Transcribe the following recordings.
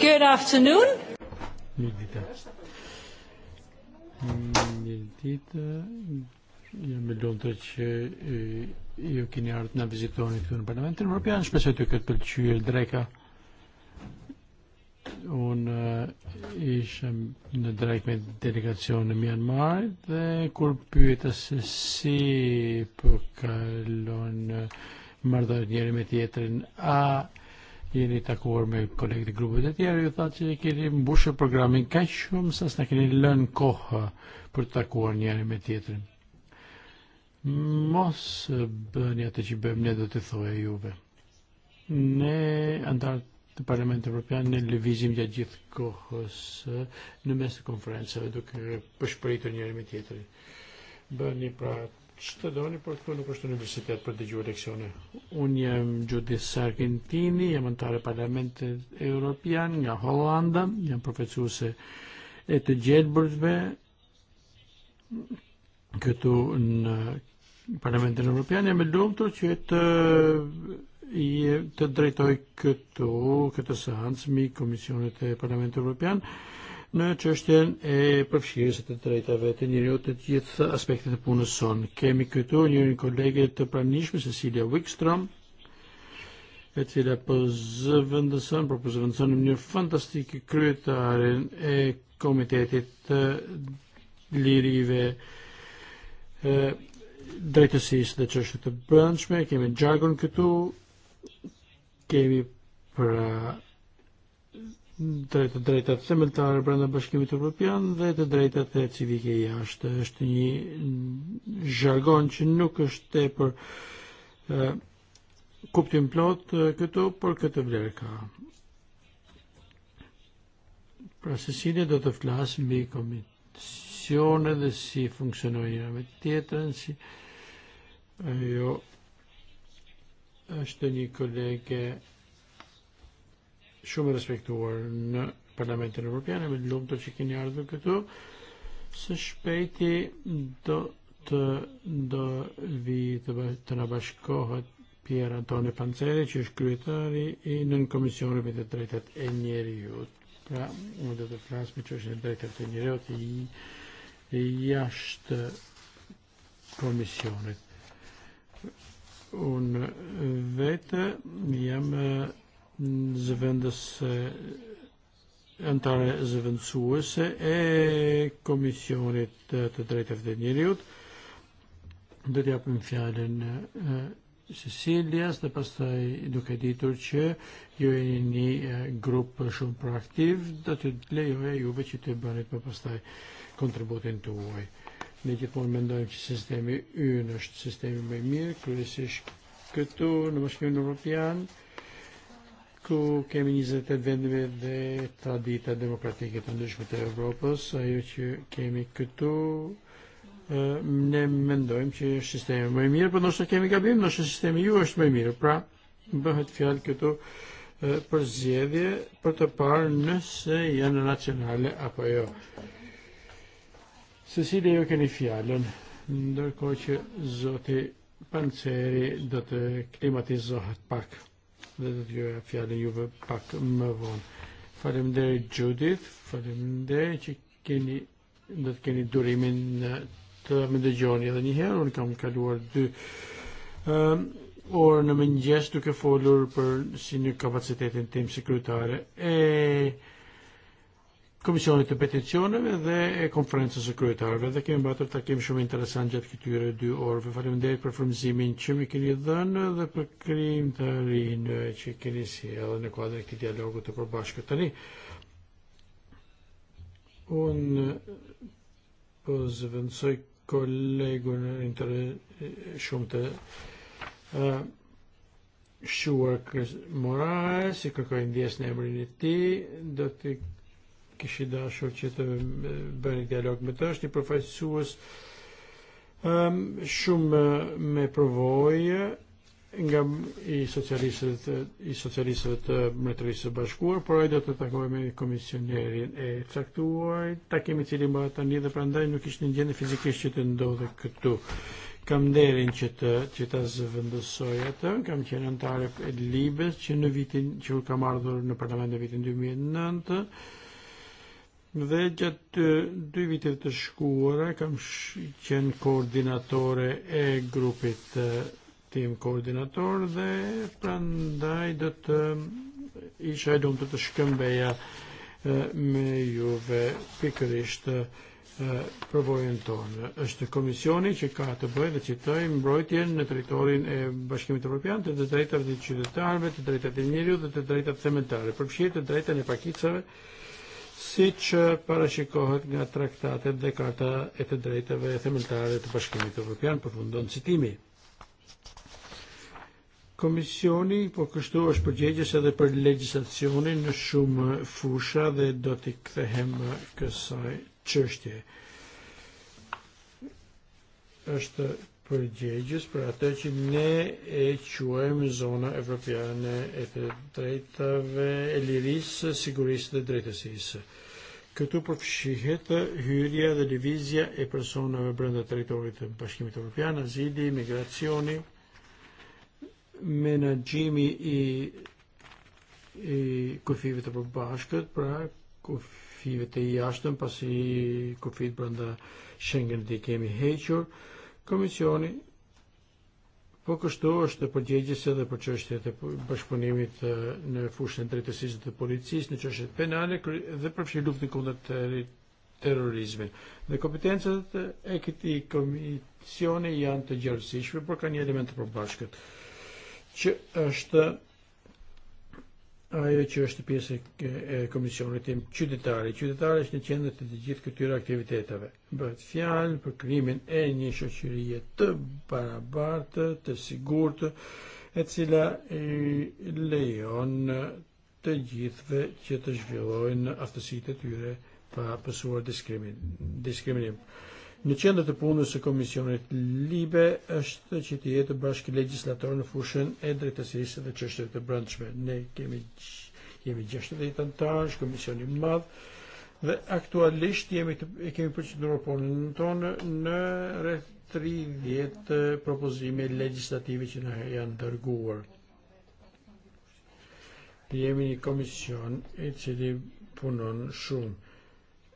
Good afternoon. Mirëdita. Jam e lumtur që ju keni ardhur na vizitoni këtu në Parlamentin Evropian. Shpresoj të ketë pëlqyer dreka un unë eh, ishëm në drejt me delegacion në Myanmar dhe kur pyet se si përkallon eh, marrëdhënieri me tjetrin a jeni takuar me kolegët e grupët e tjerë ju thatë që keni mbushë programin ka shumë sa s'na keni lën kohë për të takuar njëri me tjetërin Mos bëni atë që bëjmë ne do të thoje juve. Ne antarët il-Parlament Ewropean l-viżi mġa ġiet koħos n-mess konferenza dok biex paritu njermi tjetri. Bani pra ċtadoni portkunu kux l-Universitet per diġu elezzjoni. Un jem ġudis Sargentini, jem antare Parlament Ewropean, ja Hollanda, jem professuse euh, et Ġedburzbe, këtu në Parlamentin Evropian, jem e lumtur që jetë je drepturi këtu, këtë seancë, mi Komisionit e Parlamentit Europian, në çështjen e përfshirjes të drejtave të teda njëriot të gjithë aspektet e punës son. Kemi këtu njërin kolege të pranishme, Cecilia Wickstrom, e cila për zëvëndësën, për për zëvëndësën në mënyrë fantastikë kryetaren e Komitetit të Lirive e, drejtësisë dhe qështë të brëndshme. kemi Jargon këtu, kemi për drejtë drejtat themeltare brenda Bashkimit Evropian dhe të drejtat e civike jashtë. Është një jargon që nuk është tepër kuptim plot e, këtu, por këtë vlerë ka. Pra Cecilia do të flasë mbi komisione dhe si funksionojnë me tjetërën, si ajo e, është një shumë respektuar në Parlamentin Evropian, me lumë të që keni ardhur këtu. Së shpejti do të do vi të, të na bashkohet Pier Antoni Panceri, që është kryetari i nën komisionit të drejtet e njeri njeriut. Pra, më do të flas me drejtet e njeri e i, i jashtë komisionit un vete, jam zvendas antare zëvendësuese e Komisionit të Drejtave të njëriut. Do të japim fjalën e, Cecilias dhe pastaj duke ditur që ju e një një grup shumë proaktiv, do t'ju lejoj juve që të bëni për pastaj kontributin të uaj. Ne gjithmonë mendojmë që sistemi ynë është sistemi më i mirë, kryesisht këtu në Bashkimin Evropian, ku kemi 28 vendime dhe tradita demokratike të ndryshme të Evropës, ajo që kemi këtu ne mendojmë që është sistemi më i mirë, por nëse kemi gabim, nëse sistemi ju është më i mirë. Pra, bëhet fjalë këtu për zgjedhje për të parë nëse janë nacionale apo jo. Cecilia jo keni fjallën, ndërko që zote Panceri do të klimatizohet pak dhe do të joja fjallën juve pak më vonë. Falem Faleminderit Judith, faleminderit që keni do të keni durimin në të më dëgjoni edhe një herë, unë kam kaluar dy um, ehm, orë në mëngjes duke folur për si një kapacitetin tim sekretare. E Komisionit të peticioneve dhe e së kryetarëve. dhe kemi mbatur takim shumë interesant gjatë këtyre dy orëve. Faleminderit për frymëzimin që më keni dhënë dhe për krijimtarinë që keni sjellë si në kuadër këtij dialogu të përbashkët tani. Un po zëvendësoj kolegun kollegun shumë të uh, shuar Chris Moraes, i kërkoj ndjes në emrin e tij, do të kishë dashur që të bëni dialog me të, është një përfaqësues um, shumë me provojë nga i socialistëve të, i socialistëve të Mbretërisë së Bashkuar, por ai do të takohej me komisionerin e caktuar, takimi i cili mbahet tani dhe prandaj nuk ishte në gjendje fizikisht që të ndodhe këtu kam nderin që të që ta zëvendësoj atë, kam qenë antare e Libes që në vitin që u kam ardhur në parlament në vitin 2009 Dhe du dy viteve të shkuara kam qenë koordinatore e grupit tim koordinator dhe prandaj do të isha e lumtur të shkëmbeja me juve pikërisht provojën tonë. Është komisioni që ka të bëjë dhe që të mbrojtjen në teritorin e Bashkimit Evropian të të drejtave të qytetarve, të drejtave të njeriu dhe të drejtave të cementare. përfshirë të drejtën e pakicave, siç para shikohet nga traktatet dhe karta e të drejtave themeltare të Bashkimit Evropian përfundon citimi. Komisioni po kështu është përgjegjës edhe për legislacionin në shumë fusha dhe do t'i këthehem kësaj qështje. Është përgjegjës për atë që ne e quajmë zona evropiane e të drejtave, e lirisë, sigurisë dhe drejtësisë. Këtu përfshihet hyrja dhe lëvizja e personave brenda territorit të Bashkimit Evropian, azili, migracioni, menaxhimi i i kufive të përbashkët, pra kufive të jashtëm, pasi kufit brenda Schengen i kemi hequr, komisioni po kështu është e përgjegjëse dhe për çështjet e bashkëpunimit në fushën e drejtësisë të policisë në çështjet penale dhe përfshi luftën kundër terrorizmit. Dhe kompetencat e këtij komisioni janë të gjerësishme, por kanë një element të përbashkët, që është ajo që është pjesë e komisionit tim qytetari. Qytetari është në qendër të të gjithë këtyre aktiviteteve. Bëhet fjalë për krimin e një shoqërie të barabartë, të sigurtë, e cila i lejon të gjithëve që të zhvillojnë aftësitë e tyre pa pësuar diskrimin. diskriminim. Në qendër të punës së Komisionit Libe është që të jetë bashkë legjislator në fushën e drejtësisë dhe çështjeve të brendshme. Ne kemi jemi 60 antarësh, komisioni i madh dhe aktualisht jemi të, e kemi përqendruar punën tonë në rreth eh, 30 propozime legjislative që na janë dërguar. Jemi një komision i cili punon shumë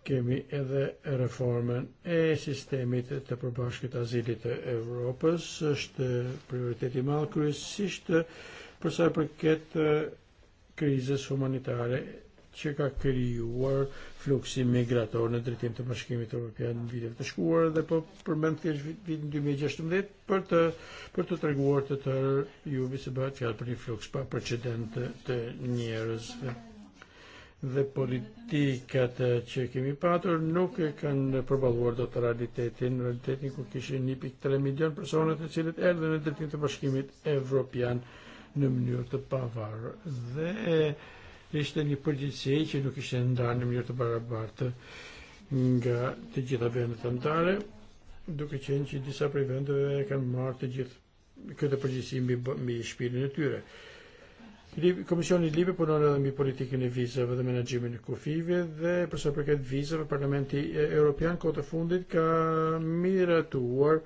kemi edhe reformën e sistemit të përbashkët azilit të Evropës, është prioriteti malë kryesisht përsa për përket e, krizës humanitare që ka kryuar fluksi migrator në drejtim të Bashkimit Europian në vitet të e shkuar dhe po përmend thjesht vitin 2016 e për të për të treguar të tërë juve se bëhet fjalë për një fluks pa precedent të njerëzve dhe politikat që kemi patur nuk e kanë përbaluar do të realitetin, realitetin ku kishin një 1.3 milion persona e cilët erdhën në dretin të Bashkimit Evropian në mënyrë të pavarë. dhe ishte një përgjithsi që nuk ishte ndarë në mënyrë të barabartë nga të gjitha vendet të ndare, duke qenë që disa prej vendeve kanë marë të gjithë këtë përgjithsi mbi, mbi shpirtin e tyre. Komissjoni Libe punon mbi politikën e vizave dhe menaxhimin e kufive dhe për sa përket vizave Parlamenti Evropian kohë fundit ka miratuar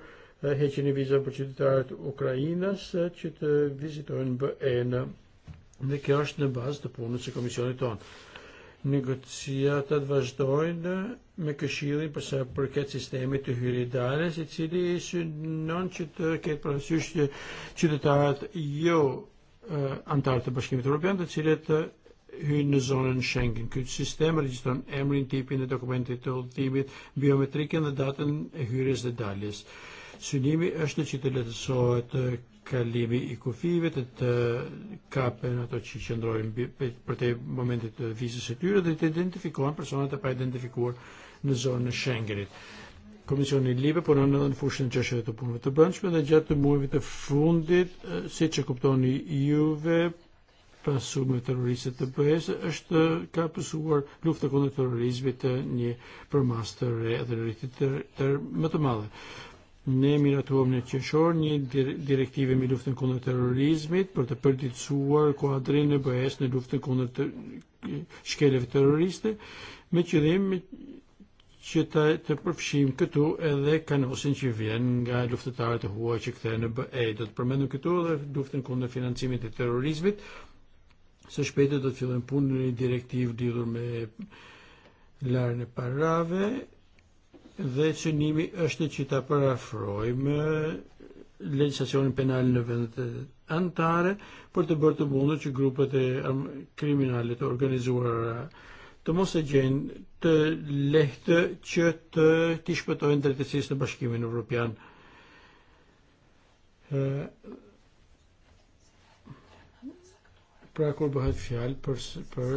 heqjen e vizave për qytetarët ukrainas që të vizitojnë BE-n dhe kjo është në bazë të punës së komisionit tonë. Negociatat vazhdojnë me këshillin për përket sistemit të hyridales, i cili synon që të ketë parasysh që qytetarët jo antar të Bashkimit Europian, të cilët hynë në zonën Schengen. Ky sistem regjistron emrin, tipin e dokumentit të udhëtimit, biometrikën dhe datën e hyrjes dhe daljes. Synimi është që të letësohet kalimi i kufive të, të kapen ato që qëndrojnë për te momentit të vizës e tyre dhe të identifikohen personat e pa identifikuar në zonën e Schengenit Komisioni e eh, e i Libe po në në fushën që është të punëve të brëndshme dhe gjatë të muajve të fundit, si që kuptoni juve, pasu me terroristët të bëhes, është ka pësuar lufta kundër terrorizmit të një përmas të re dhe rritit të, të më të madhe. Ne miratuam në qeshor një direktive me luftën kundër terrorizmit për të përditësuar kuadrin e BE-s në luftën kundër të shkeleve terroriste me qëllim që të, të përfshim këtu edhe kanosin që vjen nga luftëtarët e huaj që kthehen në BE. Do të përmendem këtu edhe luftën kundër financimit të terrorizmit. Së shpejti do të fillojmë punën në një direktivë lidhur me larën e parave dhe synimi është që ta parafrojmë legislacionin penal në vendet e antare për të bërë të mundur që grupet e kriminale të organizuara të mos e gjenë të lehtë që të të shpëtojnë drejtësisë në bashkimin Evropian. Pra kur bëhet fjalë për, për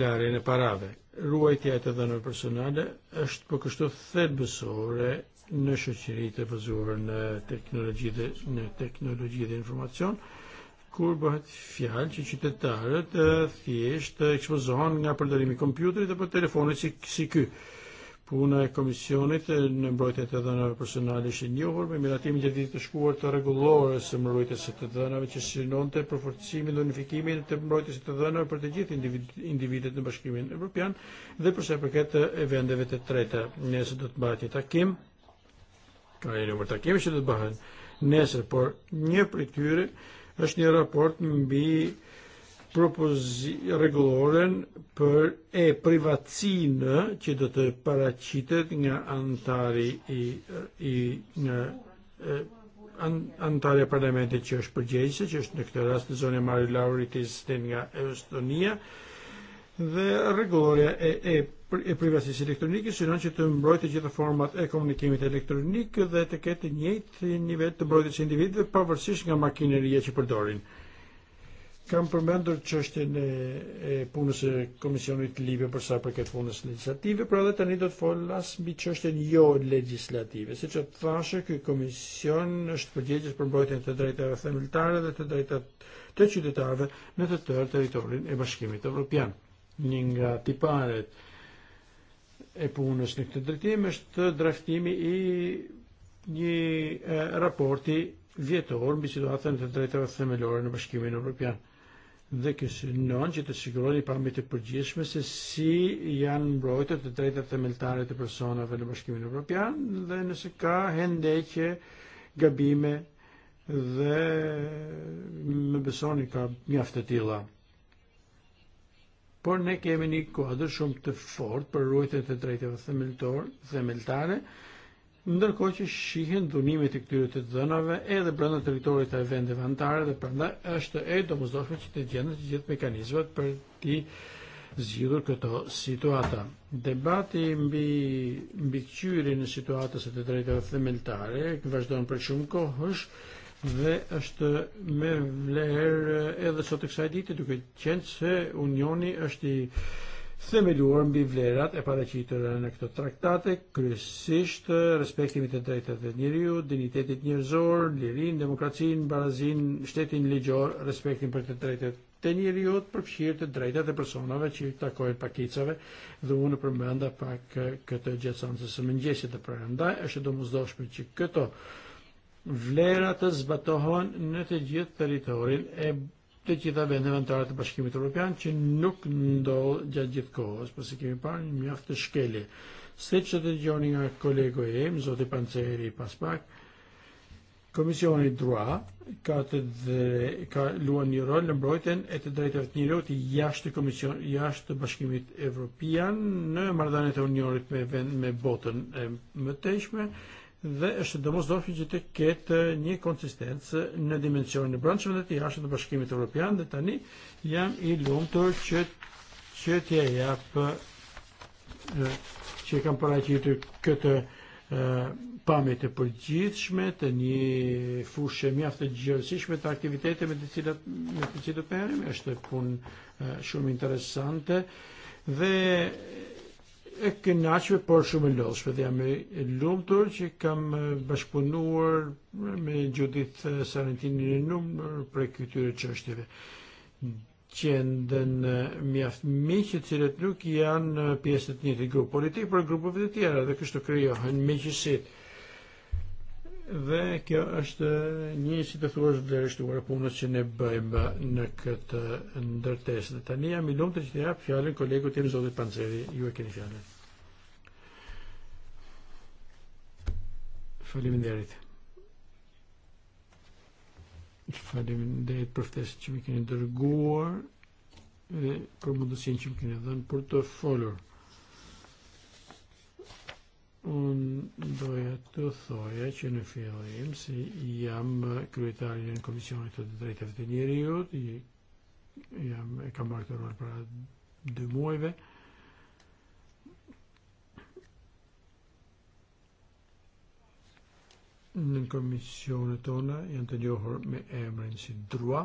larjen e parave, ruajtja e të dhënave personale është për kështu thelbësore në shoqëritë e bazuar në teknologji dhe në teknologji dhe informacion, kur bëhet fjalë që qytetarët e, thjesht e, ekspozohen nga përdorimi i kompjuterit apo telefonit si, si ky. Puna e komisionit e, në mbrojtjet e dhënave personale është e njohur me miratimin e ditës të shkuar të rregullore së mbrojtjes së të dhënave që synonte përforcimin dhe unifikimin të mbrojtjes së të dhënave për të gjithë individët në Bashkimin Evropian dhe për sa i përket e vendeve të treta. Nëse do të bëhet një takim, ka një numër takimi që do të bëhen nesër, por një prej tyre është një raport mbi propozi rregulloren për e privatësinë që do të paraqitet nga antari i i nga e, an, antare parlamentit që është përgjegjëse, që është në këtë rast në zonë e Mari Lauritis nga Estonia, dhe rregullorja e, e e privatësisë elektronike synon që të mbrojtë gjithë format e komunikimit elektronik dhe të ketë të njëjtë nivel të mbrojtjes së individëve pavarësisht nga makineria që përdorin. Kam përmendur çështjen e, e punës së Komisionit Libe për sa i përket punës legjislative, por edhe tani do të folas mbi çështjen jo legjislative. Siç e thashë, ky komision është përgjegjës për mbrojtjen të drejtave themeltare dhe të drejtave të qytetarëve në të tërë territorin e Bashkimit Evropian. Të një tiparet e punës në këtë drejtim është draftimi i një e, raporti vjetor mbi situatën e drejtave themelore në no Bashkimin Evropian dhe kjo synon që të siguroni pamje të përgjithshme se si janë mbrojtur të drejtat themeltare të personave në Bashkimin Evropian dhe nëse ka hendeqje, gabime dhe më besoni ka mjaft të tilla por ne kemi një kuadër shumë të fort për rrujtën të e drejtëve themeltore, themeltare, ndërkohë që shihen dhunimet e këtyre të dhënave edhe brenda territorit të e vendeve anëtare dhe prandaj është e domosdoshme që të gjendet të gjithë mekanizmat për të zgjidhur këto situata. Debati mbi mbi këqyrin e situatës së e të drejtave themeltare vazhdon për shumë kohësh, është dhe është me vlerë edhe sot e kësaj dite duke qenë se Unioni është i themeluar mbi vlerat e paraqitura në këtë traktate, kryesisht respektimi të drejtave të njeriu, dinitetit njerëzor, lirinë, demokracinë, barazinë, shtetin ligjor, respektin për të drejtat të njeriu, përfshirë të drejtat e personave që i takojnë pakicave, dhe unë përmenda pak këtë gjësanë së e mëngjesit të prandaj është domosdoshme që këto vlera të zbatohon në të gjithë territorin e të gjitha vendeve anëtare të Bashkimit Evropian që nuk ndodh gjatë gjithë kohës, pasi kemi parë një mjaft të shkelje. Siç e dëgjoni nga kolegu im, zoti Panceri pas pak, Komisioni DRUA ka të dhe, ka luan një rol në mbrojtjen e të drejtave të njerëzit jashtë të komision jashtë të Bashkimit Evropian në no, marrëdhëniet e Unionit me vend me botën e mëtejshme. Me dhe është domosdoshme që të ketë një konsistencë në dimensionin e brendshëm dhe të jashtëm të Bashkimit Evropian dhe tani jam i lumtur që që t'ja jap e, që e kam paraqitur këtë e, pamje të përgjithshme të një fushë mjaft të gjërësishme të aktivitete me të cilat me të cilat është shumë interesante dhe e aqve por shumë e lodhshme dhe jam e lumëtur që kam bashkëpunuar eh, me Judith eh, Sarantin në eh, numë për këtyre çështjeve. Gjenden mjaft miq të cilët nuk janë pjesë të e njëjtit grup politik, por grupeve të tjera dhe kështu krijohen miqësitë. Dhe kjo është një si të thua thuash vlerështuar e punës që ne bëjmë në këtë ndërtesë. Dhe tani jam i të që të jap fjalën kolegut tim Zodit Panceri. Ju e keni fjalën. Faleminderit. Faleminderit për ftesën që më keni dërguar dhe për mundësinë që më keni dhënë për të folur. Unë doja të thoja që në fillim se jam kryetari në Komisionit të Drejtave të Njeriut, jam e kam marrë këtë rol dy muajve. Në komisionet tona janë të njohur me emrin eh, si drua,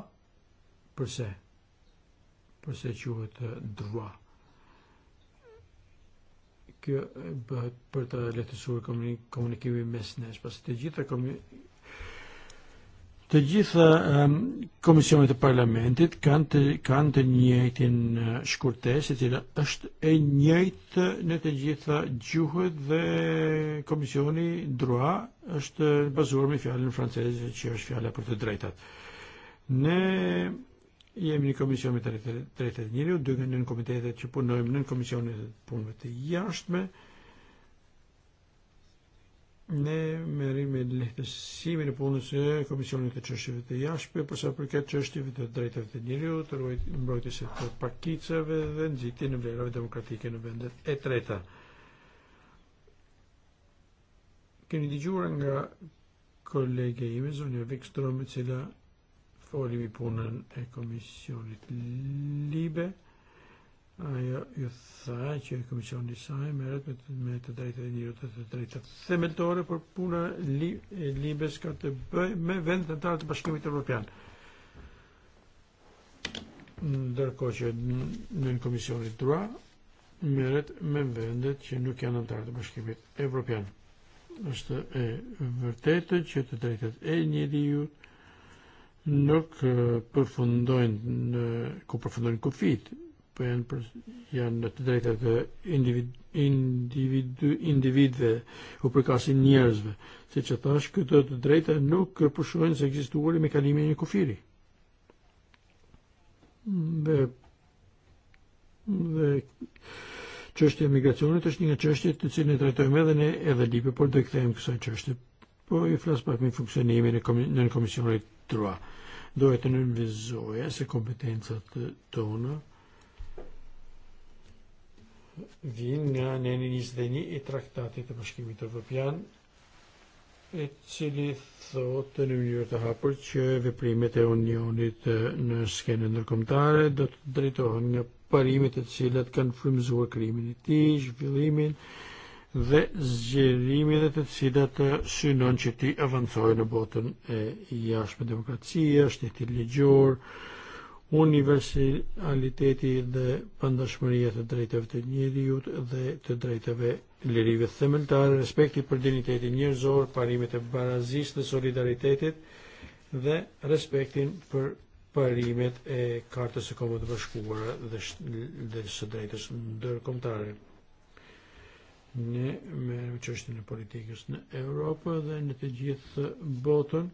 përse? Përse quhet drua? Kjo bëhet eh, për të lehtësuar komunikimin mes nesh, pasi të gjitha komi Të gjitha um, komisionet e parlamentit kanë të, kanë të njëjtin uh, shkurtes, e cila është e njëjtë në të gjitha gjuhët dhe komisioni drua është bazuar me fjallën franceze që është fjalla për të drejtat. Ne jemi një komision me të drejtet njëri, u dyke në komitetet që punojmë në komisionet e punëve të jashtme, Ne merrim l-ħtessimin punës Komisionit të qështjeve të jashme, përsa përket qështjeve të drejtëve të njeriu, të mbrojtjes të pakicave dhe nxitjen e vlerave demokratike në vendet e treta. Keni dëgjuar nga kolege ime, Zonja Vikstrom, e cila foli mi punën e Komisionit Libe, ajo ju tha që komisioni i saj merret me, me të drejtat e njerëzve të drejtat themeltore, por puna li, e libes ka të bëjë me vendet anëtare me vendet që nuk janë anëtare të Bashkimit Evropian. Është e vërtetë që të drejtat e njeriu nuk përfundojnë në, ku përfundojnë kufit janë, në të drejtë të individ, individ, individve u përkasin njerëzve. Si që thash, këtë të drejta nuk përshojnë se egzistuari me kalimi e një kufiri. Dhe, dhe e migracionit është një nga qështjet të cilën e trajtojmë edhe ne edhe lipe, por do i kthejmë kësaj qështje. Po i flas pak me funksionimin e në komisionit të rua. Dohet të nënvizoje se kompetencat tona, të vijnë në 21 e traktatit të bashkimit Evropian, e cili thotë në mënyrë të hapur që veprimet e Unionit në skenën ndërkombëtare do të drejtohen nga parimet të cilat kanë frymëzuar krimin e tij, zhvillimin dhe zgjerimin e të cilat synon që ti avancojë në botën e eh, jashtme demokracia, shteti ligjor, universaliteti dhe pandashmëria të drejtave të njeriut dhe të drejtave lirive themeltare, respekti për dinitetin njerëzor, parimet e barazisë dhe solidaritetit dhe respektin për parimet e kartës së Kombit të Bashkuara dhe dhe së drejtës ndërkombëtare. Ne merrem çështjen e politikës në Europë dhe në të gjithë botën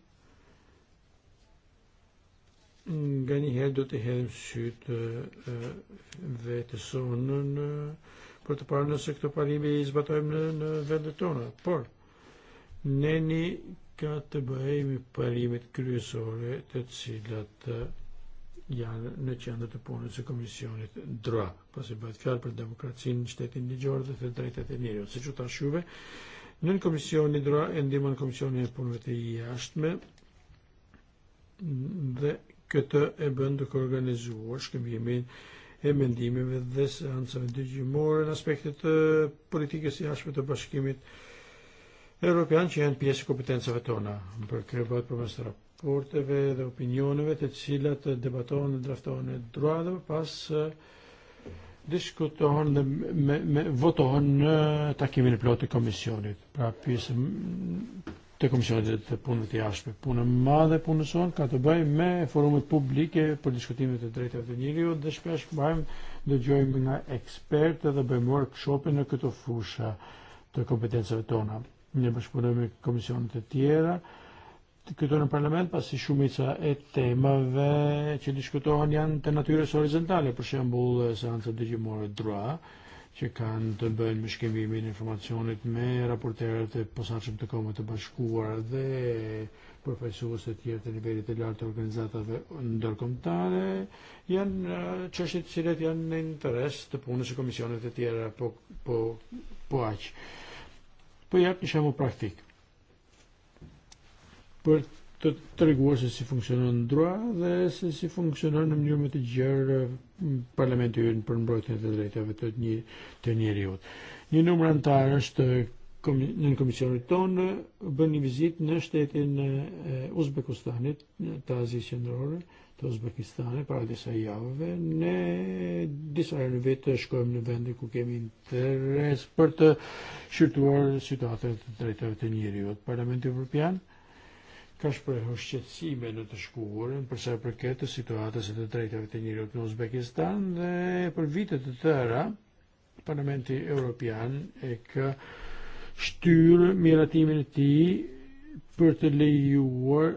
gani her do të hedhim sytë uh, uh, vetë sonë në, uh, për të parë nëse këto parime i zbatojmë në, në vendet tona. Por, neni ka të bëhemi parimet kryesore të cilat janë në qendër të punës së komisionit DRA, pasi bëhet fjalë për demokracinë, në shtetin ligjor dhe të drejtat e njerëzit. Siç u thash juve, nën komisioni DRA e ndihmon komisionin e punëve të jashtme dhe këtë e bën të organizuar shkëmbimin e mendimeve dhe seancave dëgjimore në aspektet të politikës së jashtme të Bashkimit Evropian që janë pjesë e kompetencave tona. Për këtë bëhet përmes raporteve dhe opinioneve të cilat debatohen dhe draftohen e druadhëve pas eh, diskutohen dhe me, me, votohen në takimin e plotë të e komisionit. Pra pjesë të komisionit të punët të e jashtme. Punë e madhe punës e sonë ka të bëjë me forumet publike për diskutimet e drejtave të njeriut dhe shpesh bëjmë dëgjojmë nga ekspertë dhe bëjmë workshop në këto fusha të kompetencave tona. Ne bashkëpunojmë me komisionet të tjera, këtu në parlament pasi shumica e temave që diskutohen janë të natyrës horizontale, për shembull seancat dëgjimore droit, që kanë të bëjnë me shkëmbimin e informacionit me raporterët e posaçëm të Kombit të Bashkuar dhe përfaqësuesve të tjerë të nivelit të lartë të organizatave ndërkombëtare janë çështje eh, të cilat janë në interes të punës së komisioneve të tjera po po po aq. Po jap një shembull praktik. Për të treguar se si funksionon ndrua dhe se si funksionon në mënyrë më të gjerë parlamenti ynë për mbrojtjen e drejtave të një të njerëzit. Një numër antar është në komisionit tonë bën një vizitë në shtetin e Uzbekistanit, në tazi Qendrore, të Uzbekistanit para disa javëve. Ne disa herë vetë shkojmë në vendin ku kemi interes për të shqyrtuar situatën e drejtave të njerëzit. Parlamenti Evropian ka shpreh shqetësime në të shkuarën për sa përket të situatës së të drejtave të njerëzit në Uzbekistan dhe për vite të tëra Parlamenti Evropian e ka shtyrë miratimin e tij për të lejuar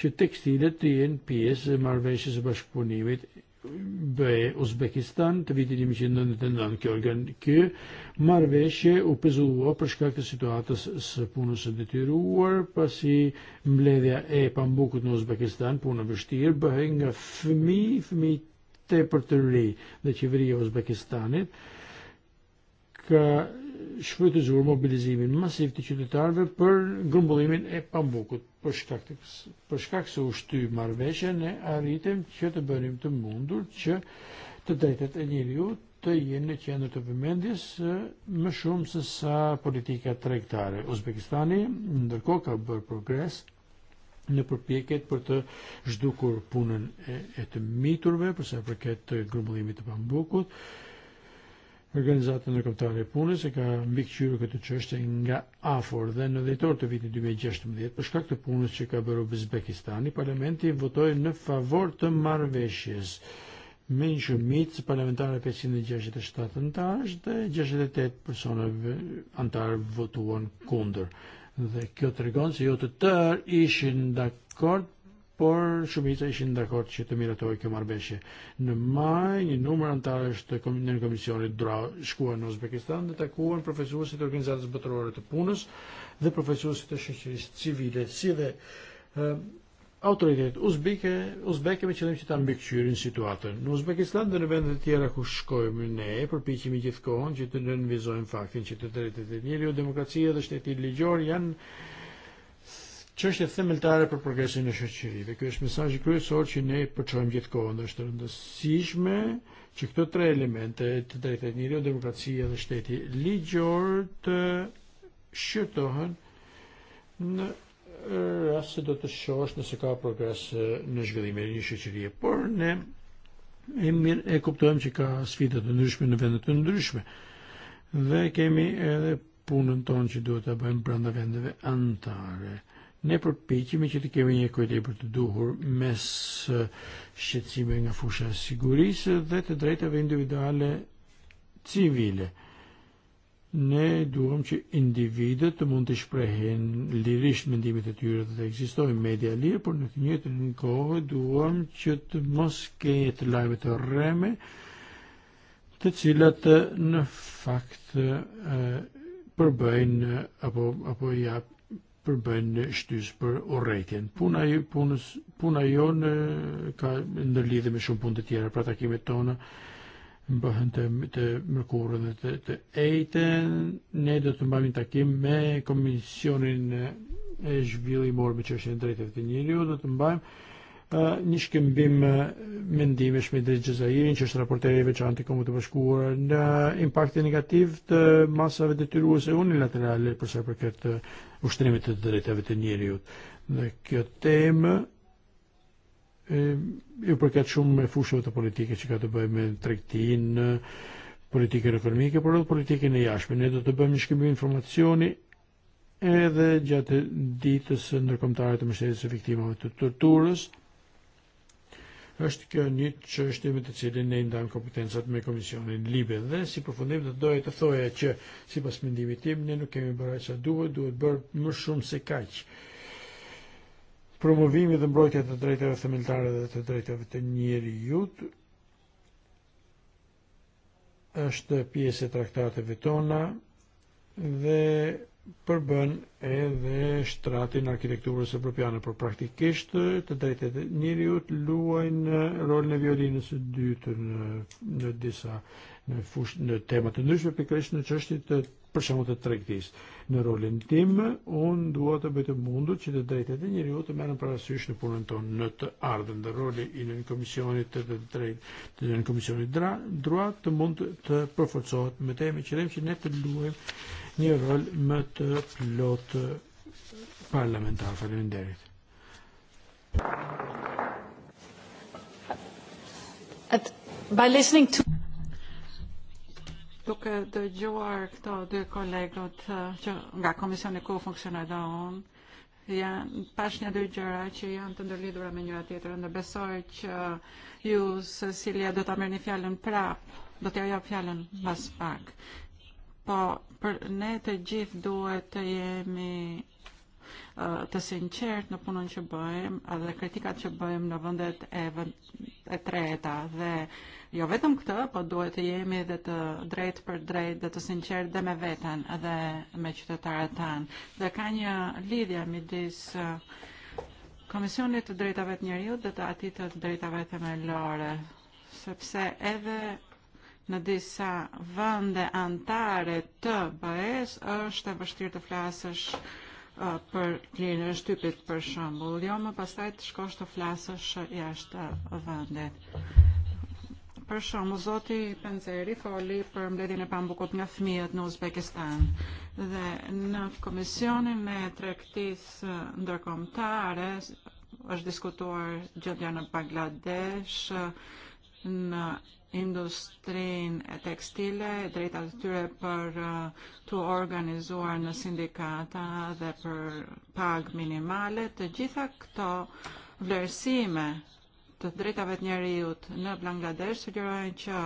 që tekstilet të jenë pjesë e marrëveshjes së bashkëpunimit Uzbekistan, të vitin 1999 kjo kjo marrëveshje u pezua për shkak të situatës së punës së detyruar, pasi mbledhja e pambukut në Uzbekistan, punë e vështirë, bëhej nga fëmijë, fëmijë tepër të ri dhe qeveria e Uzbekistanit ka shfrytëzuar mobilizimin masiv të qytetarëve për grumbullimin e pambukut. Për shkak të për shkak se u shty marrveshja ne arritëm që të bënim të mundur që të drejtat e njeriut të jenë në qendër të vëmendjes më shumë se sa politika tregtare. Uzbekistani ndërkohë ka bërë progres në përpjekjet për të zhdukur punën e, e të miturve përsa përket të grumbullimit të pambukut, organizate ndërkombëtare e punës e ka mbikëqyrë këtë çështje nga afër dhe në dhjetor të e vitit 2016 e për shkak të punës që ka bërë Uzbekistani, parlamenti votoi në favor të marrëveshjes me një shumicë parlamentare 567 e antarësh dhe 68 persona antarë votuan kundër. Dhe kjo të tregon se jo të tërë ishin dakord por shumica ishin dakord që të miratoj kjo marrëveshje. Në maj, një numër antarësh të komunitetit komisionit dra shkuan në Uzbekistan dhe takuan profesorësit e organizatës botërore të punës dhe profesorësit e shoqërisë civile, si dhe uh, autoritetet uzbeke, uzbeke me qëllim që ta mbikëqyrin situatën. Në Uzbekistan dhe në vende të tjera ku shkojmë ne, përpiqemi gjithkohon që të nënvizojmë faktin që të drejtat e njeriu, demokracia dhe shteti ligjor janë Çështja themeltare për progresin e shoqërive. Ky është mesazhi kryesor që ne po çojmë gjithkohon, është e rëndësishme që këto tre elemente, të drejtat e njeriut, demokracia dhe shteti ligjor të shqyrtohen në e, rast se do të shohësh nëse ka progres e, në zhvillimin e një shoqërie, por ne e, mirë, e kuptojmë që ka sfida të ndryshme në vende të ndryshme dhe kemi edhe punën tonë që duhet ta bëjmë brenda vendeve anëtare Ne përpiqemi që të kemi një kujtej për të duhur mes shqetësimeve eh, nga fusha sigurisë dhe të drejtave individuale civile. Ne duhem që individet të mund të shprehen lirisht mendimit e tyre dhe të ekzistojë media lirë, por në të njëjtën kohë duhem që të mos ketë lajme të rreme, të cilat në no, fakt eh, përbëjnë eh, apo apo japë përbën shtys për urrejtjen. Puna, punës, puna jonë eh, ka ndërlidhe me shumë punë të e tjera, pra takimet tona bëhen të, të mërkurën dhe të, të ejten. Ne do të mbamin takim me Komisionin eh, e zhvillimor me çështjen në e drejtet të njëri, do të mbajmë Uh, një shkëmbim uh, mendimesh me drejtë Gjezairin, që është raporteri veçantë i të Bashkuar, në impaktin negativ të masave detyruese unilaterale përse për këtë ushtrimit të drejtave të njeriut. Dhe kjo temë e, ju përket shumë me fushëve të politike që ka të bëjë me tregtinë, politikën ekonomike, por edhe politikën e jashtme. Ne do të bëjmë një shkëmbim informacioni edhe gjatë ditës së ndërkombëtare të mbështetjes së viktimave të torturës. Të është kjo një çështje me të cilën ne i ndan kompetencat me komisionin Libe dhe si përfundim do të doja të thoja që sipas mendimit tim ne nuk no, kemi bërë sa duhet, duhet bërë më no, shumë se kaq promovimi dhe mbrojtja të drejtave themeltare dhe të drejtave të njerëzit është pjesë e traktateve tona dhe përbën edhe shtratin arkitekturës e propianë, por praktikisht të drejtet e njëriut luajnë rolën e violinës së dytë në, në disa në, fush, në temat të ndryshme, pikërisht në çështjet të për shembull të tregtisë. Në rolin tim unë dua të bëj të mundur që të drejtet e njeriut të merren parasysh në punën tonë në të ardhmen. Dhe roli i në komisionit të të drejtë të nën komisionit dra, droit të mund të, të përforcohet me të qëllim që ne të luajmë një rol më të plot parlamentar. Faleminderit. At By listening to duke dëgjuar këto dy kolegët që nga komisioni ku funksionoj dhe unë, janë pash një dy gjëra që janë të ndërlidhura me njëra tjetrën dhe besoj që ju Cecilia do ta merrni fjalën prap, do t'ja jap fjalën pas pak. Po Për ne të gjithë duhet të jemi eh, të sinqert në no punën që bëjmë edhe kritikat që bëjmë në no vëndet e, eh, vënd, e eh, treta dhe jo vetëm këtë, po duhet të jemi dhe të drejt për drejt dhe të sinqert dhe me veten dhe me qytetarët tanë. Dhe ka një lidhje midis Komisionit të drejtave të njeriut dhe të atit të drejtave të themelore, sepse edhe në disa vënde antare të bëhes, është e vështirë të flasësh uh, për lirën e shtypit për shëmbull. jo më pasaj të shkosh të flasësh jashtë vendet. Për shumë, zoti Penzeri foli për mbledhjen e pambukut nga fëmijët në Uzbekistan dhe në komisionin me tregtisë ndërkombëtare është diskutuar gjendja në Bangladesh, në industrinë tekstile, drejta të tyre për uh, të organizuar në sindikata dhe për pag minimale, të gjitha këto vlerësime të drejtave të njeriut në Bangladesh sugjerojnë që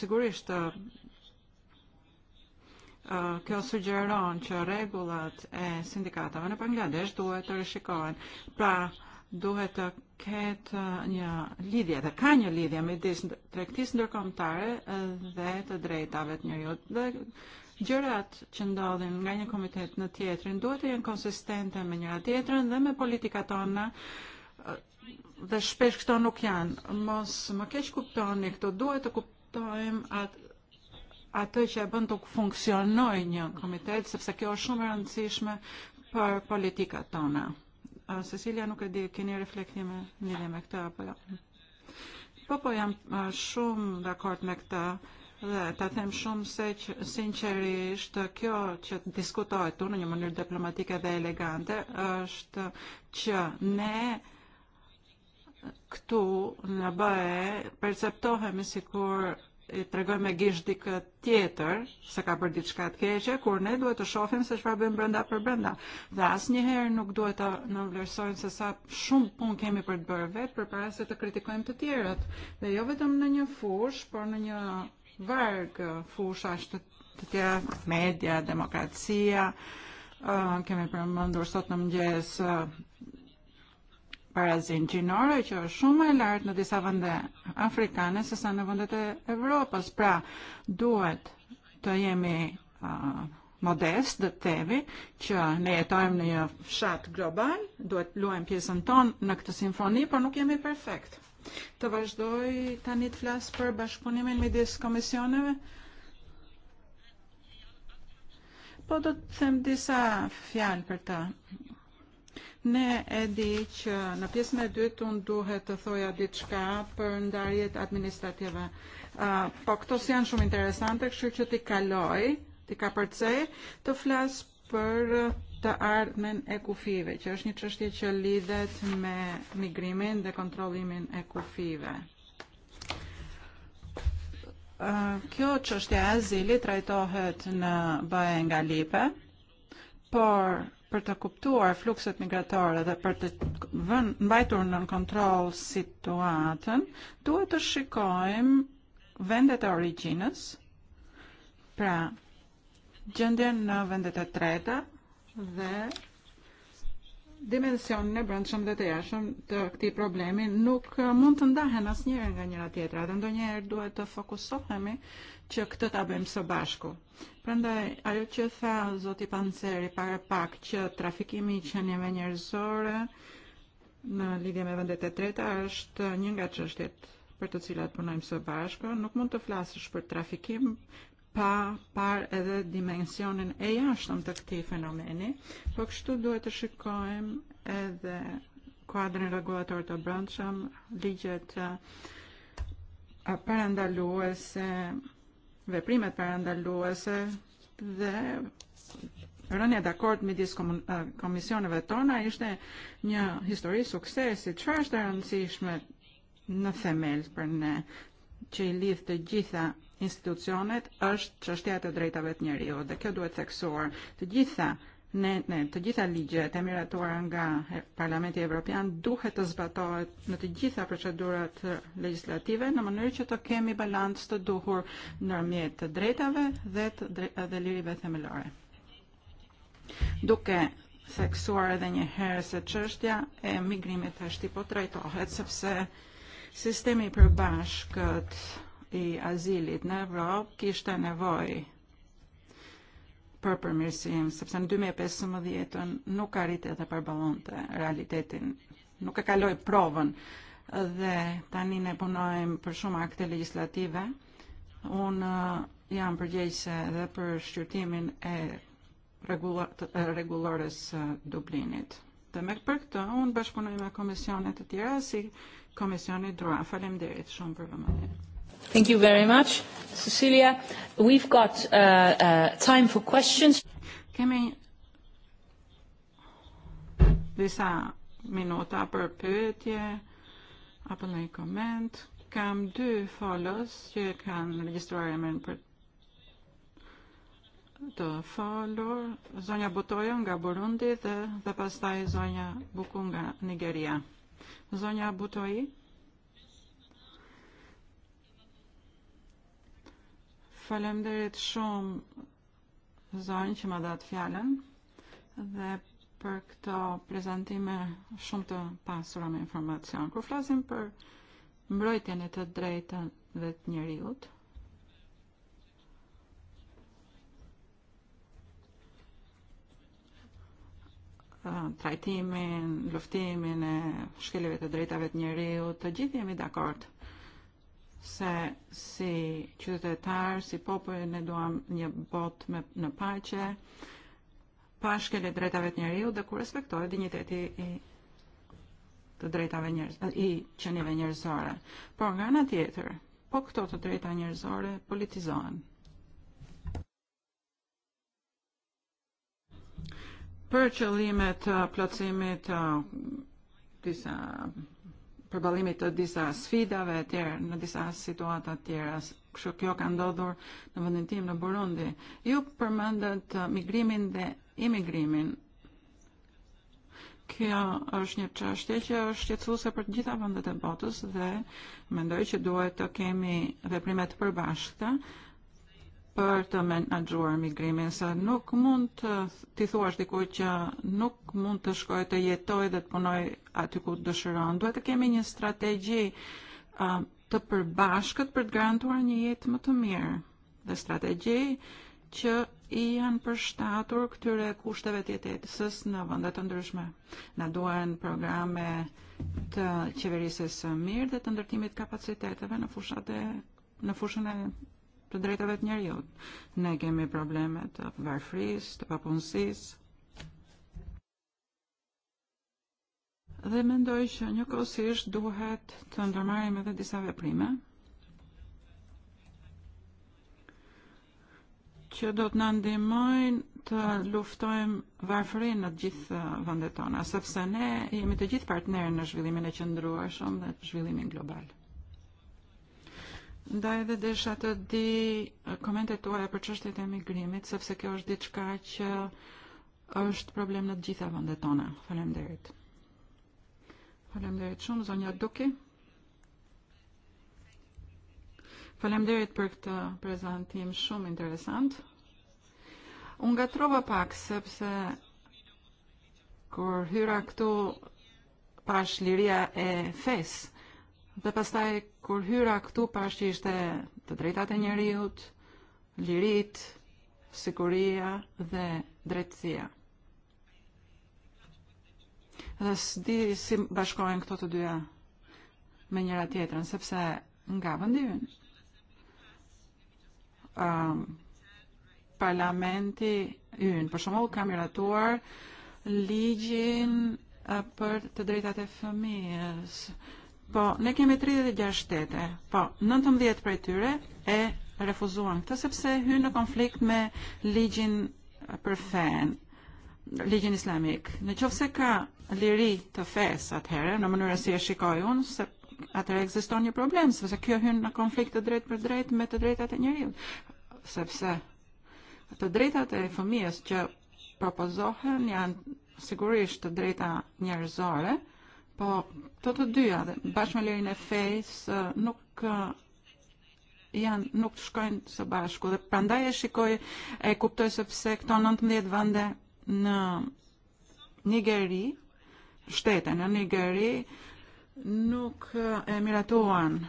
sigurisht uh, uh, kjo sugjeron që rregullat e sindikatave në Bangladesh duhet të rishikohen. Pra, duhet të ketë një uh, lidhje dhe ka një lidhje me disë tregtisë ndërkomtare uh, dhe të drejtave të njëriot Dhe gjërat që ndodhin nga një komitet në tjetrin duhet të jenë konsistente me njëra tjetrën dhe me politika tona uh, dhe shpesh këto nuk janë. Mos më keq kuptoni, këto duhet të kuptojmë atë atë që e bën të funksionoj një komitet, sepse kjo është shumë e rëndësishme për politikat tona. Cecilia nuk no, e di, keni reflektime në lidhje me këtë apo jo? Po, po, jam shumë dakord me këtë dhe ta them shumë se që, sinqerisht kjo që diskutohet tu në no, një mënyrë diplomatike dhe elegante është që ne këtu në BE perceptohemi sikur i tregojmë me gish dikë eh, tjetër se ka bërë diçka të keqe, kur ne duhet të shohim se çfarë bën brenda për brenda. Dhe asnjëherë nuk duhet të në vlerësojmë se sa shumë punë kemi për të bërë vetë përpara se të kritikojmë të tjerët. Dhe jo vetëm në një fushë, por në një varg fushash eh, të, të tjera, media, demokracia, uh, kemi përmendur sot në mëngjes uh, barazin gjinore që është shumë e lartë në disa vende afrikane se sa në vendet e Evropës. Pra, duhet të jemi uh, modest dhe temi që ne jetojmë në një fshat global, duhet luajmë pjesën tonë në këtë simfoni, por nuk jemi perfekt. Të vazhdoj tani të flas për bashkëpunimin midis komisioneve. Po do të them disa fjalë për të. Ne e di që në pjesën e dytë unë duhet të thoja diçka për ndarjet administrative. Uh, po këto si janë shumë interesante, kështu që ti kaloj, ti ka përcej, të flasë për të ardhmen e kufive, që është një qështje që lidhet me migrimin dhe kontrolimin e kufive. Uh, kjo qështje e zili trajtohet në bëhe nga Lipe, por për të kuptuar flukset migratore dhe për të mbajtur nën kontroll situatën, duhet të shikojmë vendet e origjinës, pra gjendjen në vendet e treta dhe dimensionin e brendshëm dhe të jashtëm të këtij problemi nuk mund të ndahen asnjëherë nga njëra tjetra, dhe ndonjëherë duhet të fokusohemi që këtë ta bëjmë së bashku. Prandaj, ajo që tha Zoti Panceri para pak që trafikimi i qenieve njerëzore në lidhje me vendet e treta është një nga çështjet për të cilat punojmë së bashku, nuk mund të flasësh për trafikim pa par edhe dimensionin e jashtëm të këtij fenomeni, por kështu e, duhet të shikojmë edhe kuadrin regulator të brendshëm, ligjet parandaluese, veprimet parandaluese dhe rënja dakord midis komisioneve tona ishte një histori suksesi. Çfarë është e rëndësishme në themel për ne që i lidh të gjitha institucionet është çështja e drejtave të njeriu dhe kjo duhet theksuar. Të gjitha Ne, ne, të gjitha ligjet e miratuara nga Parlamenti Evropian duhet të zbatohet në të gjitha procedurat legjislative në mënyrë që të kemi balancë të duhur ndërmjet të drejtave dhe të drejtave dhe lirive themelore. Duke theksuar edhe një herë se çështja e migrimit është i po trajtohet sepse sistemi i përbashkët i azilit në Evropë kishte nevojë për përmirësim, sepse në 2015 nuk arriti të përballonte realitetin, nuk e kaloj provën dhe tani ne punojmë për shumë akte legislative, Unë e, jam përgjegjëse dhe për shqyrtimin e rregullores e e, Dublinit. Dhe me për këtë unë bashkëpunoj me komisionet të tjera si komisioni DROA. derit shumë për vëmendjen. Thank you very much, Cecilia. We've got uh, uh, time for questions. Kemi visā uh, minūtā par pētie, apelē komment, kam du follows, follow kan registrera men per të folur, zonja Butoja nga Burundi dhe, dhe pastaj zonja Buku nga Nigeria. Zonja Butoji? Falemderit shumë zonjë që më dhatë fjallën dhe për këto prezentime shumë të pasura me informacion. Kur flasim për mbrojtjen e të dhe të njëriut, trajtimin, luftimin e shkelive të drejtave të njëriut, të gjithë jemi dakord se si qytetar, si popull ne duam një bot me, në paqe, pa shkele drejtave të njeriu dhe ku respektoj digniteti i të drejtave njerëz i qenive njerëzore. Por nga ana tjetër, po këto të drejta njerëzore politizohen. Për qëllimet plotësimit disa Probabilimi të disa sfidave e tjerë, në no disa situata tjera, kështu kjo ka ndodhur në no vendin tim në no Burundi. Ju përmendët uh, migrimin dhe imigrimin. Kjo është një çështje që është shqetësuese për të gjitha vendet e botës dhe mendoj që duhet të kemi veprime të përbashkëta për të menaxhuar migrimin se nuk mund të ti thuash dikujt që nuk mund të shkojë të jetojë dhe të punojë aty ku dëshiron. Duhet të kemi një strategji uh, të përbashkët për të garantuar një jetë më të mirë dhe strategji që i janë përshtatur këtyre kushteve të jetesës në vende të ndryshme. Na duhen programe të qeverisë së mirë dhe të ndërtimit kapaciteteve në fushat e në fushën e të drejtave të njeriut. Ne kemi probleme të varfërisë, të papunësisë. Dhe mendoj që një kosisht duhet të ndërmarrim edhe disa veprime që do të nëndimojnë të luftojmë varfërinë në gjithë vëndetona, sepse ne jemi të gjithë partnerë në zhvillimin e qëndrueshëm dhe zhvillimin globalë. Da edhe desha të di komentet tuaja për çështjet e migrimit, sepse kjo është diçka që eh, është problem në të gjitha vendet tona. Faleminderit. Faleminderit shumë zonja Duki. Faleminderit për këtë eh, prezantim shumë interesant. Unë gatrova pak sepse kur hyra këtu pash liria e fesë Dhe pastaj, kur hyra këtu, pashë ishte të drejtat e njeriut, lirit, siguria dhe drejtësia. Dhe s'di si bashkojnë këto të dyja me njëra tjetërën, sepse nga vëndin. Um, parlamenti yn, për shumë kam i ratuar ligjin për të drejtate fëmijës, uh, po ne kemi 36 shtete, po 19 prej tyre e refuzuan këtë sepse hynë në konflikt me ligjin për fen, ligjin islamik. Në qofë se ka liri të fes atëherë, në no mënyrë si e shikoj unë, se atëherë ekziston një problem, sepse kjo hynë në konflikt të drejt për drejt me të drejtat e njeriu, sepse të drejtat e fëmijës që propozohen janë sigurisht të drejta njërzore, po të të dyja dhe bashkëmëlirin e fejs eh, nuk eh, janë nuk të shkojnë së bashku dhe prandaj e shikoj e kuptoj sepse këto 19 vende në Nigeri shtete në Nigeri nuk eh, e miratuan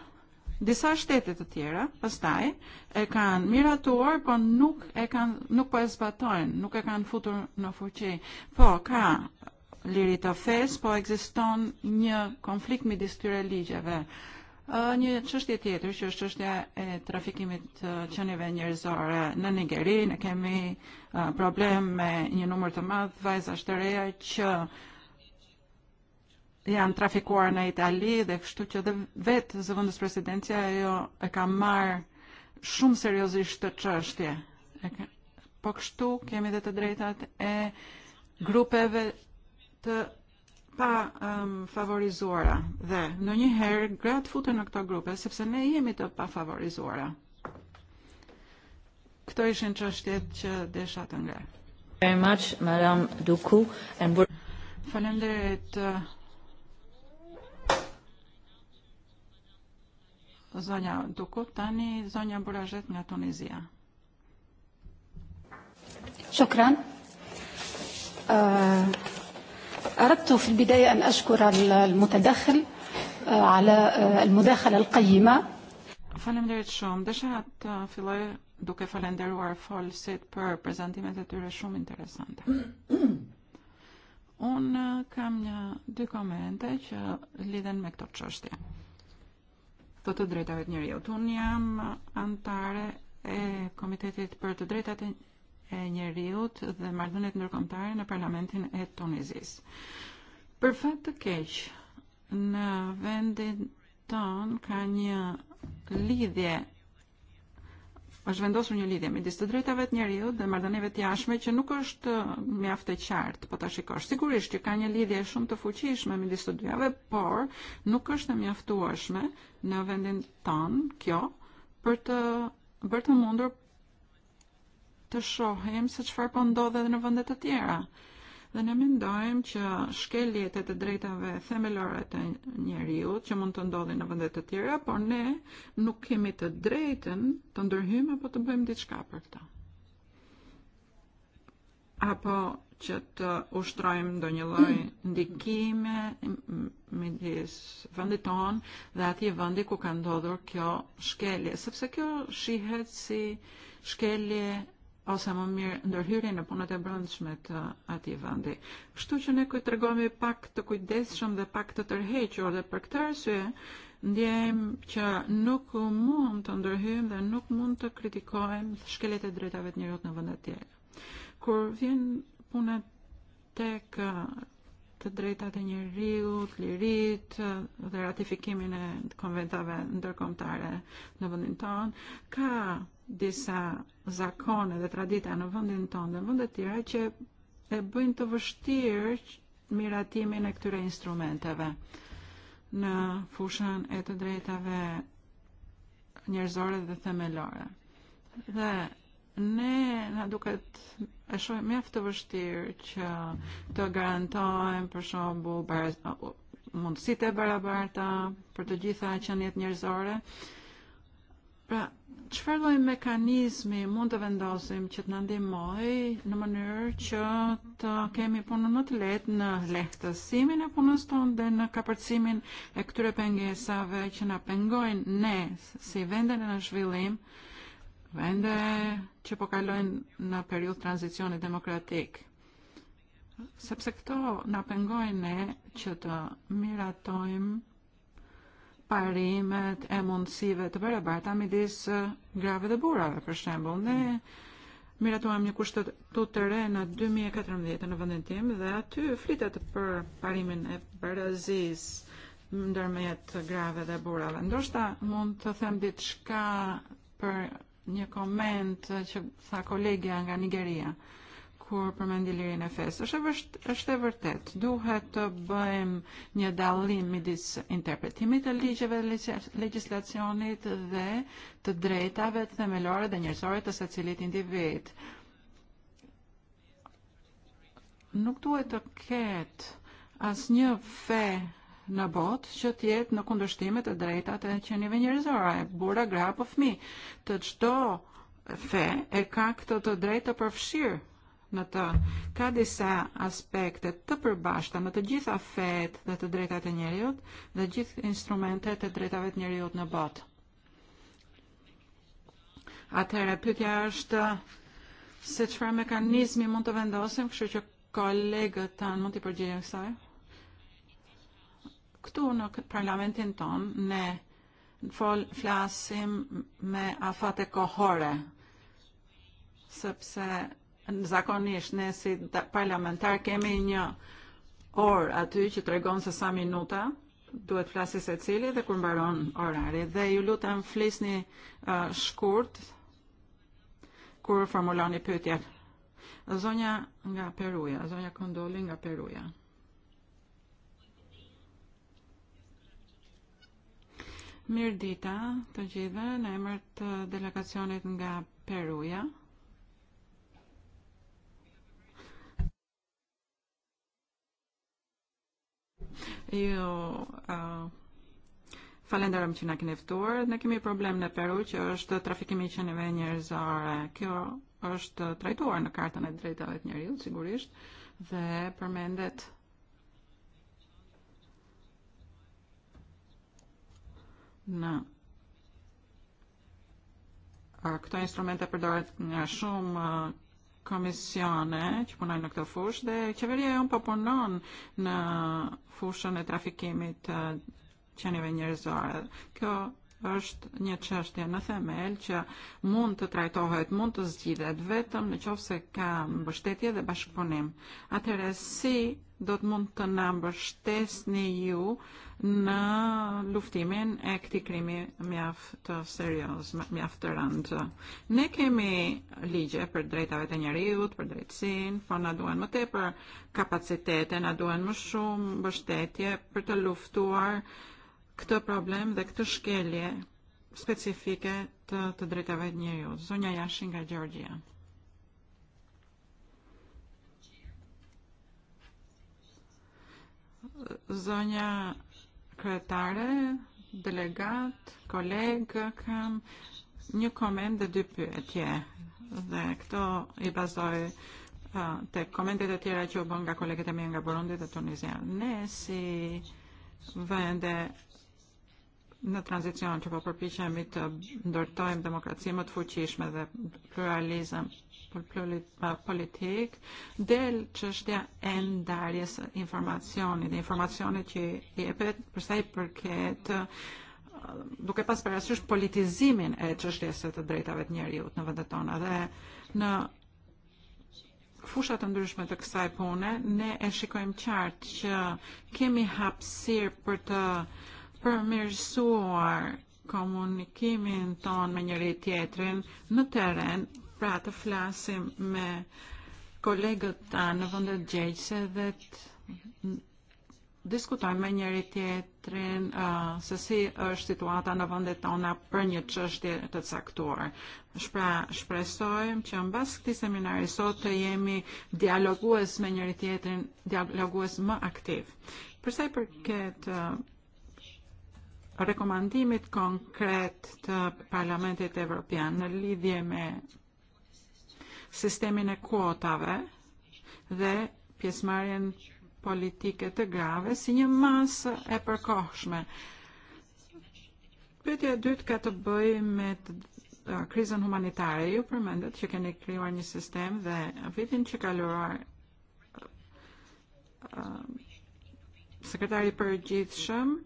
disa shtetet të tjera pastaj e kanë miratuar po nuk e kanë nuk po e zbatojnë nuk e kanë futur në fuqi po ka të lirit të fes, po ekziston një konflikt midis këtyre ligjeve. Një qështje tjetër që është qështje e, e trafikimit të e, qënive njërzore në Nigeri, ne kemi e, problem me një numër të madhë vajza shtëreja që janë trafikuar në Itali dhe kështu që dhe vetë zëvëndës presidencia jo e ka marë shumë seriosisht të çështje. Po kështu kemi dhe të drejtat e grupeve të pa um, favorizuara dhe në no një herë gratë futen në këto grupe, sepse ne jemi të pa favorizuara. Këto ishin qështjet që desha të ngre. Very much, Madame Duku. And Falenderit, uh, Zonja Duku, tani Zonja Burajet nga Tunizia. Shukran. Uh, أردت في البداية أن أشكر المتدخل على المداخلة القيمة Faleminderit shumë. Desha të filloj duke falenderuar folësit për prezentimet e tyre shumë interesante. Unë uh, kam një dy komente që lidhen me këto qështje. Të të drejtave të njeriut. Unë jam antare e Komitetit për të drejtat e e njeriut dhe marrëdhëniet ndërkombëtare në parlamentin e Tunizis. Për fat të keq, në vendin ton ka një lidhje është vendosur një lidhje midis të drejtave të njerëzit dhe marrëdhënieve të jashtme që nuk është mjaft e qartë, po ta shikosh. Sigurisht që ka një lidhje shumë të fuqishme midis të dyave, por nuk është e mjaftueshme në vendin ton kjo për të bërë të mundur të shohim se qëfar po ndodhe dhe në vëndet të tjera. Dhe ne mendojmë që shkeljet e të drejtave themelore të njeriut që mund të ndodhin në vende të tjera, por ne nuk kemi të drejtën të ndërhyjmë apo të bëjmë diçka për këtë. Apo që të ushtrojmë do një loj ndikime me disë vëndit tonë dhe atij vëndi ku ka ndodhur kjo shkelje, sepse kjo shihet si shkelje ose më mirë ndërhyrje në punët e brëndshme të atij vendi. Kështu që ne kujtrëgohemi pak të kujdesshëm dhe pak të tërhequr dhe për këtë arsye ndjejmë që nuk mund të ndërhyjmë dhe nuk mund të kritikojmë shkelet e drejtave të njerëzit në vende të tjera. Kur vjen puna tek eh, të drejtat e njeriut, lirit, dhe ratifikimin e konventave ndërkombëtare në vendin ton, ka disa zakone dhe tradita në vendin ton dhe në vende të tjera që e bëjnë të vështirë miratimin e këtyre instrumenteve në fushën e të drejtave njerëzore dhe themelore. Dhe Ne aduket është mjaft të vështirë që të garantojmë për shembull mundësitë e barabarta për të gjitha qenjet njerëzore. Pra, çfarë lloj mekanizmi mund të vendosim që të na ndihmojë në mënyrë që të kemi punën më të lehtë në lehtësimin e punës tonë dhe në kapërcimin e këtyre pengesave që na pengojnë ne si vendin në zhvillim? Uh, vende që po kalojnë në periudhë tranzicioni demokratik. Sepse këto na pengojnë ne që të miratojmë parimet e mundësive të barabarta midis grave dhe burave, për shembull. Ne miratuam një kushtet të të re në 2014 në vendin tim dhe aty flitet për parimin e barazisë ndërmjet grave dhe burave. Ndoshta mund të them diçka për një koment që eh, tha kolegja nga Nigeria kur përmendi lirin e fesë. Është e vësht, është e vërtet, duhet të bëjmë një dallim midis interpretimit të ligjeve dhe legjislacionit dhe të drejtave themelore dhe njerëzore të secilit individ. Nuk duhet të ketë asnjë fe në botë që të jetë në kundërshtim me të drejtat e qenieve njerëzore, e burra, gra apo fëmijë. Të çdo fe e ka këtë të drejtë të përfshirë në të. Ka disa aspekte të përbashkëta në të gjitha fetë dhe të drejtat e njerëzit dhe gjithë instrumentet e drejtave të njerëzit në botë. Atëherë pyetja është se çfarë mekanizmi mund të vendosim, kështu që kolegët tanë mund të përgjigjen kësaj? Këtu në këtë parlamentin ton ne fol flasim me afate kohore, sepse zakonisht ne si parlamentar kemi një orë aty që tregon se sa minuta duhet flasë se cili dhe kur mbaron orari. Dhe ju lutem flisni uh, shkurt kur formuloni pyetjet. Zonja nga Peruja, zonja Kondoli nga Peruja. Mirdita dita të gjithëve në emër të delegacionit nga Peruja. Ju uh, falenderëm që na keni ftuar. Ne kemi problem në Peru që është trafikimi i qenieve njerëzore. Kjo është trajtuar në kartën e drejtave të njeriut sigurisht dhe përmendet να këto instrumente përdoret nga shumë komisione që punojnë në këtë fushë dhe qeveria jonë po punon në fushën e trafikimit të qenive njerëzore. Kjo është një çështje në themel që mund të trajtohet, mund të zgjidhet vetëm në qoftë se ka mbështetje dhe bashkëpunim. Atëherë si do të mund të na mbështesni ju në luftimin e këtij krimi mjaft të serioz, mjaft të rënd. Ne kemi ligje për drejtavet e njerëzit, për drejtësinë, por na duhen më no tepër kapacitete, na duhen më shumë mbështetje për të luftuar uh, këto problem dhe këtë shkelje specifike të, të drejtave të njeriut. Zonja Jashin nga Gjorgjia. Zonja kryetare, delegat, kolegë, kam një komend dhe dy pyetje. Dhe këto i bazoj uh, të komendet e tjera që u bën nga kolegët e mi nga Burundi dhe Tunizia. Ne si vende në tranzicion që po përpiqemi të ndërtojmë demokraci më të fuqishme dhe pluralizëm politik, del që çështja e ndarjes informacionit dhe informacionit që i jepet përsa i përket duke pas parasysh politizimin e çështjes së të drejtave të njeriut në no, vëndet tona dhe në no, fushat të ndryshme të kësaj pune, ne e shikojmë qartë që kemi hapsir për të uh, përmirësuar komunikimin ton me njëri tjetrin në teren, pra të flasim me kolegët ta në vëndet gjegjse dhe të diskutojmë me njëri tjetrin uh, se si është e, situata në vëndet tona për një qështje të caktuar. Shpra, shpresojmë që në basë këti seminari sot të jemi dialogues me njëri tjetrin, dialogues më aktiv. Përsa i përket uh, rekomandimit konkret të Parlamentit Evropian në lidhje me sistemin e kuotave dhe pjesmarjen politike të grave si një mas e përkohshme. Pyetja e dytë ka të bëjë me të krizën humanitare. Ju përmendet që keni krijuar një sistem dhe vitin që kaluar sekretari për gjithë përgjithshëm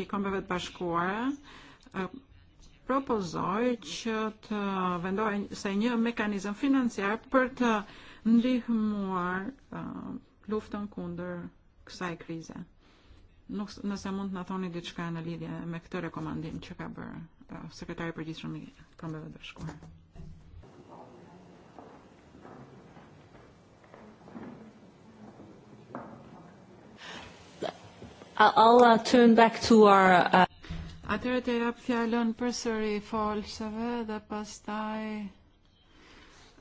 i kombeve të bashkuara e, propozoj që e, të vendoj se një mekanizëm financiar për të e, ndihmuar uh, luftën kundër kësaj krize. Nuk no, nëse mund të na thoni diçka në lidhje me këtë rekomandim që ka bërë uh, sekretari i përgjithshëm i Kombeve të Bashkuara. Uh, I'll uh, turn back to our... Uh... Atëherë të jap fjalën përsëri falsave dhe pastaj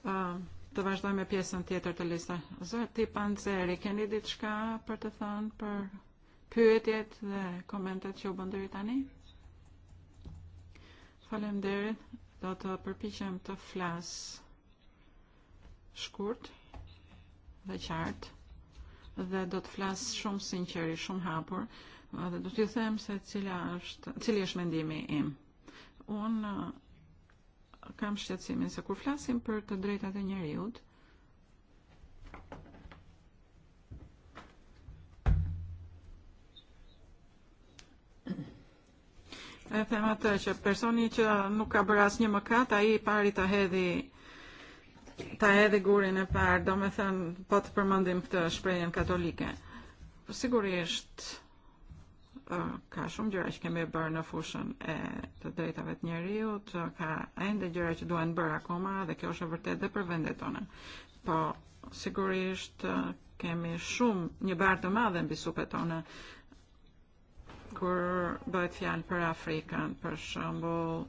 um, uh, të vazhdojmë me pjesën tjetër të listës. Zoti Panzeri, keni diçka për të thënë për pyetjet dhe komentet që u bën deri tani? Faleminderit. Do të përpiqem të flas shkurt dhe qartë dhe do të flas shumë sinqeri, shumë hapur, dhe do t'ju them se cila është, cili është mendimi im. Unë kam shqetësimin se kur flasim për të drejtat e njeriut, E them atë që personi që nuk ka bërë asnjë mëkat, ai i pari ta hedhi ta edhe gurin e parë, do me thënë, po të përmëndim këtë shprejën katolike. Për sigurisht, ka shumë gjëra që kemi bërë në fushën e të drejtave të njeriut, ka ende gjëra që duhen bërë akoma dhe kjo është e vërtet dhe për vendet tona. Po, sigurisht kemi shumë një barë të madhe mbi supet tona kur bëhet fjalë për Afrikën, për shembull,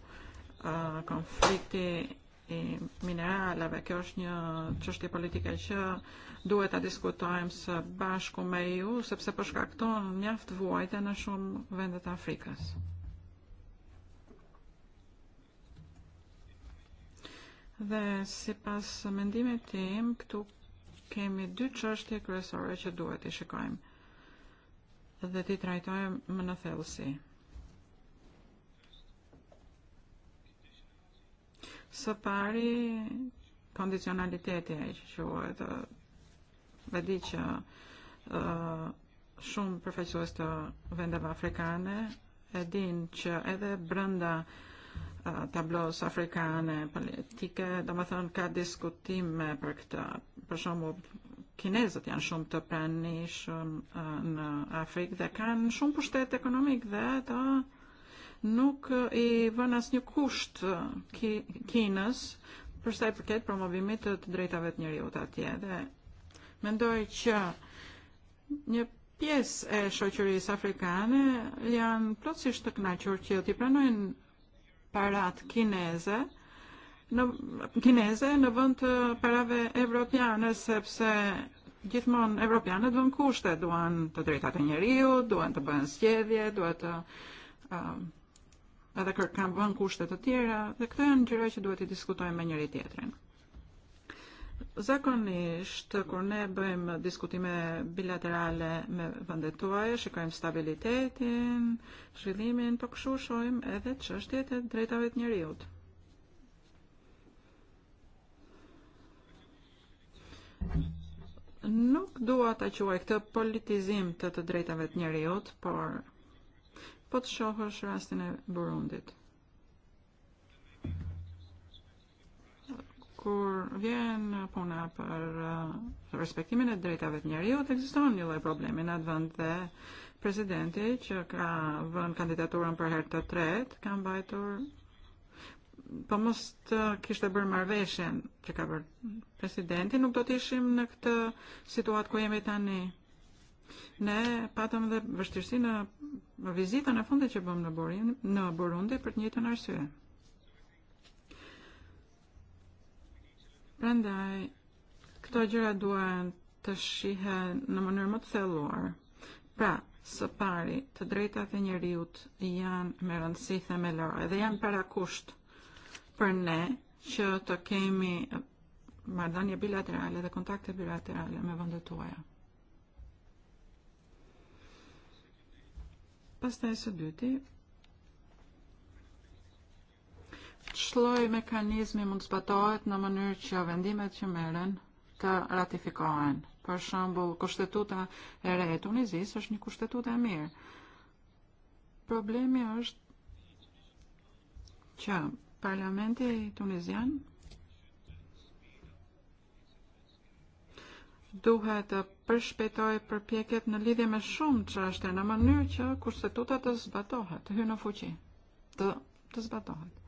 konflikti mineraļa vai kjo është një politike që duhet ta diskutojmë së bashku me ju, sepse po shkakton mjaft vuajtje në shumë vende të Afrikës. Dhe sipas mendimit tim, këtu kemi dy çështje kryesore që duhet i shikojmë dhe ti trajtojmë më në thellësi. Së pari, kondicionaliteti që quhet dhe di që uh, shumë uh, përfaqësues të vendeve afrikane e din që edhe brenda uh, tablos afrikane politike, do më thënë ka diskutime për këtë, për shumë kinezët janë shumë të prani shumë uh, në Afrikë dhe kanë shumë pushtet ekonomik dhe të uh, nuk i vën asnjë kusht Kinës për sa i përket promovimit të, të drejtave të njerëzit atje dhe mendoj që një pjesë e shoqërisë afrikane janë plotësisht të kënaqur që t'i pranojnë parat kineze në kineze në vend të parave evropiane sepse gjithmonë evropianët vënë kushte, duan të drejtat e njeriu, duan të bëhen zgjedhje, duan të um, edhe kër kanë bën kushte të tjera dhe këto janë gjëra që duhet i diskutojmë me njëri tjetrin. Zakonisht, kur ne bëjmë diskutime bilaterale me vëndetuaj, shikojmë stabilitetin, zhvillimin, po këshu shojmë edhe çështjet e drejtave të njëriut. Nuk dua ta quaj këtë politizim të të drejtave të njerëzit, por под Шохош Растине Бурундит. Kur vjen puna për respektimin e drejtave të njeriut, ekziston një lloj problemi në vend dhe presidenti që ka vënë kandidaturën për herë të tretë ka mbajtur po mos të kishte bërë marrëveshjen që ka bërë presidenti, nuk do të ishim në këtë situatë ku jemi tani. Ne patëm dhe vështirësi në vizitën e fundit që bëm në, Borin, në Burundi për të njëtë në arsye. Prendaj, këto gjëra duen të shihe në mënyrë më të theluar. Pra, së pari, të drejta të njëriut janë me rëndësi themelore dhe janë para kusht për ne që të kemi marrëdhënie bilaterale dhe kontakte bilaterale me vëndetuaja. tuaja. Asta se ljudi. Qloj mekanizmi mund zbatohet në mënyrë që vendimet që meren ta ratifikohen. Për shambull, kushtetuta e re e Tunizis është një kushtetuta e mirë. Problemi është që parlamenti tunizian duhet për shpejtoj për pjeket në no lidhje me shumë qështje në no mënyrë që kushtetutat të zbatohet, të hynë në no fuqi, të, të zbatohet.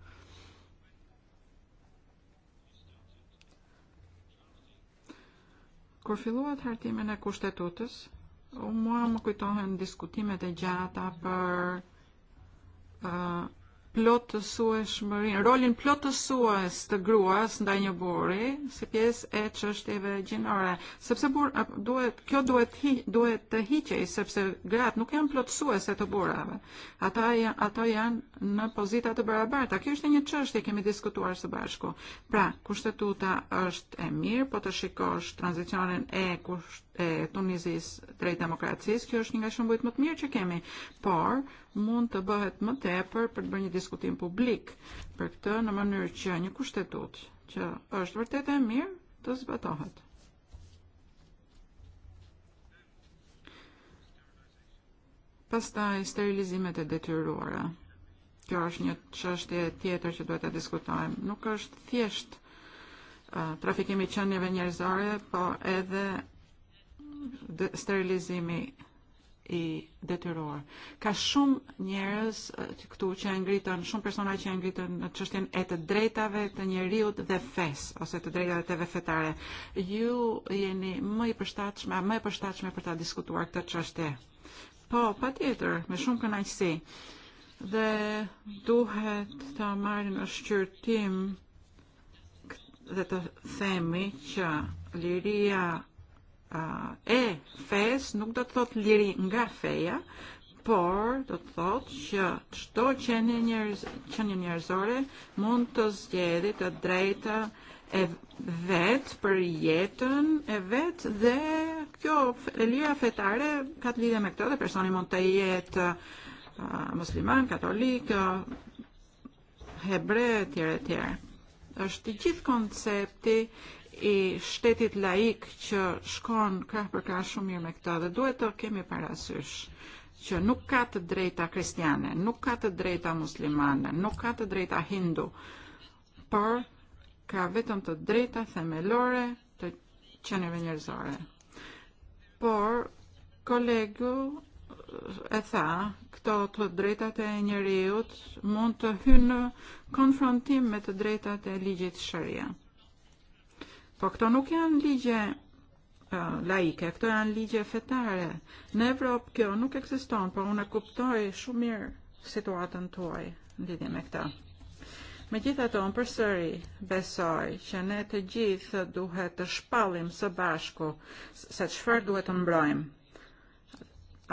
Kur filluat hartimin e kushtetutës, u mua më kujtohen diskutimet e gjata për uh, plotësueshmërinë, rolin plotësues të gruas ndaj një burri si pjesë e çështjeve gjinore, sepse burr duhet kjo duhet hi, duhet të hiqej sepse grat nuk janë plotësuese të burrave. Ata janë ato janë në pozita të barabarta. Kjo është një çështje kemi diskutuar së bashku. Pra, kushtetuta është e mirë, po të shikosh tranzicionin e kusht, e Tunizis drejt demokracisë, kjo është një nga shembujt më të mirë që kemi, por mund të bëhet më tepër për të bërë një diskutim publik për këtë në mënyrë që një kushtetut që është vërtet e mirë të zbatohet. Pastaj sterilizimet e detyruara. Kjo është një çështje tjetër që duhet ta diskutojmë. Nuk no, është thjesht uh, trafikimi i qenieve njerëzore, po edhe sterilizimi i detyruar. Ka shumë njerëz e, këtu që e ngritën, shumë persona që e ngritën në çështjen e të drejtave të njeriut dhe fes ose të drejtave të vefetare. Ju jeni më i përshtatshëm, më e përshtatshme për ta diskutuar këtë çështje. Po, pa tjetër, me shumë kënaqësi. Dhe duhet të marrim në shqyrtim dhe të themi që liria uh, e fes nuk do të thot liri nga feja, por do të thot që çdo qenie njerëz qenie njerëzore mund të zgjedhë të drejtë e vet për jetën e vet dhe kjo lira fetare ka të lidhje me këtë dhe personi mund të jetë uh, musliman, katolik, uh, hebre etj etj. Është i gjithë koncepti i shtetit laik që shkon ka përka shumë mirë me këtë dhe duhet të kemi parasysh që nuk ka të drejta kristiane, nuk ka të drejta muslimane, nuk ka të drejta hindu, por ka vetëm të drejta themelore të qeneve njerëzore. Por, kolegu e tha, këto të drejtat e njeriut mund të hynë konfrontim me të drejtat e ligjit shëria. Po këto nuk janë ligje laike, këto janë ligje fetare. Në Evropë kjo nuk ekziston, por unë e kuptoj shumë mirë situatën tuaj në lidhje me këtë. Me gjitha të unë përsëri besoj që ne të gjithë duhet të shpallim së bashku se qëfar duhet të mbrojmë.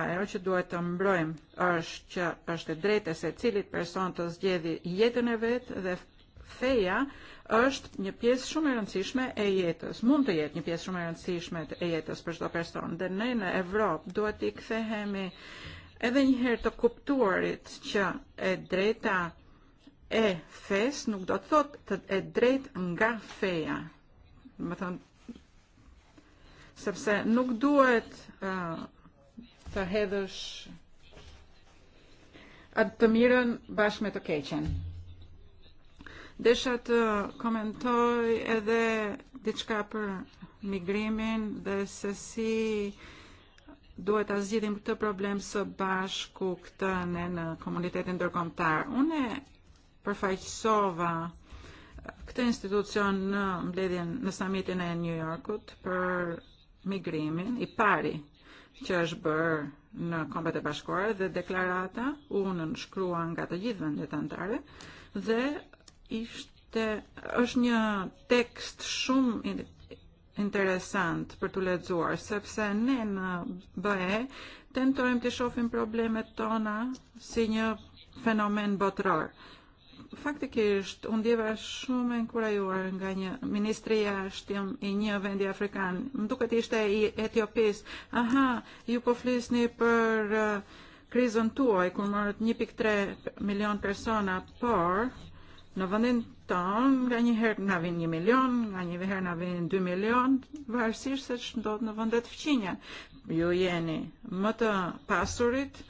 Ajo që duhet të mbrojmë është që është e drejtë se cilit person të zgjedi jetën e vetë dhe feja është një pjesë shumë e rëndësishme e jetës. Mund të jetë një pjesë shumë e rëndësishme e jetës për çdo person, dhe ne në Evropë duhet të kthehemi edhe një herë të kuptuarit që e drejta e fes nuk do të thotë të e drejt nga feja. Më thënë, sepse nuk duhet uh, të hedhësh atë të mirën bashkë me të keqen. Deshat komentoj edhe diçka për migrimin dhe se si duhet a zgjidhim këtë problem së bashku këtë ne në komunitetin ndërkombëtar. Unë përfaqësova këtë institucion në no mbledhjen në samitin e New Yorkut për migrimin i pari që është bërë në Kombet e Bashkuara dhe deklarata u shkrua nga të gjithë vendet antare dhe Ishte, është një tekst shumë interesant për të lexuar, sepse ne në BE tentojmë të shohim problemet tona si një fenomen botëror. Faktikisht, unë djeva shumë e nkurajuar nga një ministri jashtëm i një vendi afrikan. Më duket ishte i Etiopis. Aha, ju po flisni për uh, eh, krizën tuaj, kur mërët 1.3 milion persona, por Në vëndin tonë, nga një herë nga vinë një milion, nga një herë nga vinë dy milion, varësisht se që ndodhë në vëndet fqinja. Ju jeni më të pasurit,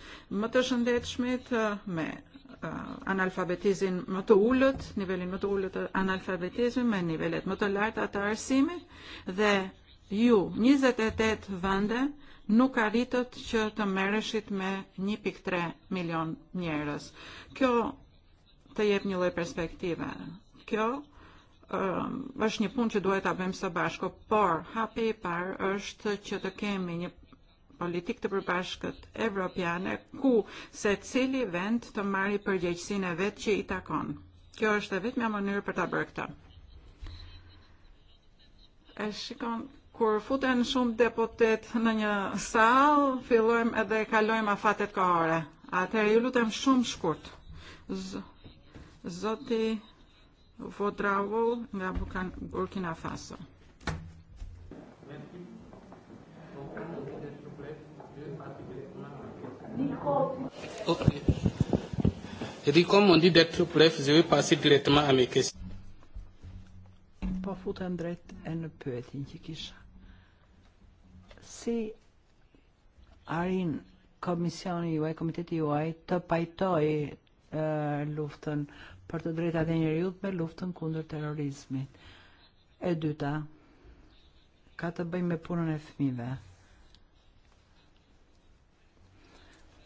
më të shëndetshmit e, me e, analfabetizin më të ullët, nivelin më të ullët të e analfabetizmit, me nivelet më të lartë atë arsimit dhe ju 28 vënde nuk arritët që të mereshit me 1.3 milion njerës. Kjo të jep një lloj perspektive. Kjo është ehm, një punë që duhet ta bëjmë së bashku, por hapi i parë është që të kemi një politikë të përbashkët evropiane ku secili vend të marrë përgjegjësinë e vet që i takon. Kjo është e vetmja mënyrë për ta bërë këtë. E shikon kur futen shumë deputet në një sallë, fillojmë edhe kalojmë afatet kohore. Atëherë ju lutem shumë shkurt. Z Zote Vodravo nga Burkina Faso. dit d'être bref, je vais passer directement à mes questions. pyetin që kisha. Si arin komisioni juaj, komiteti juaj euh, të pajtoj luftën për të drejtat e njeriut me luftën kundër terrorizmit. E dyta, ka të bëjmë me punën e fmive.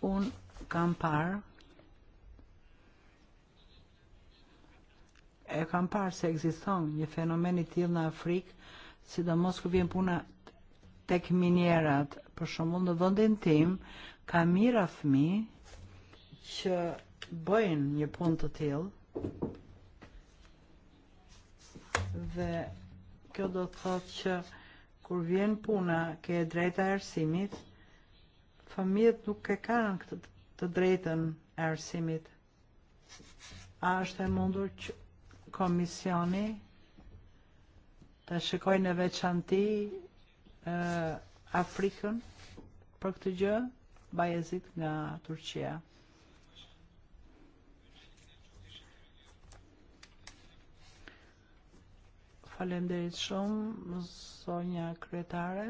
Unë kam parë, e kam parë se egziston një fenomeni i në Afrikë, si sidomos kur vjen puna tek minjerat, për shembull në vendin tim ka mira fmi që bëjnë një pun të tjilë, Dhe kjo do të thotë që kur vjen puna ke e drejta e arsimit, familjet nuk e kanë këtë të drejtën e arsimit. A është e mundur që komisioni të shikoj në veçanti e, Afrikën për këtë gjë, bajezit nga Turqia. Falemderit shumë, zonja kryetare.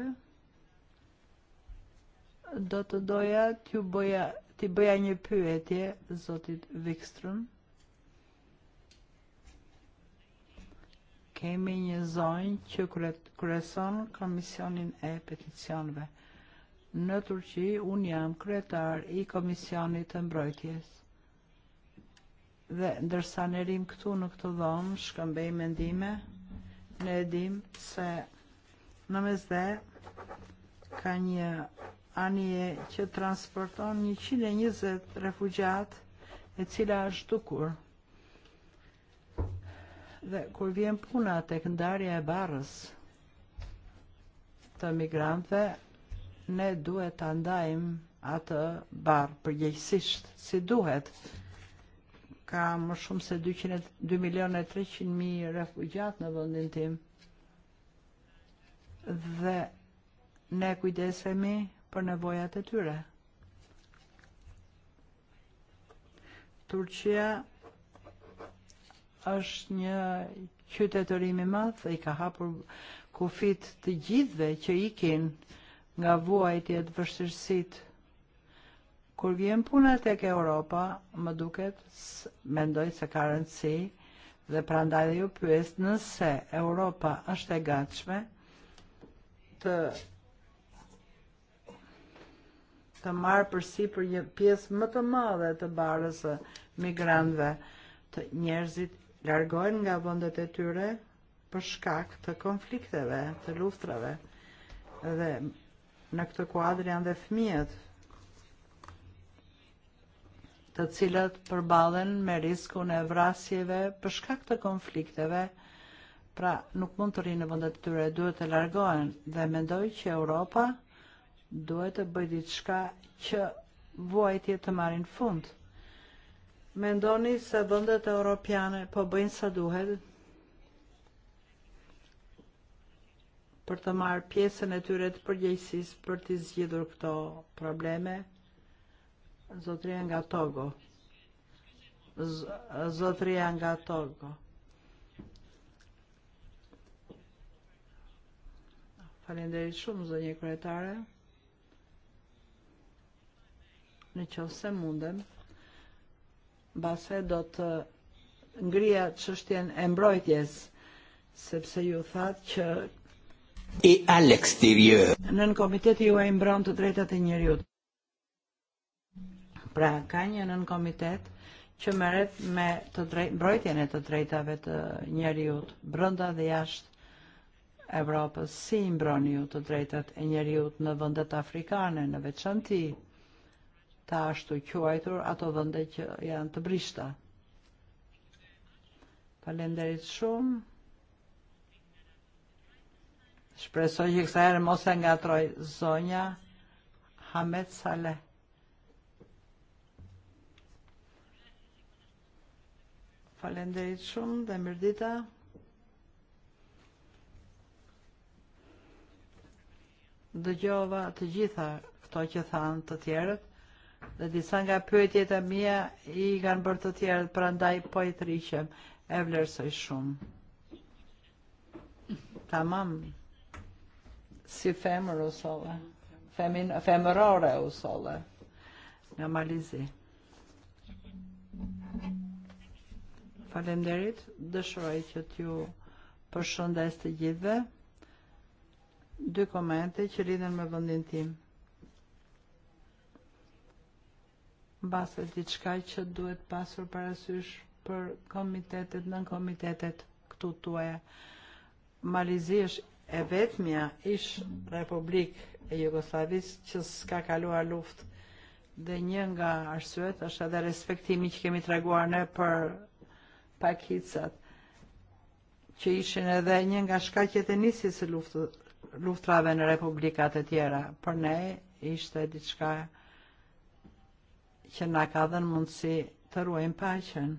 Do të doja t'ju bëja, t'i bëja një pyetje, zotit Vikström. Kemi një zonjë që kreson komisionin e peticionve. Në no Turqi, unë jam kryetar i komisionit të mbrojtjes dhe ndërsa në rim këtu në no këtë dhomë, shkëmbej mendime, Nedim se namazda kanya anje që transporton 120 refugjat e cila është dukur. Dhe kur vjen puna tek ndarja e barrës të migrantëve, ne duhet ta ndajmë atë barr përgjegjësisht si duhet ka më shumë se 2 milion e 300 mi refugjat në vëndin tim. Dhe ne kujdesemi për nevojat e tyre. Turqia është një qytetërim i madh dhe i ka hapur kufit të gjithëve që ikin nga vuajtjet vështirësitë Kur vjen puna tek Europa, më duket, mendoj se ka rëndësi dhe prandaj ju pyes nëse Europa është e gatshme të të marrë përsi për një pjesë më të madhe të barës së migrantëve. Të njerëzit largojnë nga vendet e tyre për shkak të konflikteve, të luftrave. Dhe në këtë kuadër janë dhe fëmijët, të cilët përbalen me risku në e vrasjeve për shkak të konflikteve, pra nuk mund të rinë në vëndet të e tyre, duhet të largohen dhe mendoj që Europa duhet të bëjë diçka që vuajtje të marin fund. Mendoni se vëndet e europiane po bëjnë sa duhet për të marë pjesën e tyre të përgjëjsis për të zgjidur këto probleme? Zotrianga Togo. Z, Zotrianga Togo. Falenderit shumë, zonje kryetare. Në qovë se mundem, base do të eh, ngria qështjen e mbrojtjes, sepse ju thatë që e eh, al exterior. Nën komiteti ju e mbron të drejtat e njeriut. Pra ka një nën komitet që merret me të drejt, mbrojtjen e të drejtave të njerëzit brenda dhe jashtë Evropës. Si i mbroni ju të drejtat e njerëzit no në vendet afrikane në no veçanti? Ta ashtu quajtur ato vende që eh, janë të brishta. Falenderit shumë. Shpresoj që kësa herë mos e ngatroj zonja Hamet Saleh. Falenderit shumë dhe mërdita. Dëgjova të gjitha këto që thanë të tjerët dhe disa nga pyetjet e mia i kanë bërë të tjerët, prandaj po i trishem, e vlerësoj shumë. Tamam. Si femër u solle. Femin, femërore u solle. Nga Malizi. Falemderit, dëshëroj që t'ju përshëndes të gjithve. Dy komente që lidhen me vendin tim. Mbase diçka që duhet pasur parasysh për komitetet, nën komitetet këtu tuaja. Malizi është e vetmja ish Republik e Jugoslavis që s'ka kaluar luft dhe një nga arsyet është edhe respektimi që kemi treguar ne për pak pakicët që ishin edhe një nga shkaqjet e nisjes së luftës luftrave në republikat e tjera. Për ne ishte diçka që na ka dhënë mundësi të ruajmë paqen.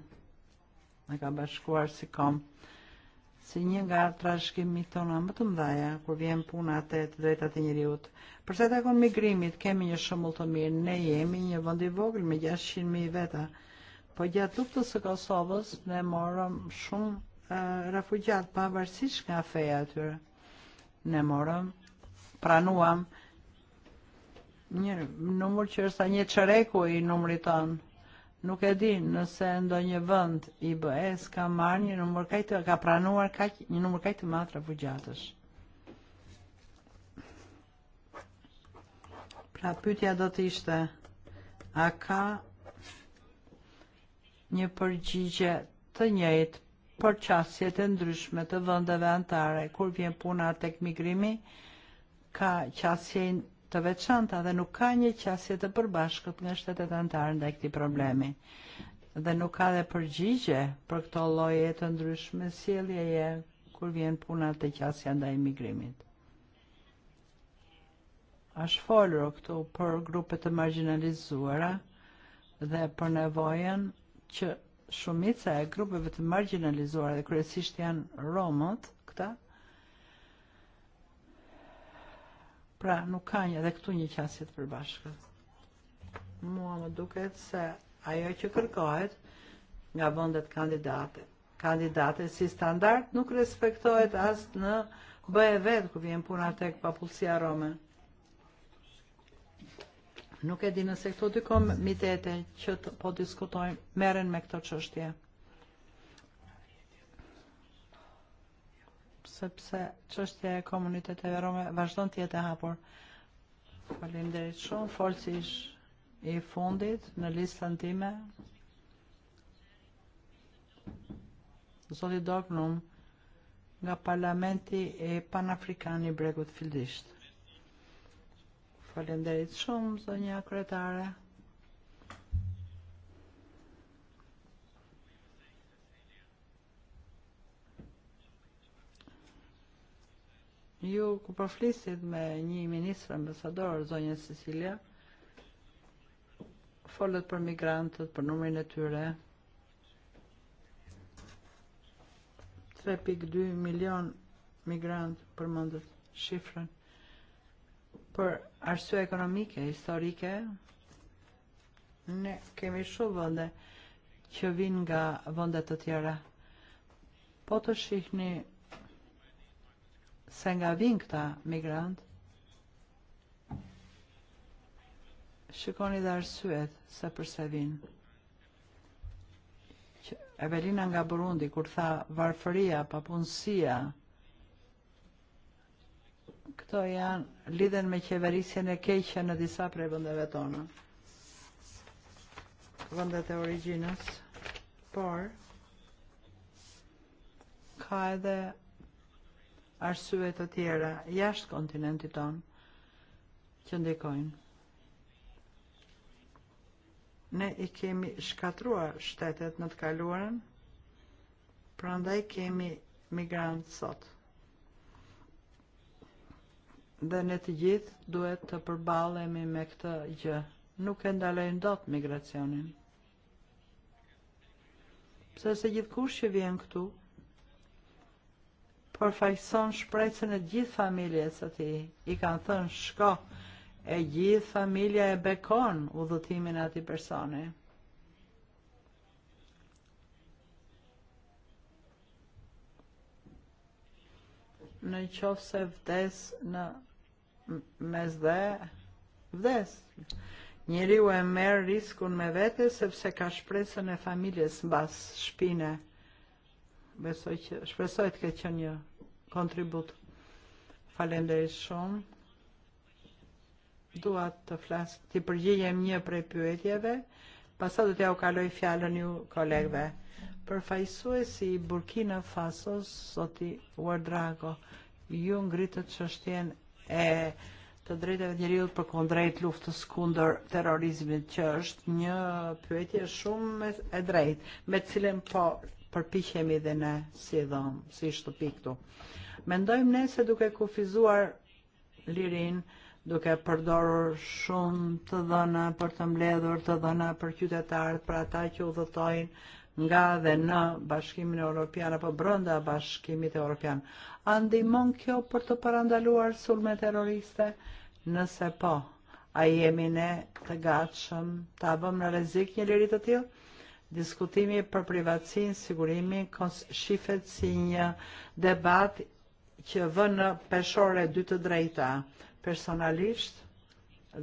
Na ka bashkuar si kom si një nga trashëgimimet tona më të mëdha kur vjen puna te të drejtat e njerëzit. Për sa i takon migrimit, kemi një shembull të mirë. Ne jemi një vend i vogël me 600 mijë veta. Po gjatë luftës së Kosovës ne morëm shumë uh, e, refugjat pavarësisht nga feja atyre. Ne morëm, pranuam një numër që është sa një çereku i numrit ton. Nuk e di nëse ndonjë vend i BE-s ka marrë një numër kaq të ka pranuar kaq një numër kaq të madh refugjatësh. Pra pyetja do të ishte a ka një përgjigje të njëjtë për qasjet e ndryshme të vëndeve antare. Kur vjen puna tek migrimi, ka qasjen të veçanta dhe nuk no ka një qasje të përbashkët nga shtetet antare ndaj këtij problemi. Dhe nuk no ka dhe përgjigje për këto lloje të ndryshme sjelljeje kur vjen puna te qasja ndaj migrimit. Është folur këtu për grupe të marginalizuara dhe për nevojën që shumica e grupeve të marginalizuara dhe kryesisht janë Romët, këta, pra nuk ka një edhe këtu një qasje të përbashkët. Mua më duket se ajo që kërkohet nga vendet kandidate, kandidate si standard nuk no, respektohet as në no, BE vetë ku vjen puna tek papullësia rome. Nuk e di nëse këtu dy komitete që të, po diskutojnë merren me këto çështje. Sepse çështja e komuniteteve rome vazhdon të jetë e hapur. Faleminderit shumë, folsi i fundit në listën time. Zoti Dognum nga Parlamenti e Panafrikan i Bregut Fildisht. Falenderit shumë, zonja kretare. Ju ku përflisit me një ministrë ambasador, zonja Cecilia, folët për migrantët, për numërin e tyre. 3.2 milion migrantë për përmëndët shifrën. Për arsye ekonomike, historike, ne kemi shumë vënde që vinë nga vënde të tjera. Po të shihni se nga vinë këta migrant, shikoni dhe arsyet se përse vinë. Evelina nga Burundi, kur tha varfëria, papunësia, këto janë lidhen me qeverisjen e keqe në e disa prej vendeve tona. Vendet e origjinës, por ka edhe arsye të tjera jashtë kontinentit ton që ndikojnë. Ne i kemi shkatruar shtetet në të kaluarën, prandaj kemi migrant sot. Dhe ne të gjithë duhet të përbalemi me këtë gjë. Nuk e ndalejnë do të migracionin. Pse se gjithë kush që vjen këtu përfajson shprecën e gjithë familje së ti, I kanë thënë shko, e gjithë familja e bekon u dhëtimin e ati personi. Në qofë se vdes në mes dhe Njeri u e merë riskun me vete sepse ka shpresën e familjes në basë shpine. Besoj që shpresoj të këtë që një kontribut. Falenderit shumë. Dua të flas, ti përgjigjem një prej pyetjeve, pasat të t'ja u kaloj fjallën ju kolegëve. Përfaqësuesi si Burkina Fasos, zoti Wardrago, ju ngritët që çështjen e të drejtave të njeriut për kundrejt luftës kundër terrorizmit që është një pyetje shumë e drejtë me të cilën po përpiqemi dhe ne si dhëm, si shtëpi këtu. Mendojmë ne se duke kufizuar lirin, duke përdorur shumë të dhëna për të mbledhur, të dhëna për qytetarët, për ata që udhëtojnë, nga dhe në bashkimin e Europian apo brënda bashkimit e Europian. A ndimon kjo për të parandaluar sulme terroriste? Nëse po, a jemi ne të gatshëm të abëm në rezik një lirit të tjil Diskutimi për privacin sigurimi, shifet si një debat që në peshore dy të drejta personalisht,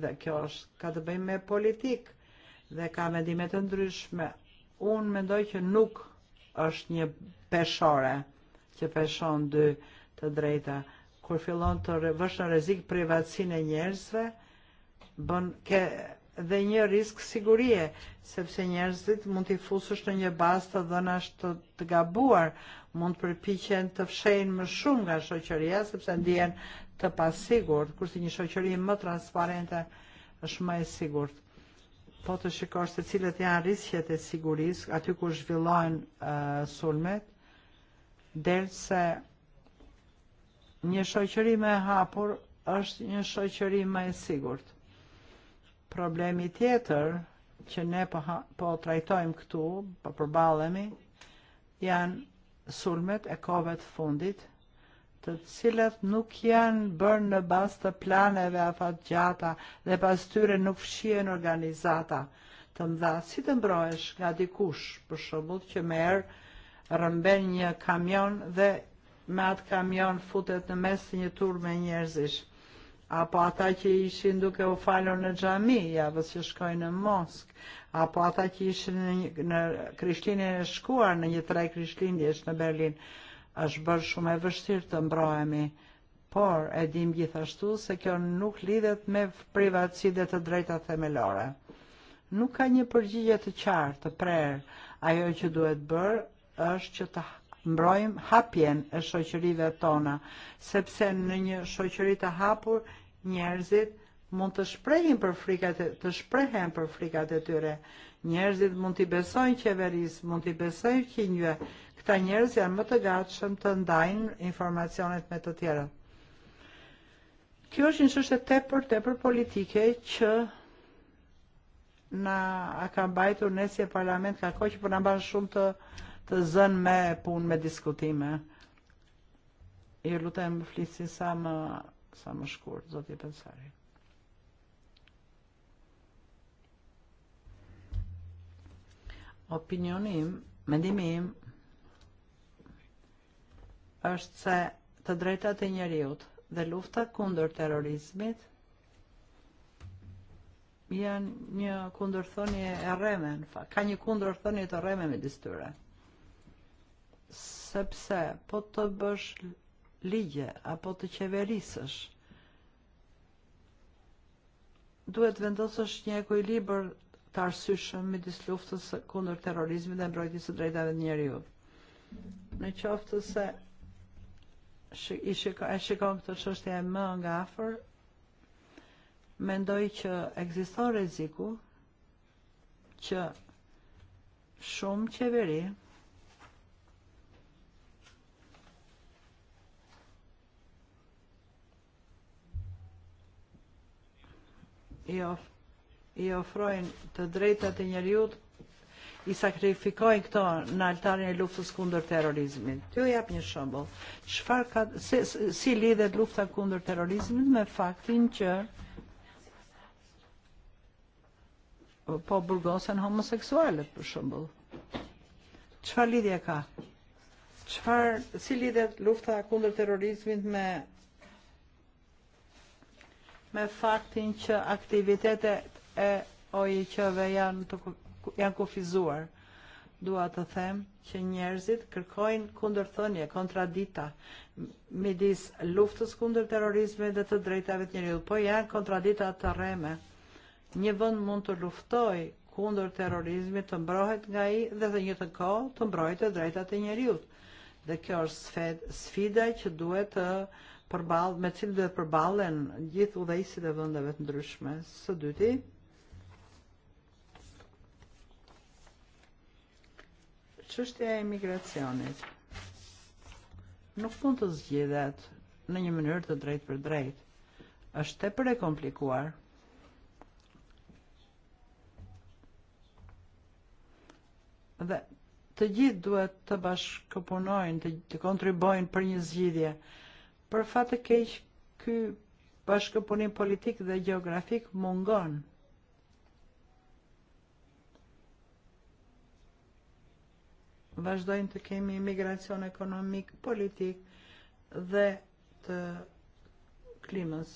dhe kjo është ka të bëjmë me politikë, dhe ka medimet të ndryshme un mendoj që nuk është një peshore që peshon dy të drejta. Kur fillon të vësh në rrezik privatësinë e njerëzve, bën ke dhe një risk sigurie, sepse njerëzit mund t'i fusësh në një bazë të dhënash të, të gabuar, mund të përpiqen të fshejnë më shumë nga shoqëria sepse ndihen të pasigurt, kurse një shoqëri më transparente është më e sigurt po të shikosh se cilët janë risjet e sigurisë aty ku zhvillojnë uh, sulmet, derse një shoqëri më e hapur është një shoqëri më e sigurt. Problemi tjetër që ne po, ha, po trajtojmë këtu, po përballemi, janë sulmet e kove të fundit të cilët nuk janë bërë në bazë të planeve gjata dhe pas tyre nuk fshien organizata të mdha. Si të mbrojesh nga dikush, për shembull, që merë rëmben një kamion dhe me atë kamion futet në mes të një me njerëzish. Apo ata që ishin duke u falur në gjami, ja, javës që shkojnë në Moskë. apo ata që ishin në, në krishtlindjen e shkuar në një trej krishtlindjesh në Berlinë është bërë shumë e vështirë të mbrohemi, por e dim gjithashtu se kjo nuk lidhet me privatësi dhe të drejta themelore. Nuk ka një përgjigje të qartë, të prerë. Ajo që duhet bërë është që të mbrojmë hapjen e shoqërive tona, sepse në një shoqëri të hapur njerëzit mund të shprehin për frikat e, të shprehen për frikat e tyre. Njerëzit mund t'i besojnë qeverisë, mund t'i besojnë qinjve, këta njerëz janë më të gatshëm të ndajnë informacionet me të tjerët. Kjo është një çështje tepër tepër politike që na a ka mbajtur ne si parlament ka kohë që po na mban shumë të të zën me punë me diskutime. Ju lutem flisni sa më sa më shkurt, zoti Pensari. opinjoni im, mendimi im është se të drejtat e njeriut dhe lufta kundër terrorizmit janë një kundërthënie e rreme, në fakt, ka një kundërthënie të rreme me distyre. Sepse po të bësh ligje apo të qeverisësh, duhet vendosësh një ekuilibër të arsyshëm midis luftës kundër terrorizmit dhe mbrojtjes së drejtave të njeriut. Në qoftë se e shikojmë këtë e më nga afer, mendoj që ekziston reziku që shumë qeveri i, of, i ofrojnë të drejtat e njeriut i sakrifikojnë këto në altarin e luftës kundër terrorizmit. Ju jap një shembull. Çfarë ka si, si lidhet lufta kundër terrorizmit me faktin që po burgosen homoseksualet për shembull. Çfarë lidhje ka? Çfarë si lidhet lufta kundër terrorizmit me me faktin që aktivitetet e OIQ-ve janë të janë kufizuar. Dua të them që njerëzit kërkojnë kundërthënie, kontradita midis luftës kundër terrorizmit dhe të drejtave të njeriut, po janë kontradita të rreme. Një vend mund të luftojë kundër terrorizmit të mbrohet nga ai dhe të njëjtën kohë të mbrojë të drejtat e njeriut. Dhe kjo është sfida që duhet të përball me cilë duhet përballen gjithë udhëheqësit e vendeve të ndryshme. Së dyti, çështja e emigracionit nuk no mund të zgjidhet në no një mënyrë të drejtë për drejtë. Është tepër e komplikuar. Dhe të gjithë duhet të bashkëpunojnë, të, të kontribojnë për një zgjidhje. Për fatë të e keq, ky bashkëpunim politik dhe geografik mungon. vazhdojnë të kemi imigracion ekonomik, politik dhe të klimës.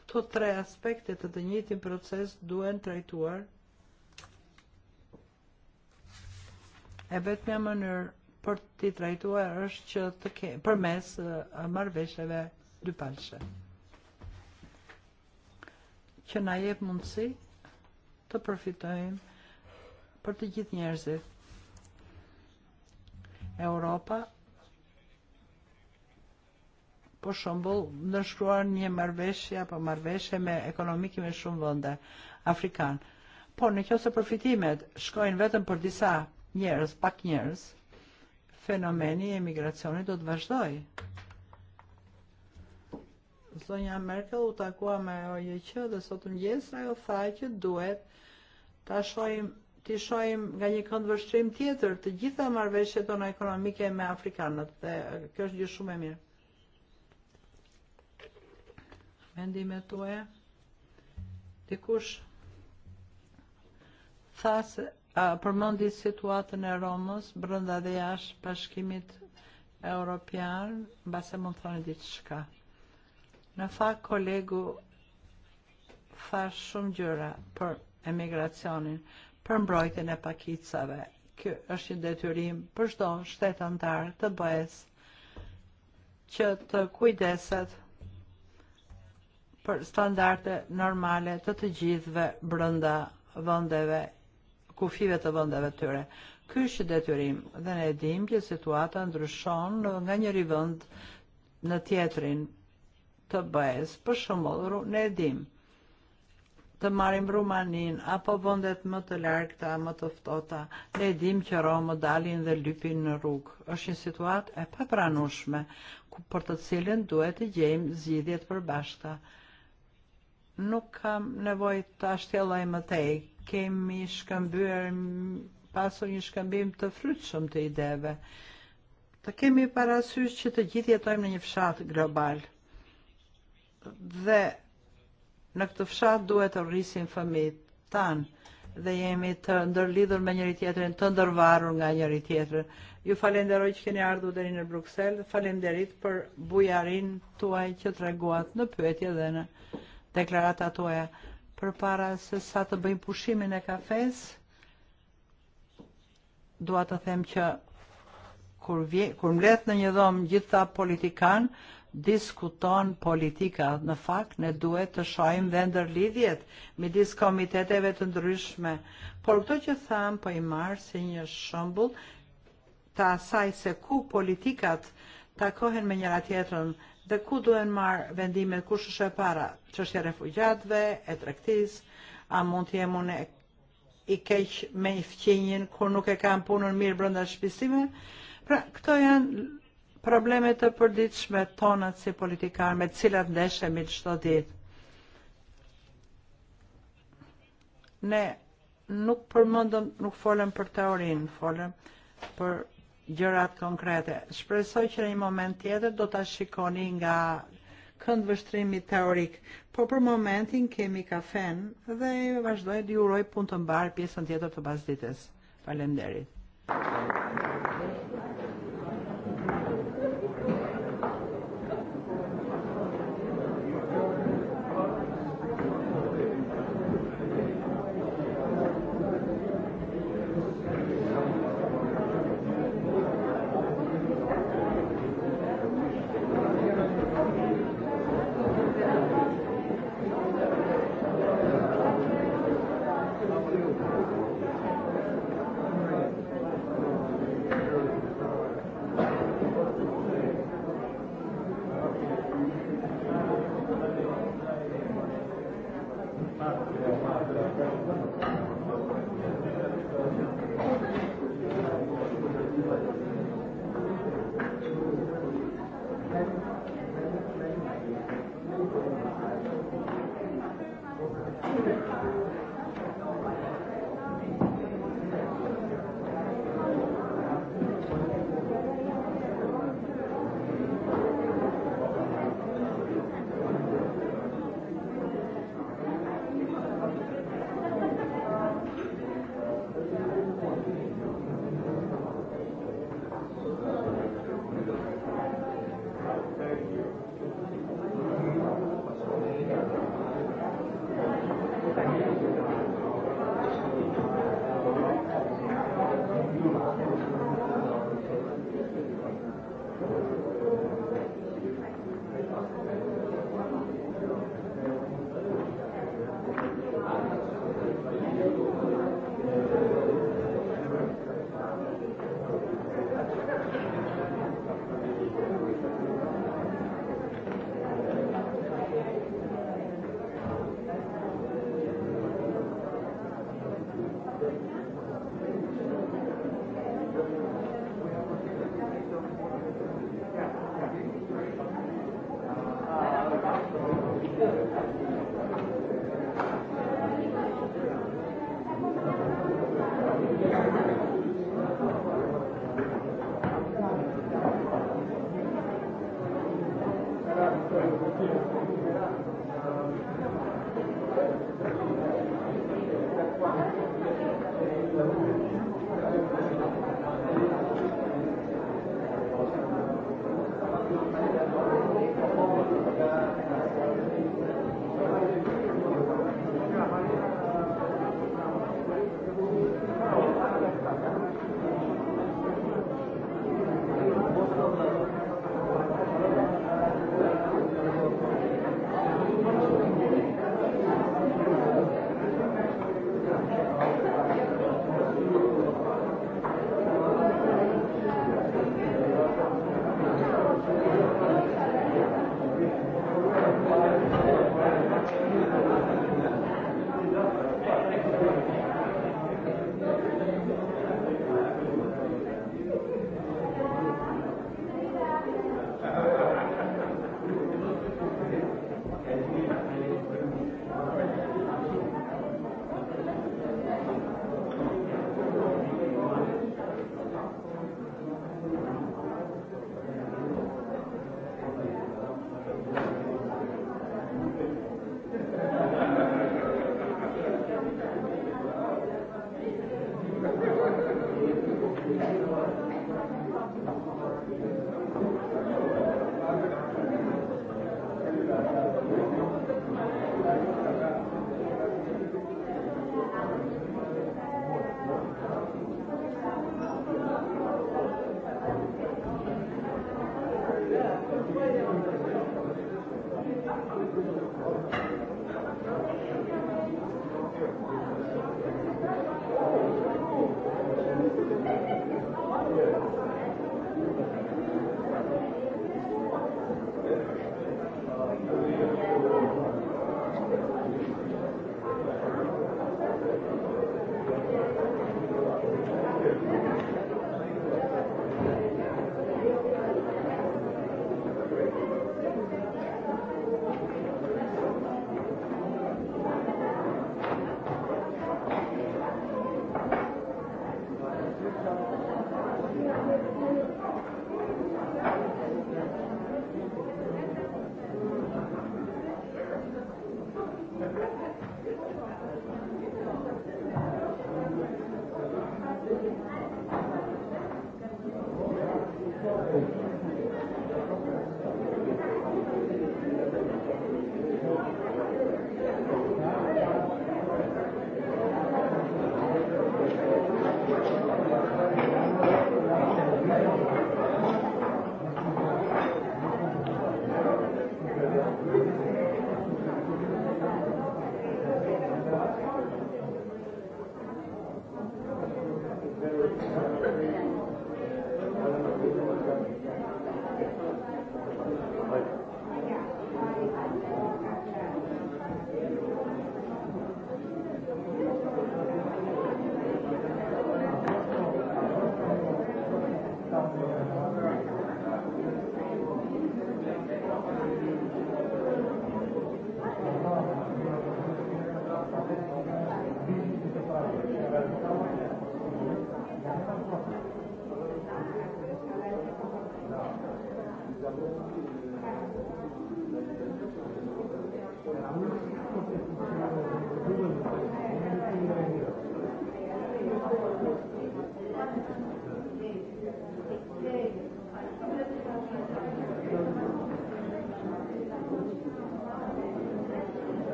Këto tre aspekte të të njëjtin proces duhen trajtuar e vetë mja mënyrë për të trajtuar është që të kemi për mes përmes dy e, dypalshe që na jep mundësi të përfitojmë për të gjithë njerëzit. Europa për shembull nëshkruar një marveshje, apo marveshje me ekonomike me shumë vënde, afrikan. Por në kjo se përfitimet shkojnë vetëm për disa njerëz, pak njerëz, fenomeni e emigracionit do të vazhdoj. Zonja Merkel u takua me OJQ dhe sot mëngjes ajo tha që duhet ta shohim të shohim nga një këndvështrim tjetër të gjitha marrëveshjet tona ekonomike me afrikanët dhe kjo është gjë shumë e mirë. Mendimet tuaja? Dikush tha se përmendi situatën e Romës brenda dhe jashtë bashkimit Europian, mbase mund thoni diçka. Në fakt kolegu fa shumë gjëra për emigracionin për mbrojtjen e pakicave. Kjo është një detyrim për shdo shtet antar të bëhes që të kujdeset për standarte normale të të gjithve brënda vëndeve, kufive të vëndeve tyre. Ky është detyrim dhe ne dim që situata ndryshon nga njëri vend në tjetrin të bëhes. Për shembull, ne dim të marim Rumanin, apo vëndet më të larkëta, më të ftota, ne dim që Romë dalin dhe lypin në rrugë. është një situat e papranueshme, ku për të cilin duhet të gjejmë zgjidhje për përbashkëta. Nuk kam nevoj të shtjelloj më tej. Kemi shkëmbyr pasu një shkëmbim të frytshëm të ideve. Të kemi parasysh që të gjithë jetojmë në një fshatë global. Dhe Në këtë fshat duhet të rrisin fëmijët tanë dhe jemi të ndërlidhur me njëri tjetrin, të ndërvarur nga njëri tjetrin. Ju falenderoj që keni ardhur deri në Bruksel, falenderit për bujarin tuaj që treguat në pyetje dhe në deklarata tuaja. Përpara se sa të bëjmë pushimin e kafes, dua të them që kur, vje, kur mlet në një dhomë gjitha politikanë, diskuton politika. Në fakt, ne duhet të shohim dhe ndërlidhjet me disë komiteteve të ndryshme. Por këto që thamë, po i marë si një shëmbull, ta saj se ku politikat ta kohen me njëra tjetërën dhe ku duhen marë vendimet ku shëshe e para, çështja e refugjatve, e trektis, a mund të jemi unë i keq me i fqinjin kur nuk e kam punën mirë brënda shpisime, Pra, këto janë probleme të përdiqme tonët si politikar me cilat ndeshemi të shto dit. Ne nuk përmëndëm, nuk folëm për teorinë, folëm për gjërat konkrete. Shpresoj që në një moment tjetër do të shikoni nga këndë vështrimi teorik, po për momentin kemi kafen dhe vazhdoj të juroj punë të mbarë pjesën tjetër të basdites. Falemderit. Thank you.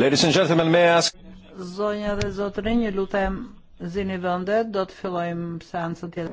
Ladies and gentlemen, may I ask... Zonja dhe zotrinj, ju lutem zini vëndet, do të fillojmë seancën tjetër.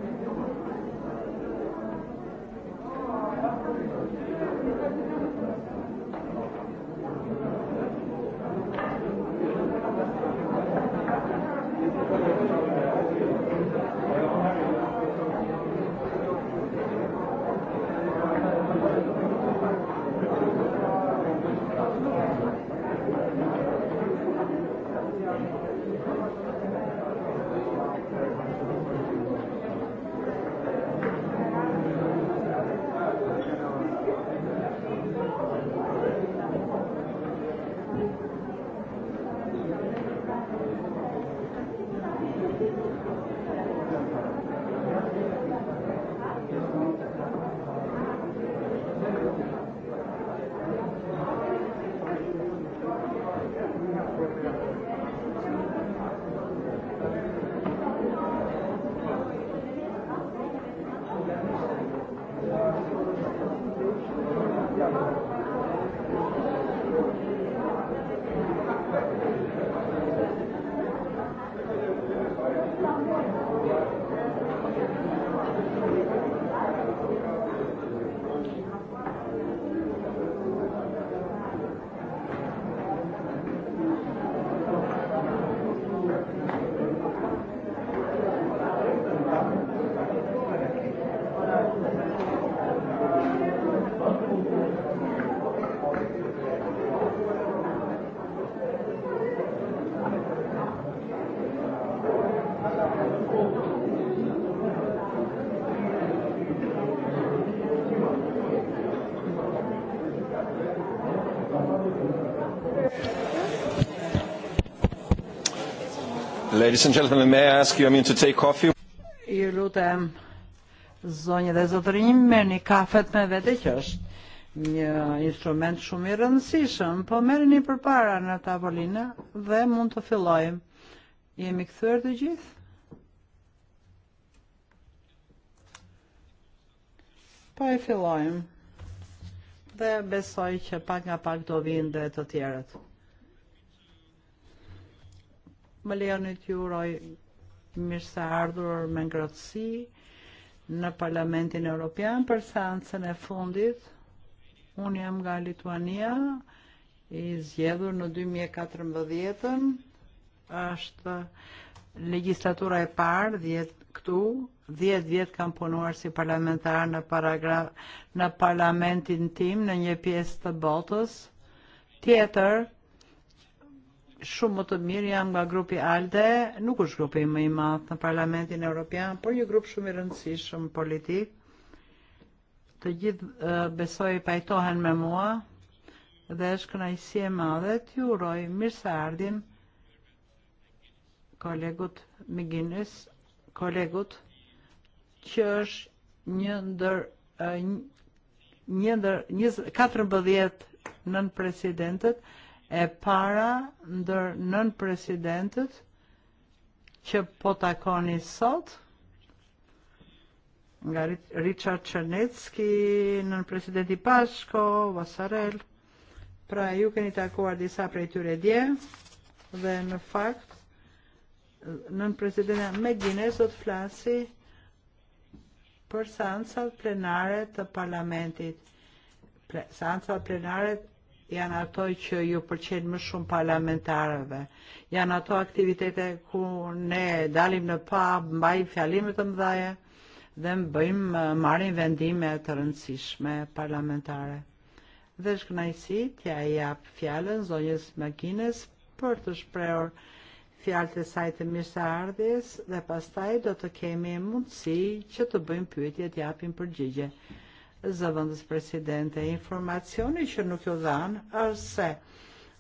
Ladies and gentlemen, may I ask you, I mean, to take coffee? Ju lutem zonjë dhe zotërinjë një kafet me vete që është një instrument shumë i rëndësishëm, po merë një përpara në tavolinë dhe mund të fillojmë. Jemi këthër të gjithë? Po e fillojmë. Dhe besoj që pak nga pak do vinë dhe të tjerët. Më lejoni t'ju uroj mirë se ardhur me ngrohtësi në Parlamentin Evropian për seancën e fundit. Unë jam nga Lituania, i zgjedhur në 2014-ën, e është legislatura e parë, 10 këtu, 10 vjet kam punuar si parlamentar në paragraf në parlamentin tim në një pjesë të botës. Tjetër shumë më të mirë jam nga grupi ALDE, nuk është grupi më i madh në Parlamentin Evropian, por një grup shumë i rëndësishëm politik. Të gjithë e, besoj e pajtohen me mua dhe është kënaqësi e madhe t'ju uroj mirëseardhjen kolegut Miginis, kolegut që është një ndër e, një ndër 14 nën presidentët e para ndër nën presidentët që po takoni sot nga Richard Czernetski, nën presidenti Pashko, Vasarel. Pra ju keni takuar disa prej tyre dje dhe në fakt nën presidenta me Medines do të flasi për seancat plenare të parlamentit. Ple, seancat plenare janë ato që ju përqenë më shumë parlamentarëve. Janë ato aktivitete ku ne dalim në pa, mbajmë fjalimet të mdhaje dhe bëjmë marrin vendime të rëndësishme parlamentare dhe shkënajsi tja jap fjallën zonjës Makines për të shprehur fjalët e saj të mirë se ardhjes dhe pastaj do të kemi mundësi që të bëjmë pyetje të japim përgjigje zëvëndës presidente. Informacioni që nuk ju dhanë është se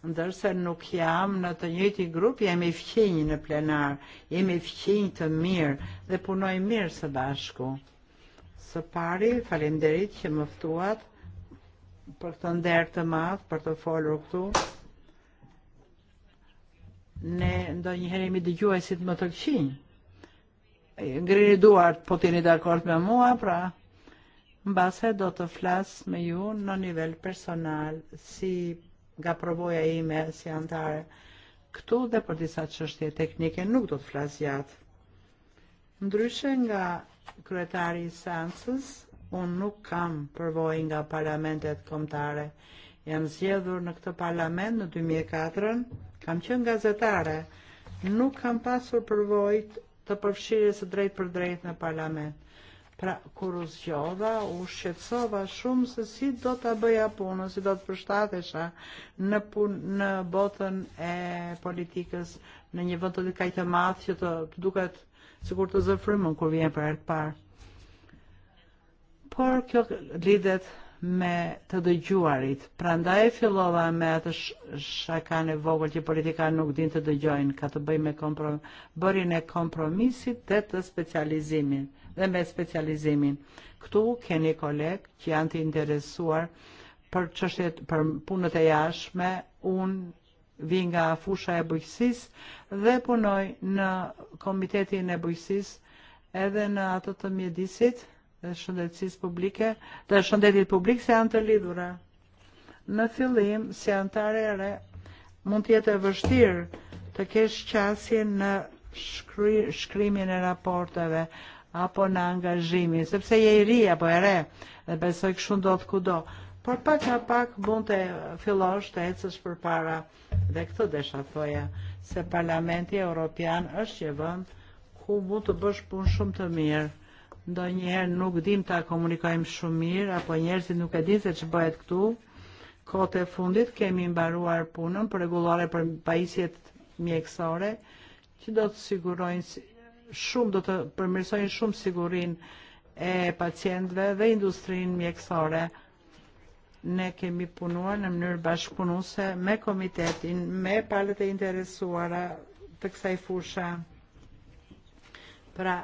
ndërse nuk jam në no të njëti grup, jemi i fqinjë në plenar, jemi i fqinjë të mirë dhe punoj mirë së bashku. Së pari, falenderit që mëftuat për të nder të madhë, për të folur këtu. Ne ndo ndonjëherë jemi dëgjuesit më të këqinjë. Ngrini duart, po tini dhe dakord me mua, pra base do të flas me ju në no nivel personal si ga provoja ime si antare këtu dhe për disa qështje teknike nuk do të flas gjatë. Ndryshe nga kryetari i seancës, unë nuk kam përvojë nga parlamentet kombëtare. Jam zgjedhur në këtë parlament në 2004, e kam qenë gazetare, nuk kam pasur përvojë të përfshirjes së drejtë për drejtë në parlament Pra, kur u zgjodha, u shqetsova shumë se si do të bëja punën, si do të përshtatesha në, pun, në botën e politikës në një vënd të kajtë të matë që të, të duket si kur të zëfrymën kur vjen për herë të parë. Por kjo lidet me të dëgjuarit. Prandaj fillova me atë sh shakan e vogël që politika nuk din të dëgjojnë, ka të bëjë me komprom bërin e kompromisit dhe të specializimin dhe me specializimin. Këtu keni koleg që janë të interesuar për çështjet për punët e jashtme, unë vi nga fusha e bujqësisë dhe punoj në komitetin e bujqësisë edhe në ato të mjedisit dhe shëndetësisë publike dhe shëndetit publik se janë të lidhura. Në fillim, si antare e re, mund të jetë e vështirë të kesh qasje në shkrymin e raporteve apo në angazhimin, sepse je i ri apo e re dhe besoj kështu ndodh kudo. Por pak a pak mund të fillosh të ecësh përpara dhe këtë desha thoja se Parlamenti Evropian është një vend ku mund të bësh punë shumë të mirë. Ndonjëherë nuk dim ta komunikojmë shumë mirë apo njerëzit nuk e dinë se ç'bëhet këtu. e fundit kemi mbaruar punën për rregullore për pajisjet mjekësore që do të sigurojnë shumë do të përmirësojnë shumë sigurinë e pacientëve dhe industrinë mjekësore. Ne kemi punuar në mënyrë bashkëpunuese me komitetin, me palët e interesuara të kësaj fushë. Pra,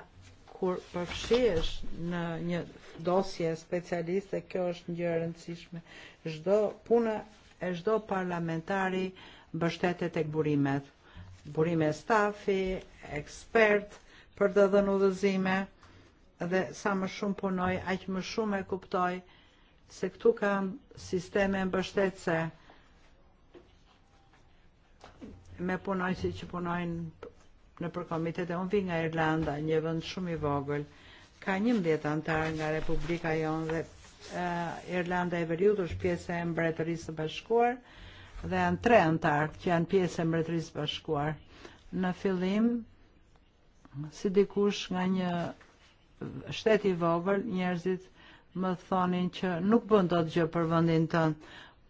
kur përfshihesh në një dosje specialiste, kjo është një gjë e rëndësishme. Çdo punë e çdo parlamentari mbështetet tek burimet. Burime stafi, ekspert, për të dhënë udhëzime dhe sa më shumë punoj, aq më shumë e kuptoj se këtu kam sisteme mbështetëse me punoj si që punojnë në për komitete. Unë vi nga Irlanda, një vënd shumë i vogël. Ka një mbjetë antarë nga Republika jonë dhe uh, Irlanda e Veriut është pjesë e mbretërisë bashkuar dhe janë tre antarë që janë pjesë e mbretërisë bashkuar. Në fillim, si dikush nga një eh, shteti vogël, njerëzit më thonin që nuk bën dot gjë për vendin tënd,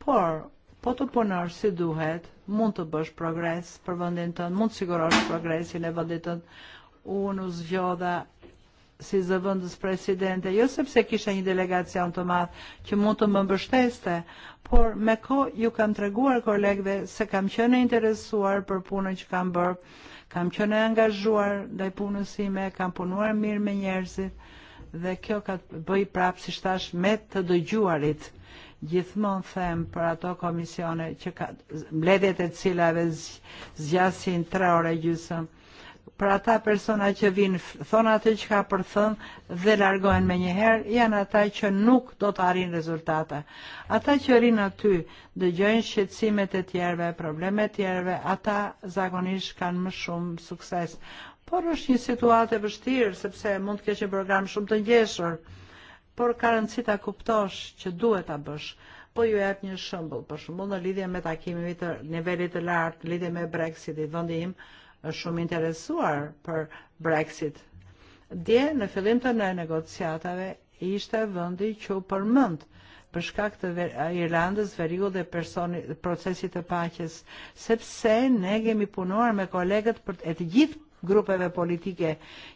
por po të punosh si duhet, mund të bësh progres për vendin tënd, mund të sigurosh progresin e vendit tënd. Unë u zgjodha si zëvendës presidente, jo sepse kisha një delegacion të madh që mund të më mbështeste, por me ko ju kam treguar kolegve se kam qenë interesuar për punën që kam bërë kam qenë angazhuar ndaj punës sime, kam punuar mirë me njerëzit dhe kjo ka bëj prapë si shtash me të dëgjuarit. Gjithmonë them për ato komisione që ka mbledhjet e cilave zgjasin 3 orë gjysmë për ata persona që vin thonë atë që ka për thënë dhe largohen me njëherë, janë ata që nuk do të arin rezultate. Ata që rinë aty, dëgjojnë shqetsimet e tjerve, problemet tjerve, ata zakonisht kanë më shumë sukses. Por është një situatë e vështirë, sepse mund të kesh një program shumë të ngjeshur, por ka rëndësi ta kuptosh që duhet ta bësh po ju jep një shembull, për shembull në lidhje me takimin e nivelit të lartë, lidhje me Brexit, i vendi im, shumë interesuar për Brexit. Dje në fillim të në negociatave ishte vëndi që përmënd për shkak të ver, Irlandës, verigu dhe personi, procesit të paqes, sepse ne kemi punuar me kolegët për e të gjithë grupeve politike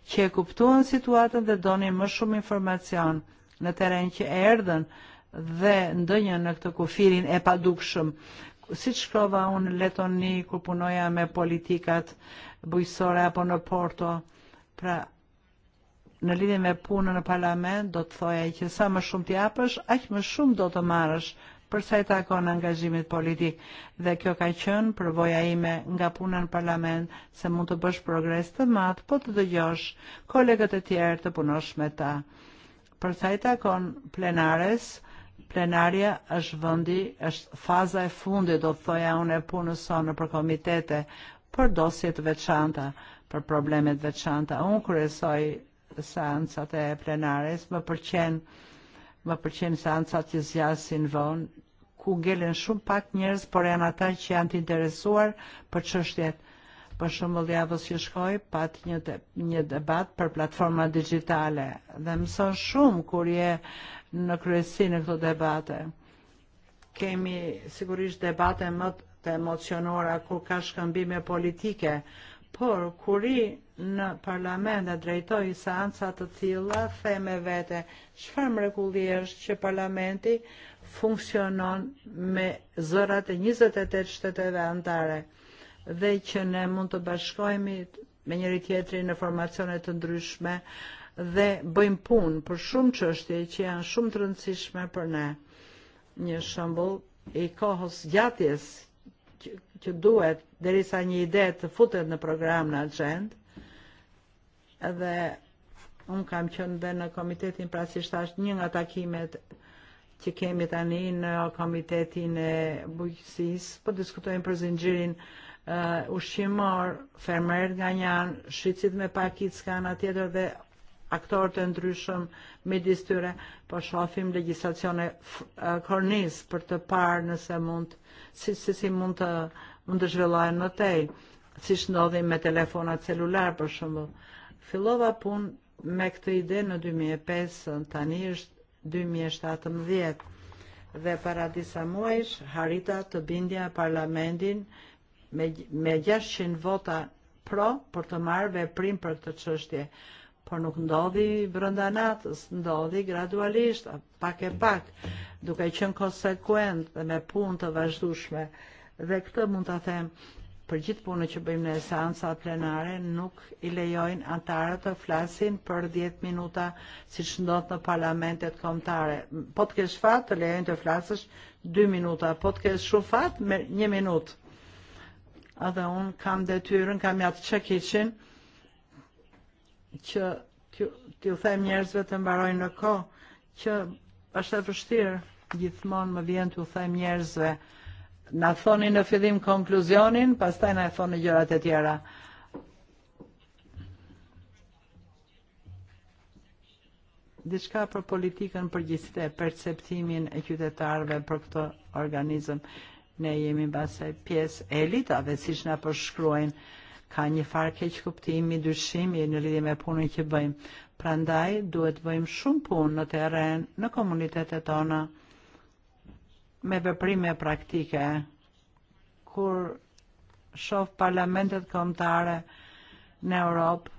që e kuptuan situatën dhe donin më shumë informacion në teren që erdhen dhe ndënjën në këtë kufirin e padukshëm si un unë Letoni, ku me politikat bujësore apo në Porto, pra në lidhje me punën në parlament, do të thoja që sa më shumë t'i japësh, aq më shumë do të marrësh përsa i takon angazhimit politik. Dhe kjo ka qënë përvoja ime nga puna në parlament se mund të bësh progres të matë, po të dëgjosh kolegët e tjerë të punosh me ta. sa i takon plenares, plenaria është vëndi, është faza e fundit, do të thoja unë e punës sonë për komitete, për dosjet veçanta, për problemet veçanta. Unë kërësoj seancat e plenares, më përqen, më përqen seancat që zjasin vonë, ku gjelen shumë pak njerëz, por janë ata që janë të interesuar për çështjet për shembull javës që shkoj pat një de, një debat për platforma digjitale dhe mëson shumë kur je në kryesi në këto debate. Kemi sigurisht debate më të emocionora kur ka shkëmbime politike, por kur i në parlament e drejtoj seanca të tilla, them e vete çfarë mrekulli është që parlamenti funksionon me zërat e 28 e shteteve antare dhe që ne mund të bashkojmi me njëri tjetri në formacione të ndryshme dhe bëjmë punë për shumë çështje që janë shumë të rëndësishme për ne. Një shembull i kohës gjatjes që, që duhet derisa një ide të futet në program në agendë. dhe unë kam qënë dhe në komitetin pra si shtasht një nga takimet që kemi tani në komitetin e bujësis, po diskutojmë për zingjirin e ushqimor, fermer nga janë, shqicit me pakicë ka në tjetër dhe aktorë të ndryshëm midis tyre, po shohim legjislacione kornis uh, për të parë nëse mund si si, si mund të mund të zhvillohen në tej, si ndodhi me telefonat celular për shembull. Filova pun me këtë ide në 2005, tani është 2017 dhe para disa muajsh harita të bindja parlamentin me, me 600 vota pro për të marrë veprim për të qështje. Por nuk ndodhi brënda natës, ndodhi gradualisht, pak e pak, duke qenë konsekuent dhe me pun të vazhdushme. Dhe këtë mund të them për gjithë punë që bëjmë në seanca plenare nuk i lejojnë antarët të flasin për 10 minuta si që ndodhë në parlamentet komtare. Po të kesh fat, të lejojnë të flasësh 2 minuta, po të kesh shumë fat, 1 minutë adhaun kam detyrën, kam atë që kishin, që t'ju them njerëzve të mbarojnë në kohë që është e vështirë, gjithmonë më vjen t'ju them njerëzve, na thoni në fillim konkluzionin, pastaj na e thoni gjërat e tjera. diçka për politikën përgjithëse, perceptimin e qytetarëve për këtë organizëm ne jemi basaj pjesë elitave, si që na përshkruajnë, ka një farë keq kuptimi, dyshimi në lidhje me punën që bëjmë. Prandaj duhet bëjmë shumë punë në teren, në komunitetet tona, me veprime praktike, kur shoh parlamentet komtare në Europë,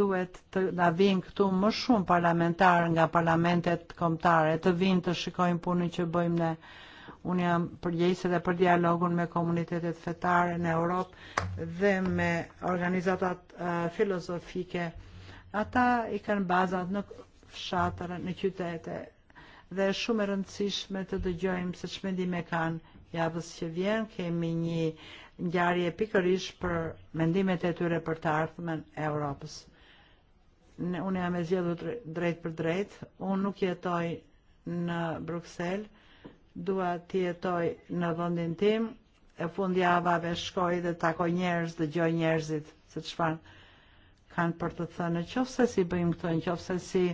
duhet të na vinë këtu më shumë parlamentarë nga parlamentet komtare, të vinë të shikojmë punën që bëjmë në Europë, Unë jam përgjegjëse dhe për dialogun me komunitetet fetare në Europë dhe me organizatat uh, filozofike. Ata i kanë bazat në fshatër, në qytete dhe shumë e rëndësishme të dëgjojmë se që mendime kanë javës që vjen kemi një ngjarje pikërish për mendimet e tyre për të ardhmen e Europës. Ne unë jam e zgjedhur drejt për drejt, unë nuk jetoj në Bruxelles, Dua të jetoj në vendin tim, e fundjavave shkoj dhe takoj njerëz, dëgjoj njerëzit se çfarë kanë për të thënë. Në Nëse si bëjmë këto, në nëse si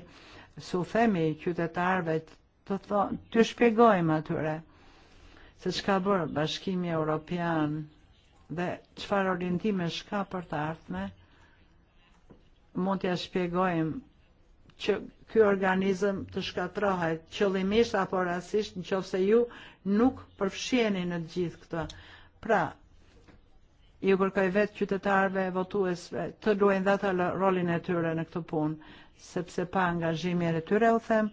su themi qytetarëve të thonë, të shpjegojmë atyre se çka bër Bashkimi Evropian dhe çfarë orientime shka për të ardhme, mund t'ja shpjegojmë që ky organizëm të shkatrohet, qëllimisht apo rasisht nëse ju nuk përfshiheni në të gjithë këtë. Pra, ju kërkoj vetë qytetarëve, votuesve të luajnë e dhe rolin e tyre në këtë punë, sepse pa angazhimin e tyre u them,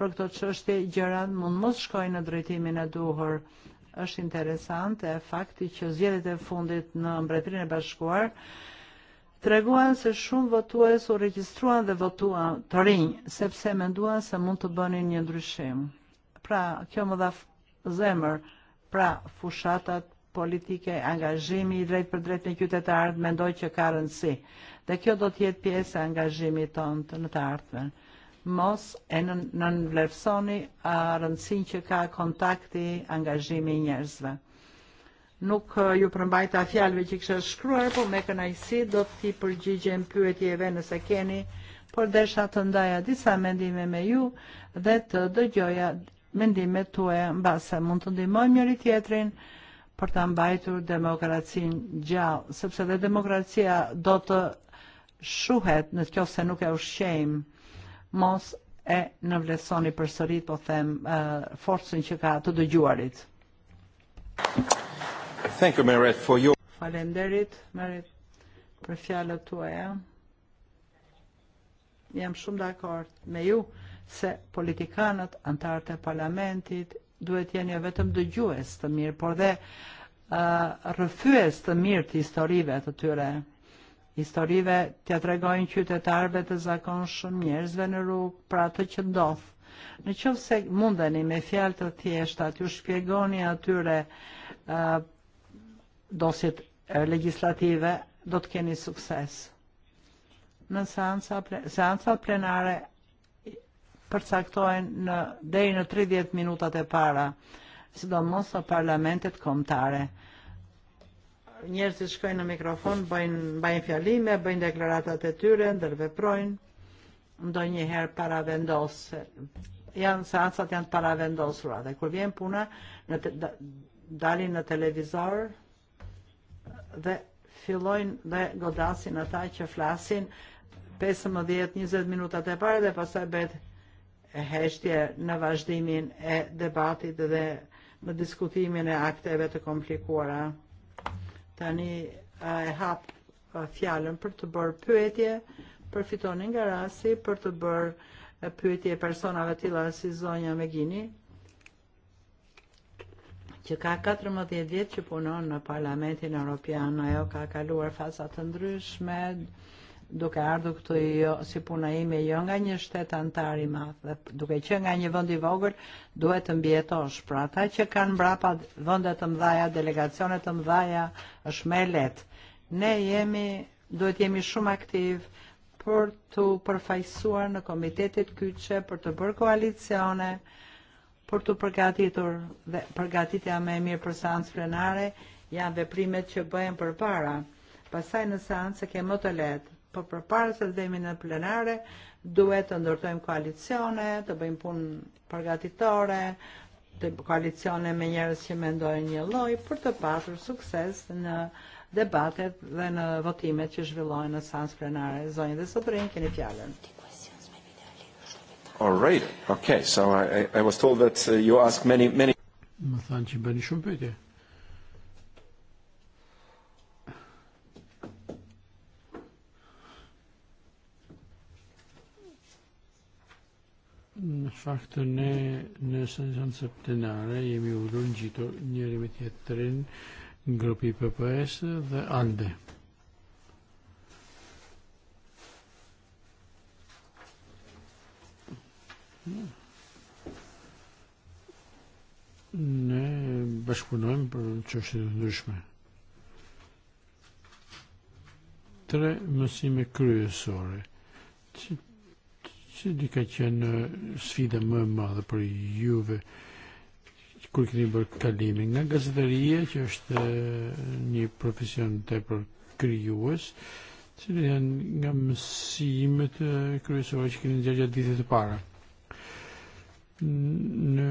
për këtë çështje gjërat mund mos shkojnë në drejtimin e duhur. Është interesante fakti që zgjedhjet e fundit në Mbretërinë e Bashkuar treguan se shumë votues u regjistruan dhe votuan të rinj, sepse e menduan se mund të bënin një ndryshim. Pra, kjo më dha zemër, pra fushatat politike, angazhimi i drejt për drejt në qytetarët, mendoj që ka rëndësi. Dhe kjo do të jetë pjesë e angazhimit tonë të në të ardhmen. Mos e në nënvlerësoni rëndësin që ka kontakti angazhimi i njerëzve nuk eh, ju përmbajta fjalëve që kisha shkruar, po me kënaqësi do t'i përgjigjem pyetjeve e nëse keni, por desha të ndaja disa mendime me ju dhe të dëgjoja mendimet tuaja mbase mund të ndihmojmë njëri tjetrin për ta mbajtur demokracinë gjallë, sepse dhe demokracia do të shuhet në qoftë se nuk e ushqejmë. Mos e në nëvlesoni përsërit, po them, uh, forcën që ka të dëgjuarit. Thank you. Thank you, Meret, for your... Falenderit, Merit, për fjallët tuaja. Jam shumë dakord me ju se politikanët, antarët e parlamentit, duhet jeni vetëm dëgjues të mirë, por dhe rëfyes të mirë të historive të tyre. Historive t'ja tregojnë qytetarëve të zakonshëm njerëzve në rrugë për atë që ndodh. Në qovë se mundeni me fjalë të thjeshta t'ju shpjegoni atyre uh, dans eh, legislative euh, législative d'ottieni succes. Në seanca, seanca plenare përcaktojnë në, deri në 30 minutat e para, sidomos në parlamentet kombëtare. Njerëzit shkojnë në mikrofon, bëjnë, bëjnë fjalime, bëjnë deklaratat e tyre, ndërveprojnë, ndonjëherë paravendosë. Janë seancat janë paravendosura dhe kur vjen puna në te, dalin në televizor, dhe fillojnë dhe godasin ata që flasin 15-20 minutat e pare dhe pasaj bet heshtje në vazhdimin e debatit dhe në no diskutimin e akteve të komplikuara. Tani e hap e, fjallën për të bërë pyetje, për fitonin nga rasi, për të bërë e, pyetje personave tila si zonja me gini, që ka 14 vjetë që punon në Parlamentin Europian, ajo ka kaluar fasat të ndryshme, duke ardhur këtu jo, si puna ime jo nga një shtetë antari ma, dhe duke që nga një vëndi vogër, duhet të mbjetosh, Pra ta që kanë mbrapa vëndet të mdhaja, delegacionet të mdhaja, është me lehtë. Ne jemi duhet jemi shumë aktiv për të përfajsuar në komitetit kyqe, për të bërë koalicione, uh, për të përgatitur dhe përgatitja me e mirë për seancë frenare janë veprimet që bëhen para. Pasaj në seancë ke më të letë, për për para se të vdemi në plenare duhet të ndërtojmë koalicione, të bëjmë punë përgatitore, të koalicione me njerës që mendojnë një loj, për të pasur sukses në eh, debatet dhe eh, në votimet që zhvillojnë në seancë frenare. Zonjë dhe Sotrin keni fjallën already. Okay, so I, I was told that uh, you asked many, many. Ma tantx beni xumpeti. Faktu ne nesa ġansa b'tenara jemi u runġitu njeri mit jettrin gruppi PPS dhe ALDE. Ne bashkëpunojmë për çështje të ndryshme. Tre mësime kryesore. Që, që di ka qenë sfida më e madhe për juve kur keni bërë kalimin nga gazetaria që është një profesion tepër krijues, cilë janë nga mësimet kryesore që keni nxjerrë gjatë ditës së parë në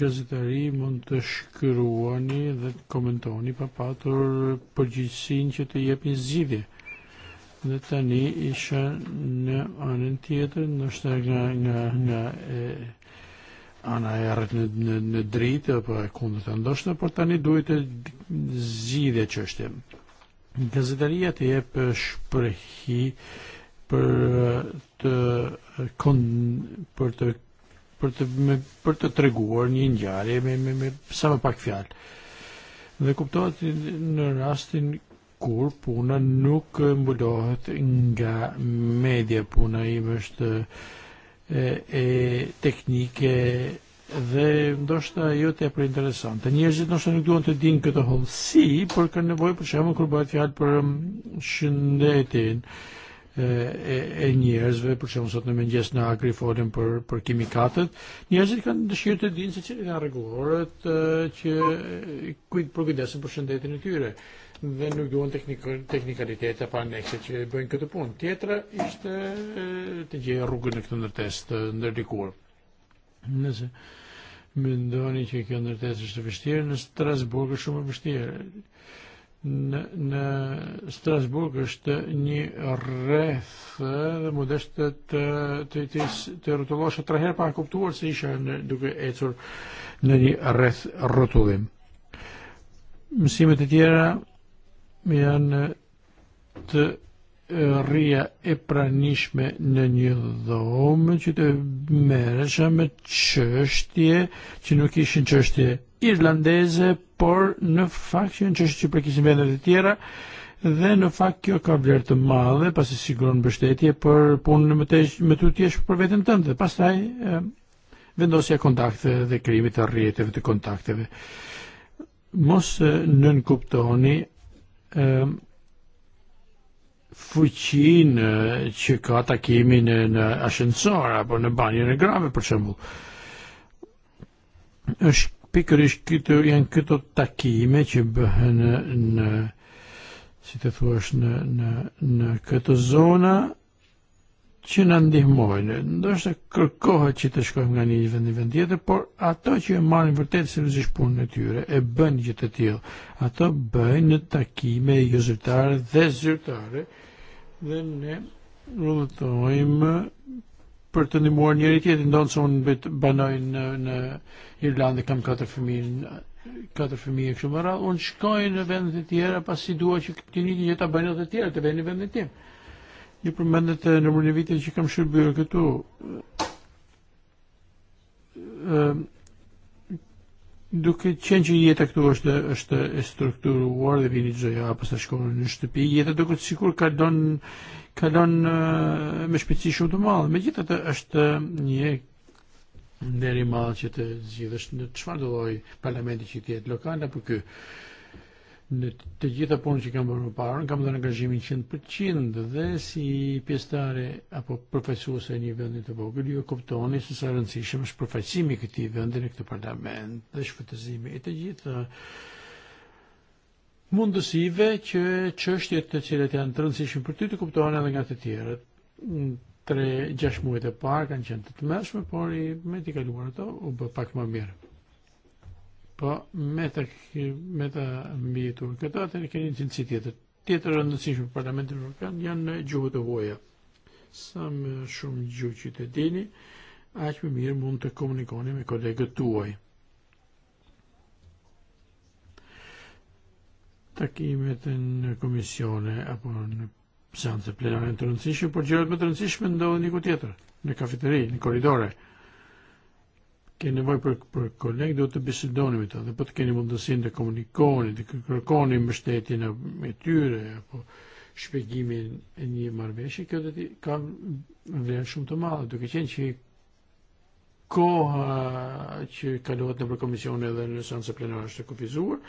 gazetari mund të shkruani dhe të komentoni pa patur përgjithsin që të jepni zgjidhje. Dhe tani isha në anën tjetër, ndoshta nga nga nga e, ana e erët në, në, në dritë apo e kundë të ndoshtë, por tani duhet të zgjidhje është. Gazetaria të jep shprehi për e, të kon, për të për të me, për të treguar një ngjarje me, me me sa më pak fjalë. Dhe kuptohet në rastin kur puna nuk mbulohet nga media, puna ime është e, e teknike dhe ndoshta jo të për interesante. Njerëzit ndoshta nuk duan të dinë këtë hollësi, por kanë nevojë për shembull kur bëhet fjalë për um, shëndetin. Ë e njerëzve, për çembull sot në mëngjes në Agri folën për për kimikatet, njerëzit kanë dëshirë të dinë se çfarë janë rregulloret që kujt për kujdesen për shëndetin e tyre dhe nuk duan teknikalitete apo anekse që bëjnë këtë punë. Tjetra ishte të gjejë rrugën në këtë ndërtesë të ndërlikuar. Nëse mendoni që kjo ndërtesë është e vështirë, në Strasburg është shumë e vështirë në, në Strasburg është një rreth dhe më deshte të, të, të, të rëtulloshe të herë pa kuptuar se isha në, duke ecur në një rreth rrotullim. Mësimet e tjera me janë të rria e pranishme në një dhomë që të meresha me qështje që nuk ishin qështje irlandeze por në fakt që në çështje që përkishin vendet e tjera dhe në fakt kjo ka vlerë të madhe pas e sigurën bështetje për punën më të më të thjesht për veten tënde. Pastaj vendosja kontakte dhe krimit të rrjetëve të kontakteve. Mos eh, nën kuptoni ë eh, fuqin që eh, ka takimi në, në ascensor apo në banjën e grave për shembull. Është pikërisht janë këto takime që bëhen në si të thuash në në në këtë zonë që na ndihmojnë. Ndoshta kërkohet që të shkojmë nga një vend tjetër, por ato që e marrin vërtet seriozisht punën e tyre, e bëjnë gjë të tillë. Ato bëjnë në takime jo zyrtare dhe zyrtare dhe ne rrugëtojmë për të ndihmuar njëri tjetrin, ndonë se unë banoj në, në Irlandë, kam 4 fëmijë, 4 fëmijë kështu më radhë, unë shkoj në vendet e tjera pasi dua që të njëjtin një ta bëjnë të tjera, të vënë në vendin tim. Ju përmendet në numrin e viteve që kam shërbyer këtu. Ëm duke qenë që jeta këtu uh, është është e strukturuar dhe vini çdo javë pas shkollën në shtëpi, jeta duket sikur kalon kalon me mhux pizzixu dumal, meġita ta' għax jek derima që të zgjidhësh në çfarë do lloj parlamenti që ketë lokal apo ky në të gjitha punët që kam bërë më parë, kam dhënë angazhimin 100% dhe si pjesëtare apo përfaqësuese e një vendi të vogël, ju kuptoni se sa rëndësishëm është përfaqësimi i këtij vendi në këtë parlament dhe shfrytëzimi i të gjithë uh, mundësive që çështjet të cilat janë të rëndësishme për ty të kuptohen edhe nga të tjerët. 3-6 muajt e parë kanë qenë të tmeshme, por i me të kaluar ato u bë pak më mirë. Po me të me të mbitur këto atë keni një cilësi tjetër. Tjetër rëndësishme për Parlamentin Evropian janë në gjuhët e huaja. Sa më shumë gjuhë që të dini, aq më mirë mund të komunikoni me kolegët tuaj takimet ten komisione apo në seance plenare të rëndësishme, por gjërat më të rëndësishme ndodhin diku tjetër, në kafeteri, në koridore. Keni nevojë për për koleg, duhet të bisedoni me ta, dhe po të keni mundësinë të komunikoni, të kërkoni mbështetjen e tyre apo shpjegimin e një marrëveshje, kjo do të ka vlerë shumë të madhe, duke qenë që koha që kalohet nëpër komisione dhe në seancë plenare është e kufizuar,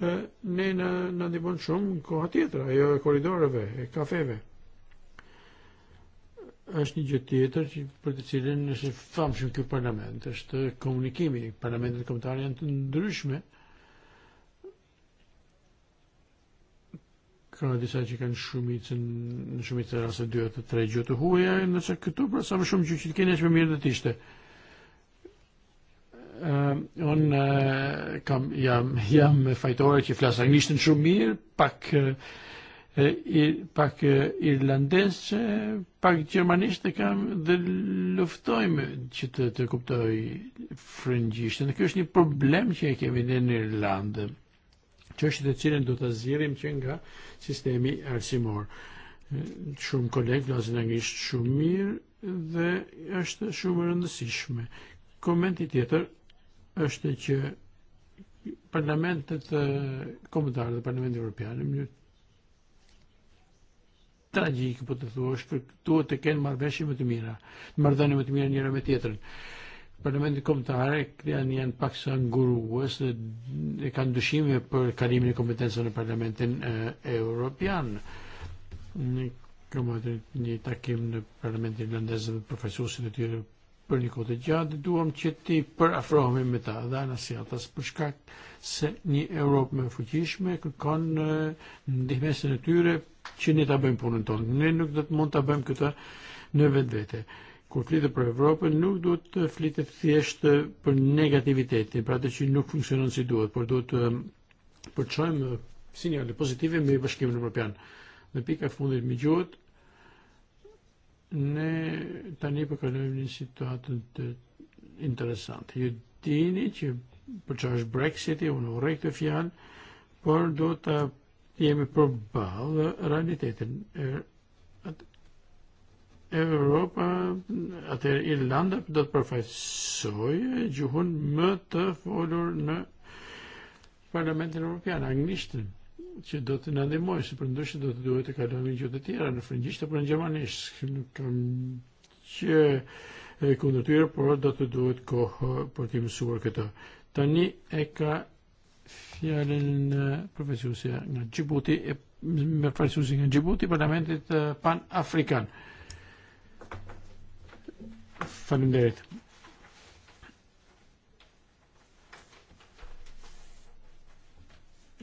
ne në, në ndihmon shumë në koha tjetër, ajo e koridoreve, e kafeve. Është një gjë tjetër që për të cilën është famshëm ky parlament, është komunikimi. Parlamentet kombëtare janë të ndryshme. Ka disa që kanë shumicën, në shumicën e raste dyja të tre gjë të huaja, nëse këtu për sa më shumë gjë që të keni as më mirë do të ishte. Ë Um, eh, un uh, eh, kam jam, jam fajtor që flas anglishtën shumë mirë, pak uh, eh, ir, pak uh, irlandes, pak gjermanisht e kam dhe luftojmë që të, të kuptoj frëngjishtën. Kjo është një problem që e kemi në Irlandë, që është të cilën do të zirim që nga sistemi arsimor. Shumë kolegë flasin anglisht shumë mirë dhe është shumë rëndësishme. Komenti tjetër është që parlamentet e, kombëtare dhe parlamentet europiane më një tragjike po të thua, është duhet të kenë marveshje më të mira, mardhani më të mira njëra me tjetrën. Parlamenti kombëtar janë janë pak sa ngurues dhe e kanë dyshime për kalimin e kompetenca në Parlamentin e, Evropian. Në kombëtar një takim në Parlamentin irlandez dhe profesorët e tyre për një kote gjatë, duham që ti për përafrohemi me eh, ta dhe anasjatas për përshkak se një Europë me fuqishme kërkon në ndihmesin e tyre që ne ta bëjmë punën tonë. Ne nuk dhe të mund ta bëjmë këta në vetë vete. Kur flitë eh, eh, për Evropën, nuk duhet të flitet thjeshtë për negativitetin, pra të që nuk funksionon si duhet, por duhet të përqojmë sinjale pozitive me bashkimin Europian. Në pika e fundit me gjuhet ne tani përkalojmë një situatën të interesantë. Ju dini që për që është Brexiti, unë urej këtë fjalë, por do të jemi përballë realitetin. Eh, Europa, atëherë Irlanda do të përfaqësojë gjuhën më të folur në Parlamentin Evropian, anglishtën që do të na se për ndoshtë do të duhet të një gjithë të tjera në frëngjisht apo në gjermanisht. Kam që e kundër tyre, por do të duhet kohë për të mësuar këta. Tani e ka fjalën uh, profesuesja nga Djibouti e me profesuesin nga Gjibuti, parlamentit e, uh, pan afrikan. Falim Faleminderit.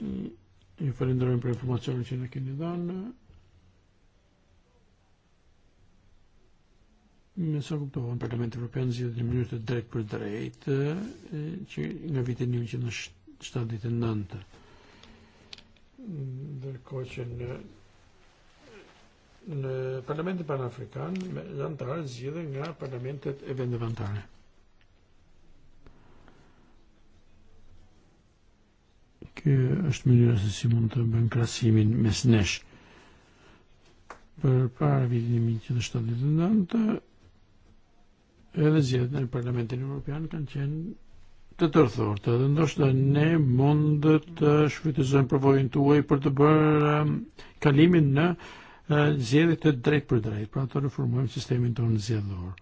Mm. Ju falenderojmë për informacionin që na keni dhënë. Me sa kuptova, Parlamenti Evropian zgjidhet në mënyrë të drejtë për drejtë që nga viti 1979. Ndërkohë që në në Parlamentin Panafrikan, me antarë zgjidhe nga parlamentet e vendeve anëtare. Kjo është mënyra se si mund të bëjmë krasimin mes nesh. Për para vitin 1979, edhe zjedhën e Parlamentin Europian kanë qenë të tërthorta dhe ndoshta ne mund të shfrytëzojmë përvojën tuaj për të bërë kalimin në uh, eh, zgjedhje të drejtë për drejtë, pra të reformojmë sistemin tonë zgjedhor.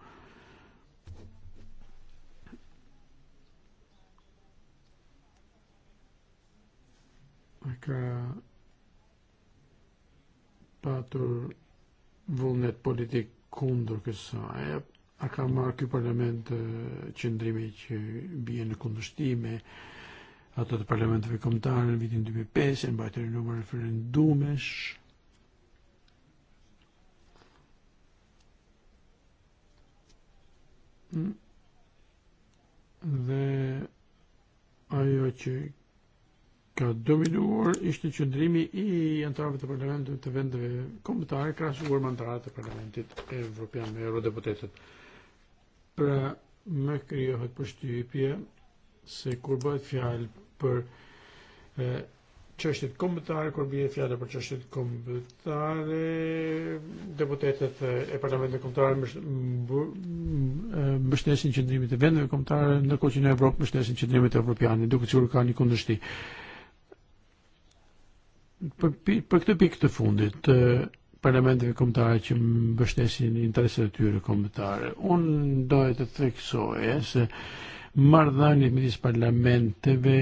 ka patur vullnet politik kundur kësa e, e A ka marrë kjo parlament qëndrimi që bie në kundështime ato të parlamenteve kombëtare në vitin 2005, e bajtër në numër referendumesh. Dhe hm. ajo që Ka dominuar ishte që ndrimi i antarëve të parlamentit të vendeve kombëtare krahasuar me antarëve të parlamentit e evropian me eurodeputetet. Pra me kryohet për shtypje se kur bëhet fjallë për qështet kombëtare, kur bëhet fjallë për qështet kombëtare, deputetet e parlamentit kombëtar që ndrimi të vendeve kombëtare, ndërkohë që në Evropë që ndrimi të evropian, duke qenë ka një kundështi për, për këtë pikë të fundit të parlamenteve kombëtare që mbështesin interesat e tyre kombëtare, unë doja të theksoje se marrëdhëniet midis parlamenteve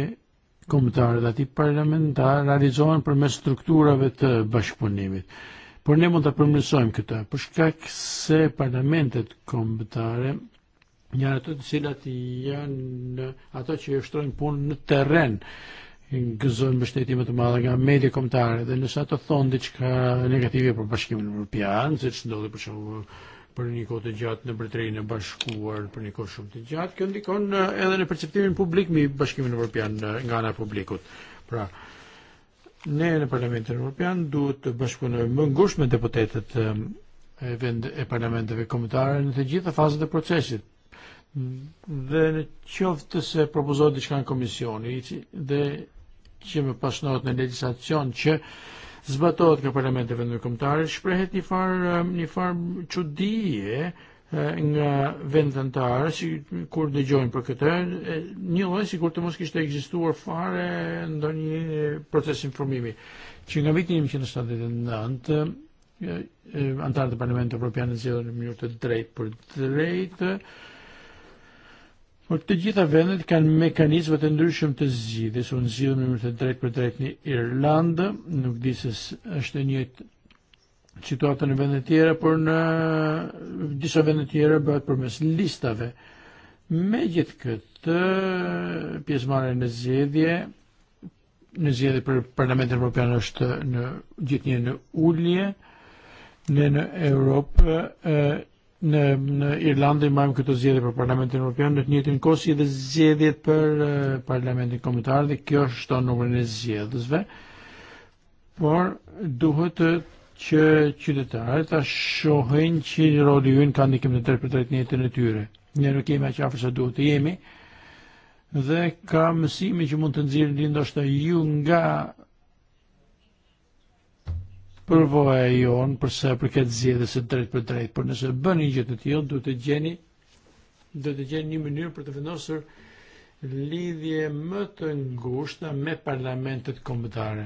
kombëtare dhe atij parlamentar realizohen përmes strukturave të bashkëpunimit. Por ne mund ta përmirësojmë këtë, për shkak se parlamentet kombëtare janë ato të cilat janë ato që ushtrojnë punën në terren gëzon mbështetjimet të mëdha nga media kombëtare dhe nëse ato thon diçka negative për Bashkimin Evropian, siç ndodhi për shembull për një kohë të gjatë në Bretërinë e Bashkuar për një kohë shumë të gjatë, kjo ndikon e, edhe në perceptimin publik mbi Bashkimin e Evropian e, nga ana e publikut. Pra, ne në Parlamentin Evropian duhet të bashkunojmë më ngushtë me deputetët e vend e parlamenteve kombëtare në të gjitha fazat e procesit, dhe në qoftë se propozohet diçka në komisioni dhe që më pasnohet në legislacion që zbatohet nga Parlamenti Vendërkombëtar, shprehet një farë eh, një farë çuditje eh, nga eh, vendëtarë si kur dëgjojnë për këtë, një lloj sikur të mos kishte ekzistuar fare ndonjë proces informimi. Që nga viti 1979 e antarët e Parlamentit Evropian e zgjedhën në mënyrë të drejtë për drejtë Por të gjitha vendet kanë mekanizma të e ndryshëm të zgjidhjes. Unë zgjidhem në të drejtë për drejtë në Irlandë, nuk di se është e njëjtë situata në vende të tjera, por në disa vende të tjera bëhet përmes listave. Me këtë pjesëmarrja në zgjedhje në zgjedhje për Parlamentin Evropian është në gjithnjë në ulje, në në Europë e, në, në Irlandë i mbajmë këto zgjedhje për Parlamentin Evropian, në të njëjtin kohë si edhe zgjedhjet për uh, Parlamentin Kombëtar dhe kjo shton numrin e zgjedhësve. Por duhet të që qytetarët ta shohin që roli ynë ka ndikim të tërë për drejt njëtën në e tyre. Një nuk jemi aq afër sa duhet të jemi dhe ka mësimi që mund të nëzirë nxjerrin ndoshta ju nga për voja jonë, për sa përket zgjedhjes së drejt për drejt, por nëse bëni një gjithë të tjilë, duhet të gjeni do të gjeni një mënyrë për të vendosër lidhje më të ngushta me parlamentet kombëtare.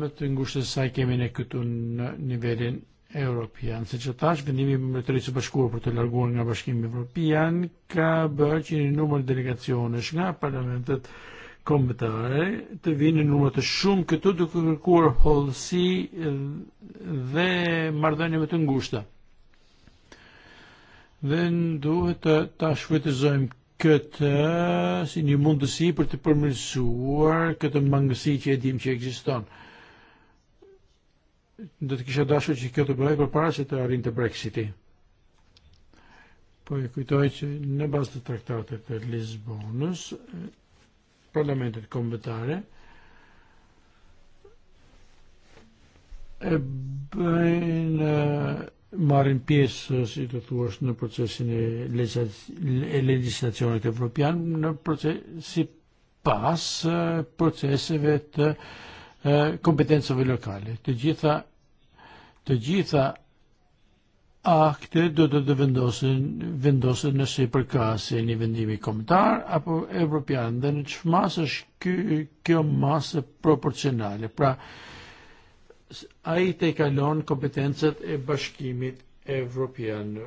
Më të ngushta se sa kemi në këtu në nivelin Europian. Se që tash, vendimi më të rritë bashkuar për të larguar nga bashkimi Europian ka bërë që një numër delegacionesh nga parlamentet kombëtare kombëtare të vinë në numër të e shumë këtu të kërkuar hollësi e, dhe marrëdhënie me të ngushta. Dhe duhet të të shvetëzojmë këtë si një mundësi për të përmirësuar këtë mangësi që e dim që ekziston. Do të kisha dashur që kjo të bëhej përpara se të arrinte Brexiti. Po e kujtoj që në bazë të traktatet të Lisbonës parlamentet kombëtare e bëjnë marrin pjesë, eh, si të thuash, er në in e, e legislacionit evropian, në er proces, si pas eh, proceseve vet eh, kompetencave locale. Të gjitha, të gjitha akter do të të vendosin, vendosin nëse për ka një vendimi komtar apo evropian dhe në që masë është kjo, kjo masë proporcionale. Pra, a i te kalon kompetencet e bashkimit evropian.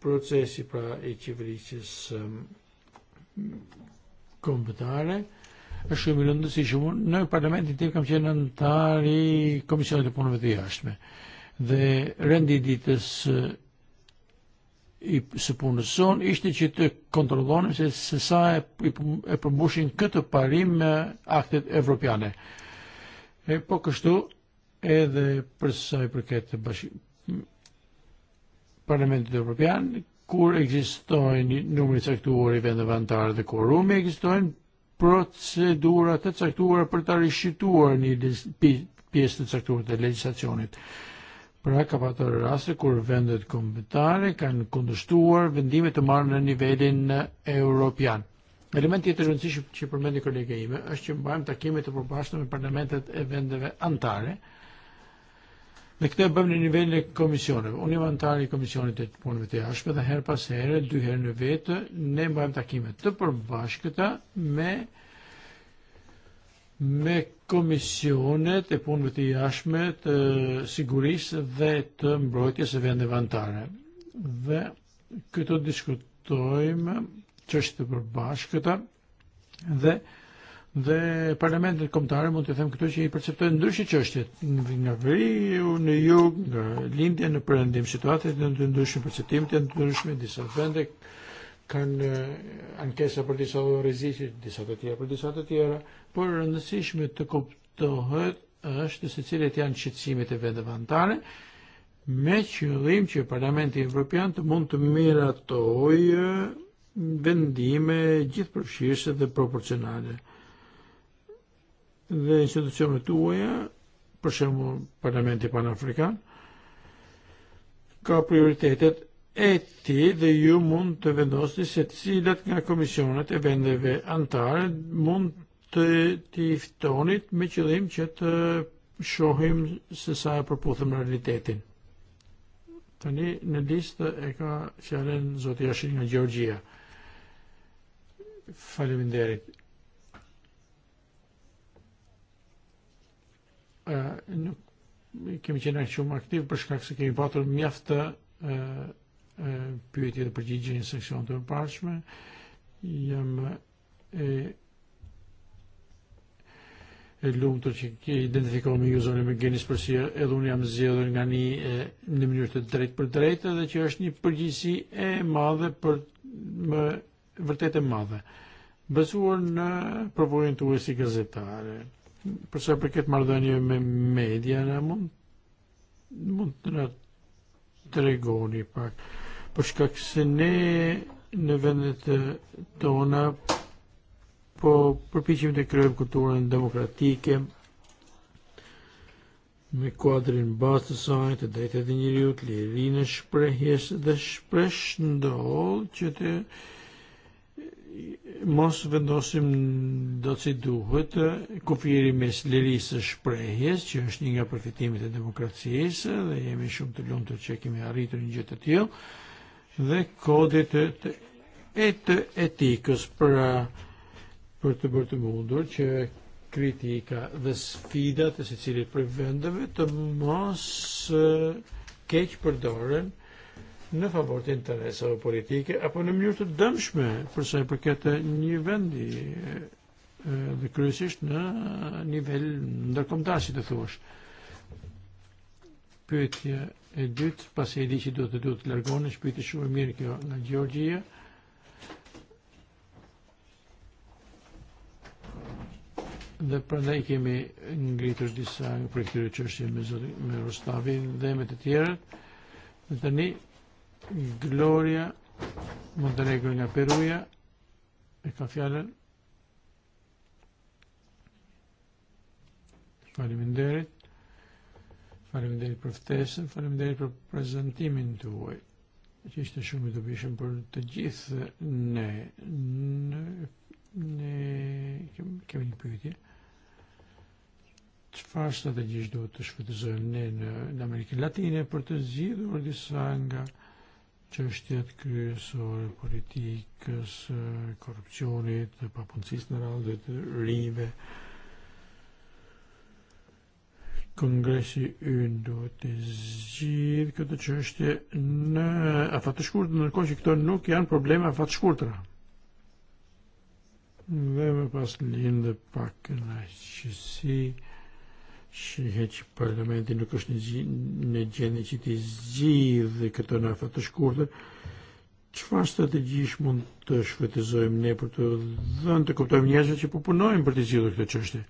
Procesi pra e qeverisës um, kombëtare është shumë i rëndësishëm. Në parlamentin tim kam qenë antari Komisionit të Punëve të Jashtme. Uh, dhe rendi ditës i së punës son ishte që të kontrollonim se se sa e, e përmbushin këtë parim me aktet evropiane. E po kështu edhe për sa i përket bashk... Parlamentit Evropian, kur ekzistojnë numri caktuar i vendeve anëtare dhe korumi, ekzistojnë procedurat të caktuar për të rishituar një pjesë të caktuar të legislacionit. Pra ka pasur raste kur vendet kombëtare kanë kundështuar vendimet të marrë në nivelin e, europian. Element tjetër i rëndësishëm që përmendi kolega ime është që mbajmë takime të përbashkëta me parlamentet e vendeve anëtare. Dhe këtë e bëmë në nivelin e komisioneve. Unë jam antar i komisionit të punëve të jashtme dhe her pas here, dy herë në vetë, ne mbajmë takime të përbashkëta me me komisionet e punëve të jashme të sigurisë dhe të mbrojtjes së e vendeve anëtare. Dhe këto diskutojmë qështë të përbashkëta dhe dhe parlamentet kombëtare mund të them këtu që i perceptojnë ndryshe çështjet nga veriu në jug, nga lindja në perëndim, situatat janë të ndryshme, perceptimet janë e të ndryshme, disa vende kanë eh, ankesa për disa dhe rreziqe, disa të tjera për disa të tjera, por rëndësishme të kuptohet është se cilët janë qëtësimit e vendeve antare, me qëllim që Parlamenti Evropian të mund të miratojë eh, vendime gjithë përfshirëse dhe proporcionale. Dhe institucionet tuaja, për shembull Parlamenti Pan-Afrikan, ka prioritetet etti de ju mund të vendosni se cilat nga komisionet e vendeve antare mund të t'i ftonit me qëllim që të shohim se sa e përputhëm realitetin. Tani në listë e ka fjallën Zotë Jashin nga Gjorgjia. Faleminderit. Nuk kemi qenë shumë aktiv për shkak se kemi patur mjaft të e, pyetje dhe përgjigje në seksion të përparshme. Jam e, e lumtur që ke identifikuar me ju zonën me genis përsi edhe unë jam zgjedhur nga një e, në mënyrë të drejtë për drejtë edhe që është një përgjegjësi e madhe për më vërtet e madhe. Besuar në përvojën tuaj si gazetare. Për sa përket marrëdhënie me media, na mund mund të na tregoni pak que përshkakse ne në vendet tona po përpiqem të krijojmë kulturën demokratike me kuadrin bazë të saj të drejtat e njeriut, lirinë e shprehjes dhe shpresh ndoll që të mos vendosim do si duhet kufiri mes lirisë së shprehjes që është një nga përfitimit e demokracisë dhe jemi shumë të të që kemi arritur një gjithë të tjilë dhe kodit të, të, e të etikës për, për të bërë të mundur që kritika dhe sfidat e se cilit për vendeve të mos keq përdoren në favor të interesave politike apo në mënyrë të dëmshme përsa sa i përket një vendi dhe kryesisht në nivel ndërkombëtar si të thuash. Pyetja e dytë, pas e di që do të do të largonë, shpyti shumë mirë kjo nga Gjorgjia. Dhe prandaj kemi ngritur disa për këtyre çështje me Zotin me Rostavin dhe me të tjerët. Dhe të një, Gloria Montenegro nga Peruja e ka fjalën. Faleminderit. Faleminderit për ftesën, faleminderit për prezantimin tuaj, që ishte shumë i dobishëm për të gjithë eh, ne. Ne, ne kem, kemi një pyetje. Çfarë strategjisht duhet të shfrytëzojmë ne në, në Amerikën Latine për të zgjidhur disa nga çështjet kryesore politikës, eh, korrupsionit, papunësisë në radhë të rive, Kongresi ynë duhet të zgjidh këtë çështje në afat të shkurtë, ndërkohë që këto nuk janë probleme afat të shkurtra. Dhe më pas lindë pak në qësi që heq parlamenti nuk është në gjendje që të zgjidhë këto në afat të shkurtë, fa strategjish mund të shfrytëzojmë ne për të dhënë të kuptojmë njerëzve që po punojmë për të zgjidhur këtë çështje?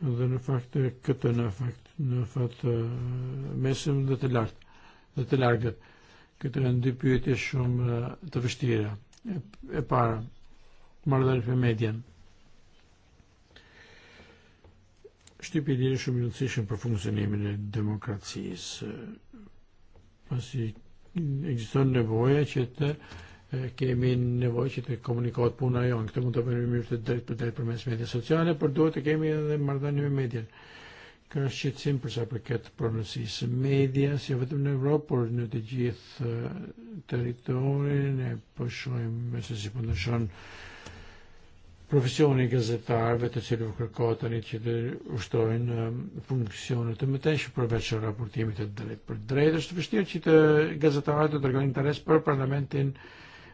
dhe në fakt këtë në fakt në fakt e, mesëm dhe të lartë dhe të largët. Këtë janë dy pyetje shumë e, të vështira. E, e para, marrëdhënie me median. Shtypi i shumë i rëndësishëm për funksionimin e demokracisë. Pasi e, ekziston nevoja që të kemi nevojë që të komunikohet puna jonë. Këtë mund të bëjmë mirë të drejt për drejt përmes medias sociale, por duhet të kemi edhe marrëdhënie me median. Ka shqetësim për sa përket pronësisë medias, jo vetëm në Evropë, por në të gjithë territorin e po shohim se si po ndryshon professioni gazetarëve të cilëve kërkohet tani që të ushtojnë funksione të mëtejshme përveç raportimit të drejtë për drejtë. Është vështirë që të gazetarët të tregojnë interes për parlamentin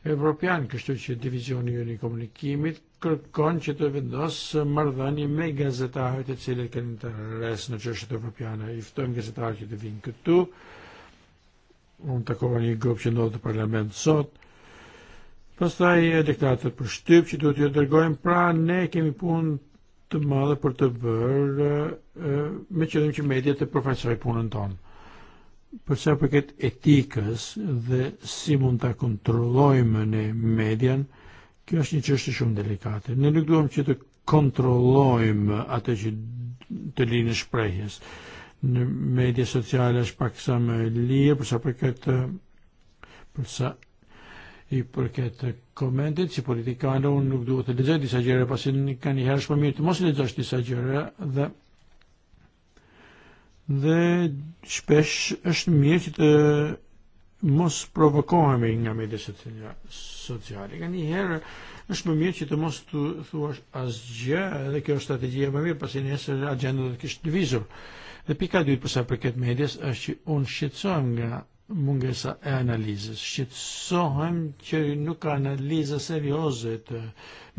Evropian, kështu që divizioni i komunikimit kërkon që të vendosë marrëdhënie me gazetarët e cilët kanë interes në çështjet evropiane. I ftojmë gazetarët që të vinë këtu. Unë takova një grup që ndodhë në parlament sot. Pastaj e dektatet për shtyp që duhet t'ju dërgojmë, pra ne kemi punë të madhe për të eh, bërë eh, me qëllim që media të përfaqësoj punën tonë për sa përket etikës dhe si mund ta kontrollojmë ne median, kjo është një çështje shumë delikate. Ne nuk duam që të kontrollojmë atë që të linë shprehjes. Në media sociale është pak sa më lirë për sa përket për sa i përket komentit si politikanë unë nuk duhet të lezhe disa gjere, pasi ka një herë shpëmirë të mos lexosh disa gjere, dhe Dhe shpesh është mirë që të e, mos provokohemi nga mjetet sociale. Nga një herë është më mirë që të mos të thuash asgjë, edhe kjo është strategjia e më mirë, pasi nesër agjenda do të kishte lëvizur. Dhe pika e dytë për sa përket medias është që un shqetësohem nga mungesa e analizës. Shqetësohem që nuk ka analiza serioze të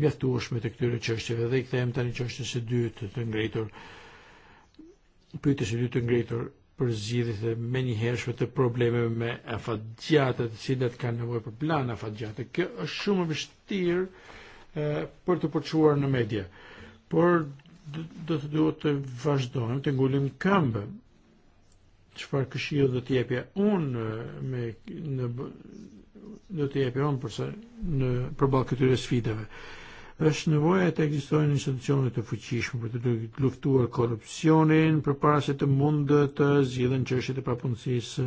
mjaftueshme të këtyre çështjeve dhe i kthehem tani çështjes së dytë të, ngritur. Ë pyetësit dy të ngritur për zgjidhje me njëhershme të probleme me afatgjate, të cilat kanë nevojë për plan afatgjate. Kjo është shumë e vështirë e, për të përçuar në media. Por do të duhet të vazhdojmë të ngulim këmbë. Çfarë këshillë do të jepja unë e, me në do të jepja unë përsa në përballë këtyre sfidave. Uh, është nevoja të ekzistojnë institucionet të fuqishme për të luftuar korrupsionin përpara se të mund të zgjidhen çështjet e papunësisë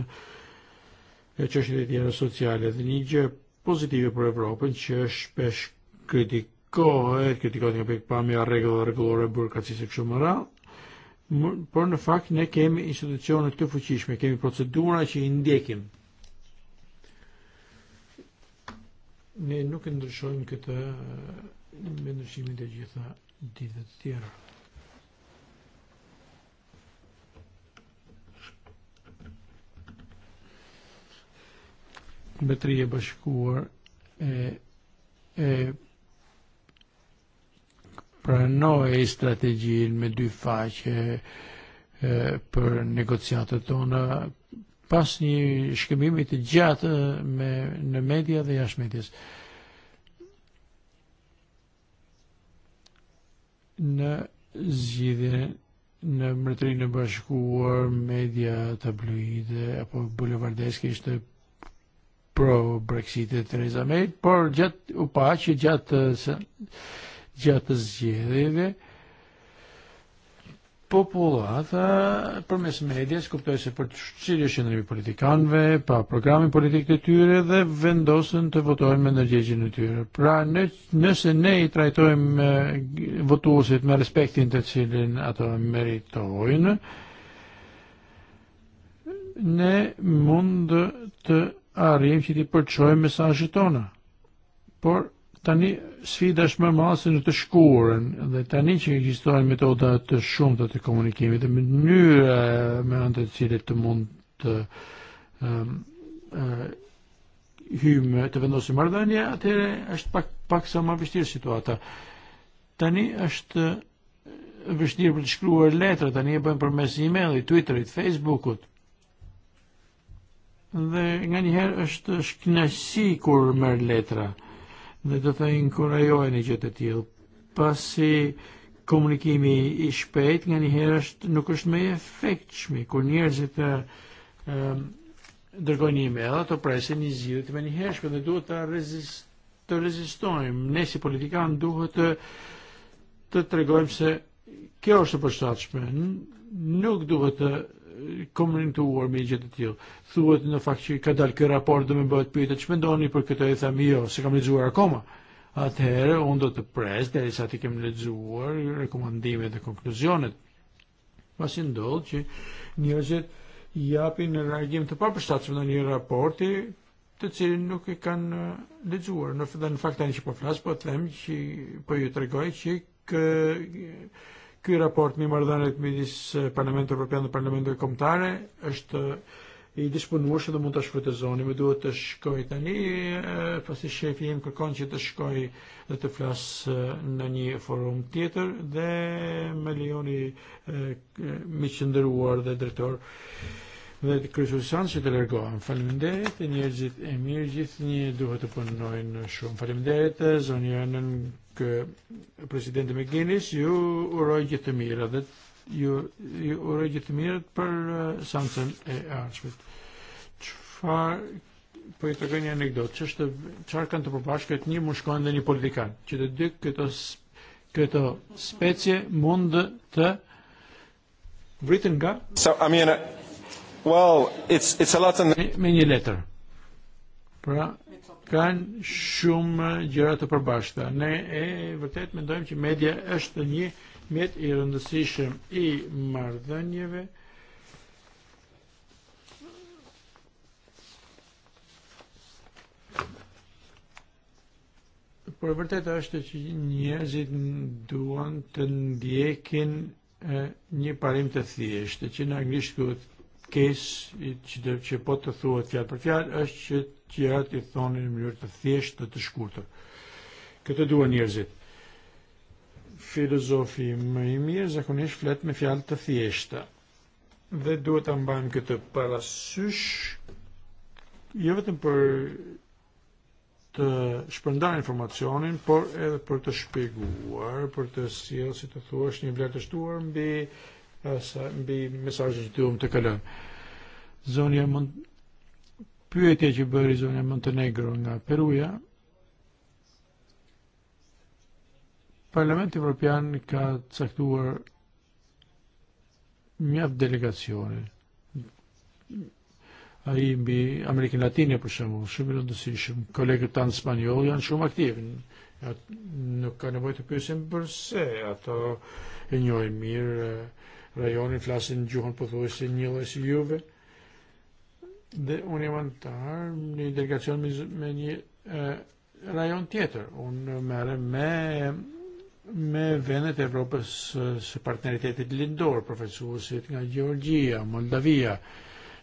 e çështjet e tjera sociale. Dhe një gjë pozitive për Evropën që është shpesh kritikohet, eh, kritikohet nga pikpamja rregullave rregullore burokracisë kështu më radh, por në fakt ne kemi institucione të fuqishme, kemi procedura që i ndjekim. Ne nuk e ndryshojmë këtë me ndryshimin të gjitha ditët të tjera. Mbetëria e bashkuar e e pranoj strategjin e, e, me dy faqe për negociatët tona pas një shkëmbimi të gjatë me në media dhe jashtë medias. në zgjidhjen në mbretërinë e bashkuar media tabloide apo bulevardeske ishte pro Brexit e Theresa May, por gjatë u pa që gjatë gjatë zgjedhjeve populata përmes medias, kuptoj se për çfarë shëndrimi politikanëve, pa programi politik të tyre dhe vendosen të votojnë me ndërgjegjen e tyre. Pra në, nëse ne i trajtojmë e, votuesit me respektin të cilin ato meritojnë, ne mund të arrijmë që ti përçojmë mesazhet tona. Por Tani sfida është më e madhe se në të shkurën dhe tani që ekzistojnë metoda të shumta të komunikimit dhe mënyra me anë të cilët të mund të um, ehm, uh, e, hymë të vendosim marrëdhënie, atëherë është pak pak sa më vështirë situata. Tani është vështirë për të shkruar letra, tani e bëjmë përmes emailit, Twitterit, Facebookut. Dhe nga njëherë është shkënaqësi kur merr letra. Uh, në do të inkurajojnë gjë të tjilë, Pasi komunikimi i shpejt nga no njëherë është nuk është me efekt shmi, kur njerëzit të um, dërgojnë email ato presin një zgjidhje të me njëherë shpejt dhe duhet ta rezistojnë të rezistojmë. Ne si politikanë duhet të të tregojmë se kjo është të e përshtatshme. Nuk duhet të komunitu u gjithë të tjilë. Thuhet në fakt që ka dalë kërë raport dhe me bëhet pyjtë që mendoni, për këtë e thamë jo, se kam lexuar akoma. Atëherë, unë do të presë dhe risa të kem lexuar rekomandimet dhe konkluzonet. Pasi ndodhë që njërëzit japin në reagim të papërshtatshëm në një raporti të cilin nuk e kanë uh, lexuar. Në, në fakt tani që po flas, po them që po ju tregoj që kë, Ky raport me marrëdhëniet midis Parlamentit Evropian dhe Parlamentit Kombëtar është i disponuar dhe mund ta shfrytëzoni, më duhet të shkoj tani, eh, pasi shefi im kërkon që të shkoj dhe të flas eh, në një forum tjetër dhe me lejoni eh, mi qëndëruar dhe drejtor dhe të kryesuesan që të largohen. Faleminderit, e njerëzit e mirë gjithnjë duhet të punojnë shumë. Faleminderit zonjën Presidente McGuinness, ju uroj gjithë të mira dhe ju, ju uroj gjithë të për uh, eh, Samson e eh, Arshmit. Qfar, po i të gënjë anekdot, që është qarë kanë të përbashkët një mushkon dhe një politikan, që të dy këto, këto specie mund të vritën nga? So, I mean, uh, well, it's, it's a lot in... Me, me një letër. Pra, kanë shumë gjëra të përbashkëta. Ne e vërtet mendojmë që media është një mjet i rëndësishëm i marrëdhënieve por vërtet është që njerëzit duan të ndjekin e, një parim të thjeshtë, që në anglisht quhet case, që, që po të thuhet fjalë për fjalë, është që tjerat i thonin në mënyrë të thjeshtë dhe të shkurtër. Këtë duan njerëzit. Filozofi më i mirë zakonisht flet me fjalë të thjeshta. Dhe duhet ta mbajmë këtë parasysh jo vetëm për të shpërndar informacionin, por edhe për të shpjeguar, për të sjellë si të thuash një vlerë të shtuar mbi asa mbi mesazhin që duam të kalojmë. Zonja mund più pyetje që bëri zonja Montenegro nga Peruja, Parlamenti Evropian ka caktuar mjaft delegacione. Ai mbi Amerikën Latine për shembull, shumë i rëndësishëm. Kolegët tanë spanjoll janë non e aktiv. Nuk ka nevojë të pyesim a to e njohin mirë rajonin, flasin gjuhën pothuajse njëllë si juve de eh, un inventar antar një delegacion me një rajon tjetër. Unë mere me me vendet e Evropës eh, së partneritetit lindor, profesuesit nga Georgia, Moldavia,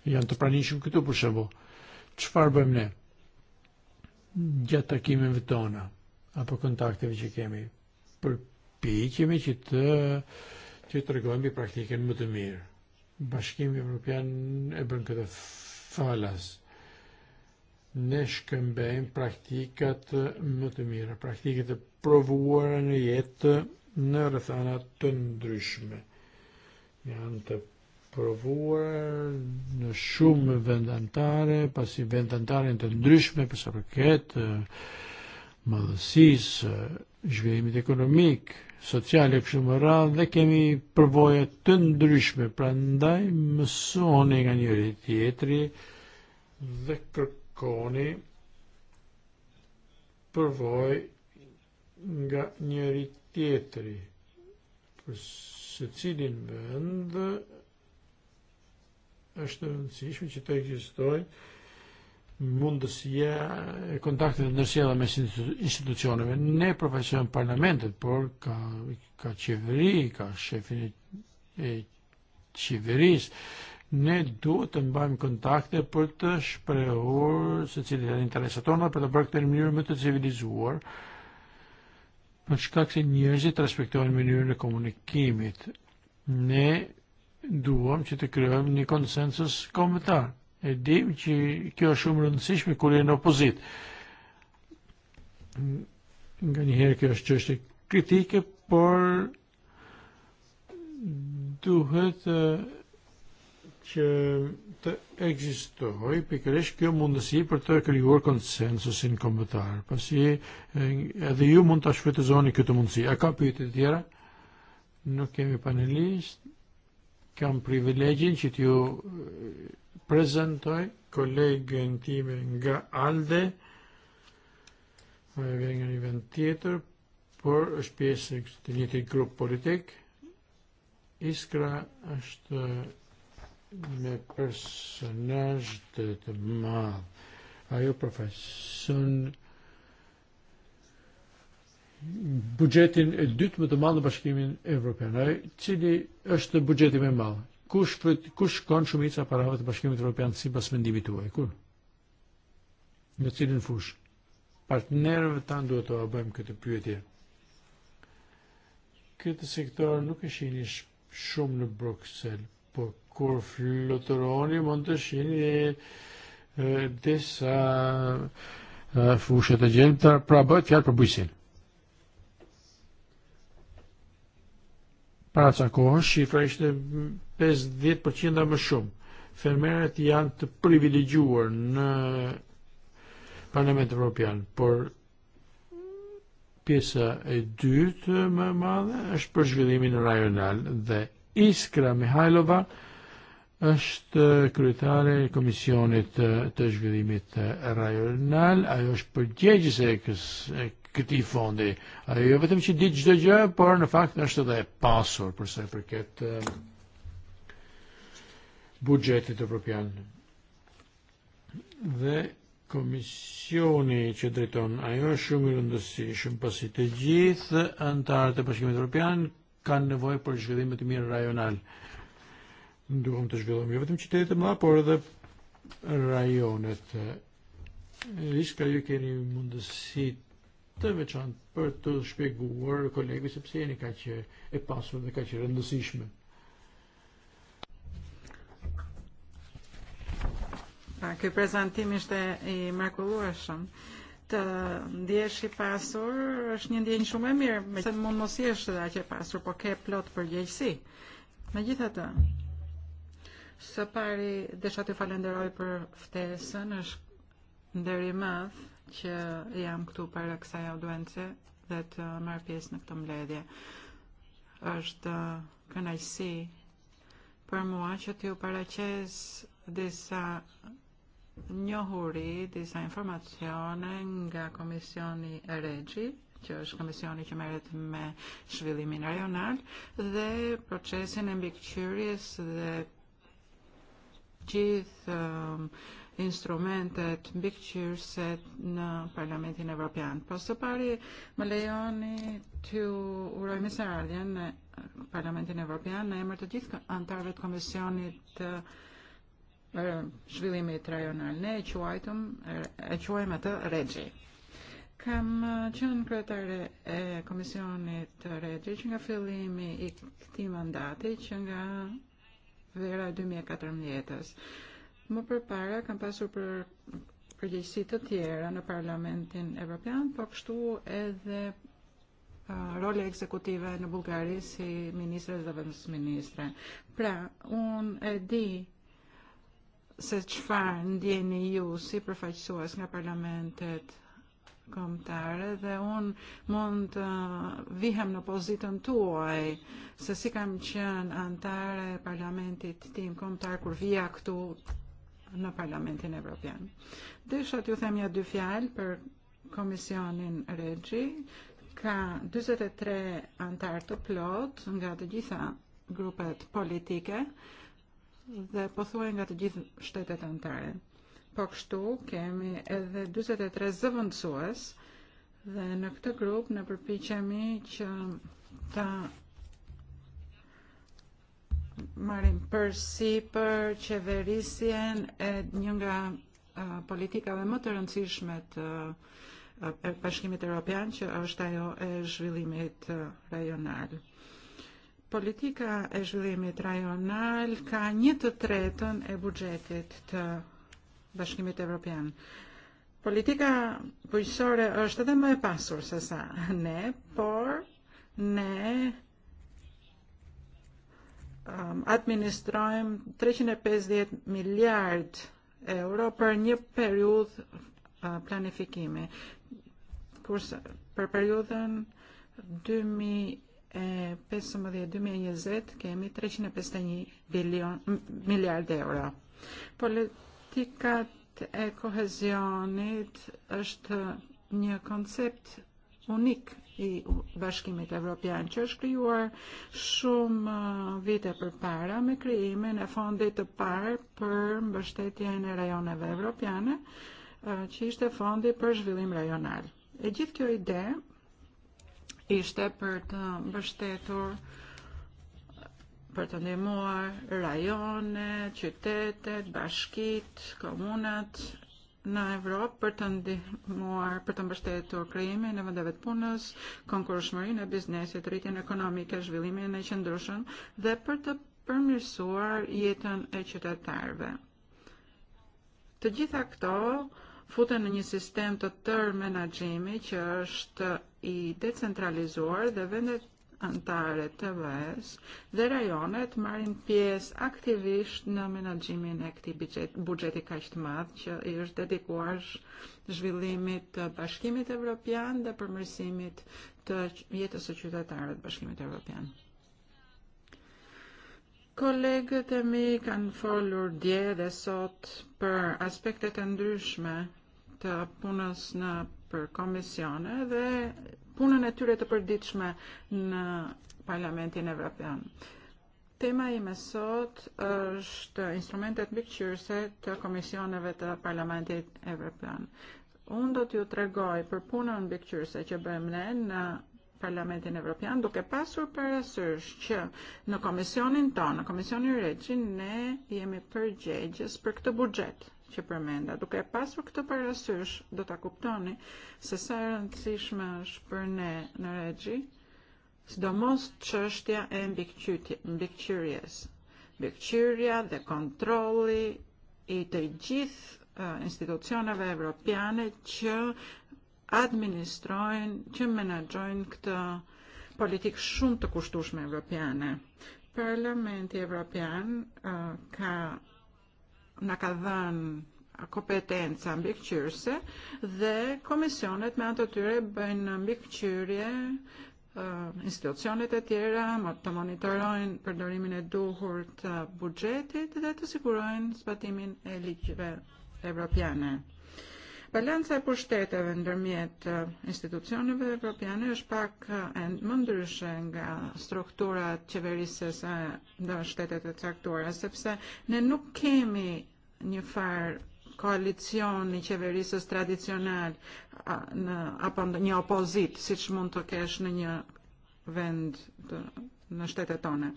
janë të pranishëm këtu për shembo. Çfarë bëjmë ne? Gjatë takimeve tona apo kontakteve që kemi, përpiqemi që të që të rregojmë praktikën më të mirë. Bashkimi Evropian e bën këtë falas. Nesh shkëmbejmë praktikat më të mira, praktikat e provuara në jetë në rrethana të ndryshme. Janë të provuar në shumë vendantare, pasi vendantare të ndryshme përsa përket madhësisë, zhvillimit ekonomikë, sociale kështu më radhë dhe kemi përvoje të ndryshme, pra ndaj mësoni nga njëri tjetri dhe kërkoni përvoj nga njëri tjetri për se cilin vend është rëndësishme që të egzistojnë mundësia e eh, kontaktit të ndërsjella me institucioneve. Ne përfaqësojmë parlamentet, por ka, ka qeveri, ka shefin e, eh, e qeverisë, ne duhet të mbajmë kontakte për të shprehur se cilit janë interesat tona për të bërë këtë në mënyrë më të civilizuar, për shkak se njerëzit respektojnë mënyrën e komunikimit. Ne duam që të krijojmë një konsensus kombëtar E dim që kjo është shumë rëndësishme kur je në opozit. Nga njëherë kjo është çështje kritike, por duhet që të ekzistojë pikërisht kjo mundësi për të krijuar konsensusin kombëtar. Pasi edhe eh, ju mund ta shfrytëzoni këtë mundësi. A ka pyetje të tjera? Nuk no, kemi panelist. Kam privilegjin që t'ju prezentoj kolegën time nga ALDE, e vjen nga një vend tjetër, por është pjesë e të njëjtit grup politik. Iskra është me personazh të, të madh. Ajo profesion bugjetin e dytë më të madh në Bashkimin Evropian, ai cili është buxheti më i madh, kush për, kush kanë shumica parave të Bashkimit Evropian sipas mendimit tuaj? Kur? Në cilin fush? Partnerëve tanë duhet të bëjmë këtë pyetje. Këtë sektor nuk e shihni shumë në Bruxelles, po kur flutëroni mund të shihni e, e, disa e, fushë të pra bëhet fjalë për bujqësinë. Para ca kohë shifra ishte 50% më shumë. Fermerët janë të privilegjuar në Parlament Evropian, por pjesa e dytë më e madhe është për zhvillimin rajonal dhe Iskra Mihajlova është kryetare e Komisionit të, të Zhvillimit Rajonal, ajo është përgjegjës e, e këtij fondi. Ajo jo vetëm që di çdo gjë, por në fakt është edhe e pasur për sa i përket bugetit evropian. Dhe Komisioni që drejton ajo është shumë i rëndësi, shumë pasi të gjithë antarët e Bashkimit Evropian kanë nevoj për zhvillimet të mirë rajonal. Nduhëm të zhvillohem jo vetëm qytetet e mëdha, por edhe rajonet. Iska ju keni mundësi të veçantë për të shpjeguar kolegëve sepse jeni kaq e pasur dhe kaq e rëndësishme. Pra, ky prezantim ishte i mrekullueshëm. Të ndjesh i pasur është një ndjenjë shumë e mirë, me se mund mos jesh aq e pasur, por ke plot përgjegjësi. Megjithatë, së pari desha t'ju falenderoj për ftesën, është nderi madh që jam eh, këtu para kësaj audiencë dhe të eh, marr pjesë në këtë mbledhje. Është kënaqësi për mua që t'ju paraqes disa njohuri disa informazione nga Komisioni e Regji, që është komisioni që meret me shvillimin rajonal dhe procesin e mbikëqyrjes dhe gjithë um, instrumentet mbikëqyrëse në Parlamentin Evropian. Po së pari më lejoni të uroj mirëseardhjen në eh, Parlamentin Evropian në emër të gjithë antarëve të Komisionit uh, zhvillimit rajonal ne e quajtëm e quajmë atë Regji. Kam qenë eh, kryetare e eh, Komisionit të Regji që nga fillimi i këti mandati që nga vera 2014 ës Më përpara kam pasur për përgjegjësi të tjera në Parlamentin Evropian, po kështu edhe eh, role ekzekutive në Bullgari si ministre dhe ministre. Pra, unë e di se qëfar ndjeni ju si përfaqësues nga parlamentet kombëtare dhe unë mund të uh, vihem në pozitën tuaj se si kam qenë antare parlamentit tim kombëtar kur vija këtu në Parlamentin Evropian. Desha t'ju them ja dy fjalë për Komisionin Regji, ka 43 e antar të plot nga të gjitha grupet politike, dhe pothuaj nga të gjithë shtetet anëtare. Po kështu kemi edhe 43 zëvendësues dhe në këtë grup ne përpiqemi që ta marim marrim për qeverisjen e një nga uh, politikave më të rëndësishme të uh, Bashkimit europian që është ajo e zhvillimit uh, rajonal politika e zhvillimit rajonal ka një të tretën e buxhetit të Bashkimit Evropian. Politika bujqësore është edhe më e pasur se sa ne, por ne um, administrojmë 350 miliard euro për një periud uh, planifikimi. Kurse për periudën de 2012 kemi 351 biljon, de euros. Política e kohezionit është një koncept unik i bashkimit evropian që është krijuar shumë eh, vite përpara me krijimin e fondit të parë për mbështetjen e rajoneve evropiane, që eh, ishte fondi për zhvillim rajonal. E gjithë kjo ide ishte për të mbështetur për të ndihmuar rajone, qytetet, bashkit, komunat në Evropë për të ndihmuar, për të mbështetur krijimin në e vendeve të punës, konkurrueshmërinë e biznesit, rritjen ekonomike, zhvillimin e qëndrueshëm dhe për të përmirësuar jetën e qytetarëve. Të gjitha këto futen në sistem të tërë menaxhimi që është i decentralizuar dhe vendet antare të vës dhe rajonet marrin pjesë aktivisht në menaxhimin e këtij buxheti buxheti kaq të madh që i është dedikuar zhvillimit të Bashkimit Evropian dhe përmirësimit të jetës së qytetarëve të Bashkimit Evropian. Kollegët e mi kanë folur dje dhe sot për aspektet e ndryshme të punës në për komisione dhe punën e tyre të përditshme në Parlamentin Evropian. Tema ime sot është instrumentet mbikëqyrëse të komisioneve të Parlamentit Evropian. Unë do t'ju tregoj për punën mbikëqyrëse që bëjmë ne në Parlamentin Evropian duke pasur parasysh që në komisionin tonë, në komisionin regjin, ne jemi përgjegjës për këtë buxhet që përmenda. Duke pasur këtë parasysh, do ta kuptoni se sa e rëndësishme është për ne në regji, sidomos çështja e mbikëqyrjes. Mbikëqyrja dhe kontrolli i të gjithë e, institucioneve evropiane që administrojn që menaxhojnë këtë politikë shumë të kushtueshme evropiane. Parlamenti Evropian uh, ka na ka dhënë kompetenca mbikëqyrëse dhe komisionet me anë të tyre bëjnë mbikëqyrje institucionet e tjera më të monitorojnë përdorimin e duhur të buxhetit dhe të sigurojnë zbatimin e ligjeve evropiane. Balanca e pushteteve ndërmjet institucioneve evropiane është pak e më nga uh, strukturat qeverisës së do shtetet e caktuara, sepse ne nuk kemi një farë koalicion i qeverisës tradicional apo një opozit, si që mund të kesh në një vend të uh, në shtetet tona.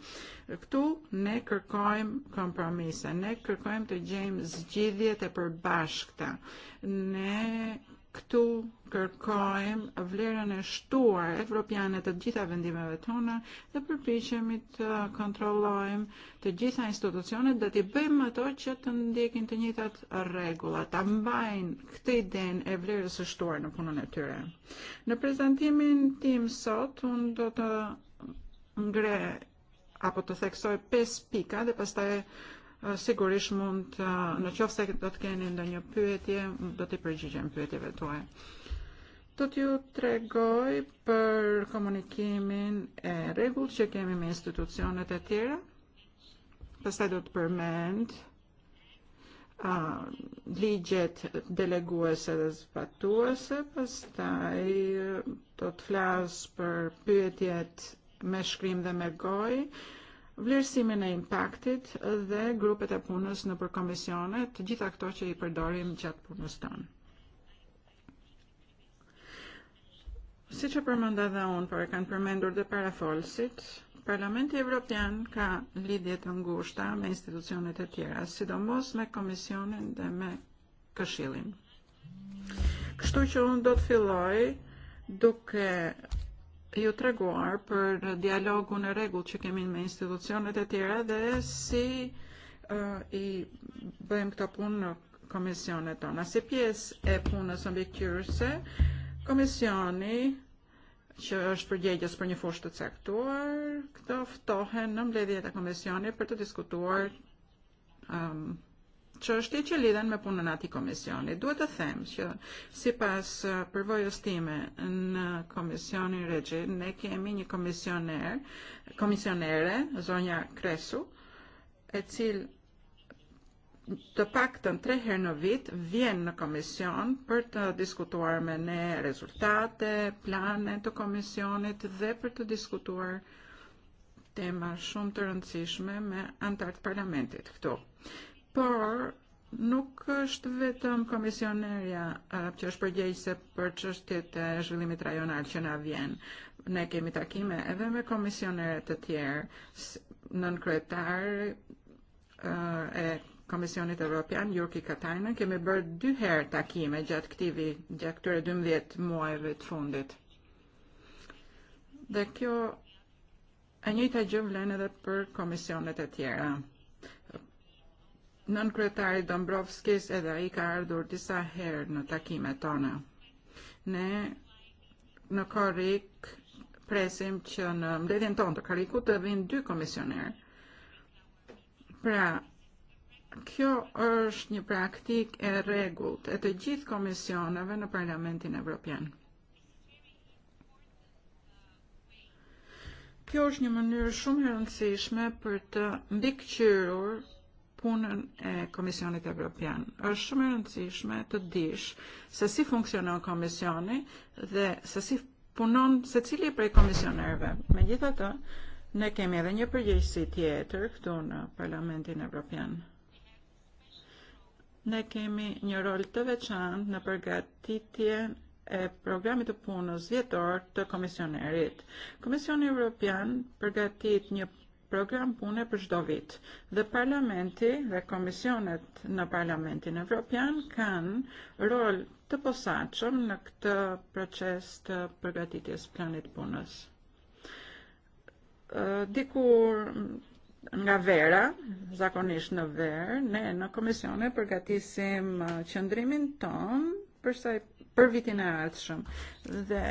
Këtu ne kërkojmë kompromise, ne kërkojmë të gjejmë zgjidhjet e përbashkëta. Ne këtu kërkojmë vlerën e shtuar evropiane të gjitha vendimeve tona dhe përpiqemi të kontrollojmë të gjitha institucionet dhe t'i bëjmë ato që të ndjekin të njëjtat rregulla, ta mbajnë këtë idenë e vlerës së shtuar në punën e tyre. Në prezantimin tim sot unë do të ngre apo të theksoj 5 pika dhe pastaj sigurisht mund të, në qofë se do të keni ndonjë pyetje, do të përgjigjem pyetjeve tuaja. Do t'ju tregoj për komunikimin e rregull që kemi me institucionet e tjera. Pastaj do të përmend uh, ligjet deleguese dhe zbatuese, pastaj do të flas për pyetjet Meshkrim dhe me goj, vlerësimin e impaktit dhe grupet e punës në për komisione, të gjitha këto që i përdorim gjatë punës tonë. Si që përmënda dhe unë, por e kanë përmendur dhe para folësit, Parlamenti Evropian ka lidhje të ngushta me institucionet e tjera, sidomos me Komisionin dhe me këshilin. Kështu që unë do të filloj duke Eu trago o ar por diálogo na regula ah, e que é minha instituição e tjera de si uh, i bëjmë këta punë comissão komisionet tona. Se Si pjesë e punës ambikyrëse, komisioni që është përgjegjës për një fushë të caktuar, këto ftohen në mbledhjet e komisioni për të diskutuar um, çështje që lidhen me punën ati komisioni. Duhet të them që si pas eh, përvojës time në komisioni regji, ne kemi një komisioner, komisionere, zonja Kresu, e cilë të paktën tre herë në vit vjen në komision për të diskutuar me ne rezultate, plane të komisionit dhe për të diskutuar tema shumë të rëndësishme me antartë parlamentit këtu por nuk është vetëm komisionerja që është përgjegjëse për çështjet e zhvillimit rajonal që na vjen. Ne kemi takime edhe me komisionerë të tjerë nën kryetar e Komisionit Evropian, Jurki Katajnën, kemi bërë dy herë takime gjatë këtivi, gjatë këtyre 12 muajve të fundit. Dhe kjo e njëjta gjë vlen edhe për komisionet e tjera. Nën Dombrovskis edhe ai ka ardhur disa herë në no takimet tona. Ne në no Korik presim që në mbledhjen tonë të Karikut të vinë dy komisioner. Pra, kjo është një praktik e rregullt e të gjithë komisioneve në Parlamentin Evropian. Kjo është një mënyrë shumë e rëndësishme për të mbikëqyrur punën e eh, Komisionit Evropian. Është shumë e rëndësishme të dish se si funksionon komisioni dhe se si punon se cili prej komisionerve. Me gjitha të, ne kemi edhe një përgjëjsi tjetër këtu në Parlamentin Evropian. Ne kemi një rol të veçantë në përgatitje e eh, programit të punës vjetor të komisionerit. Eh, komisioni Evropian përgatit një program pune për çdo vit. Dhe parlamenti dhe komisionet në parlamentin evropian kanë rol të posaçëm në këtë proces të përgatitjes planit punës. Dikur nga vera, zakonisht në verë, ne në komisione përgatisim qëndrimin ton përsa për vitin e ardhshëm dhe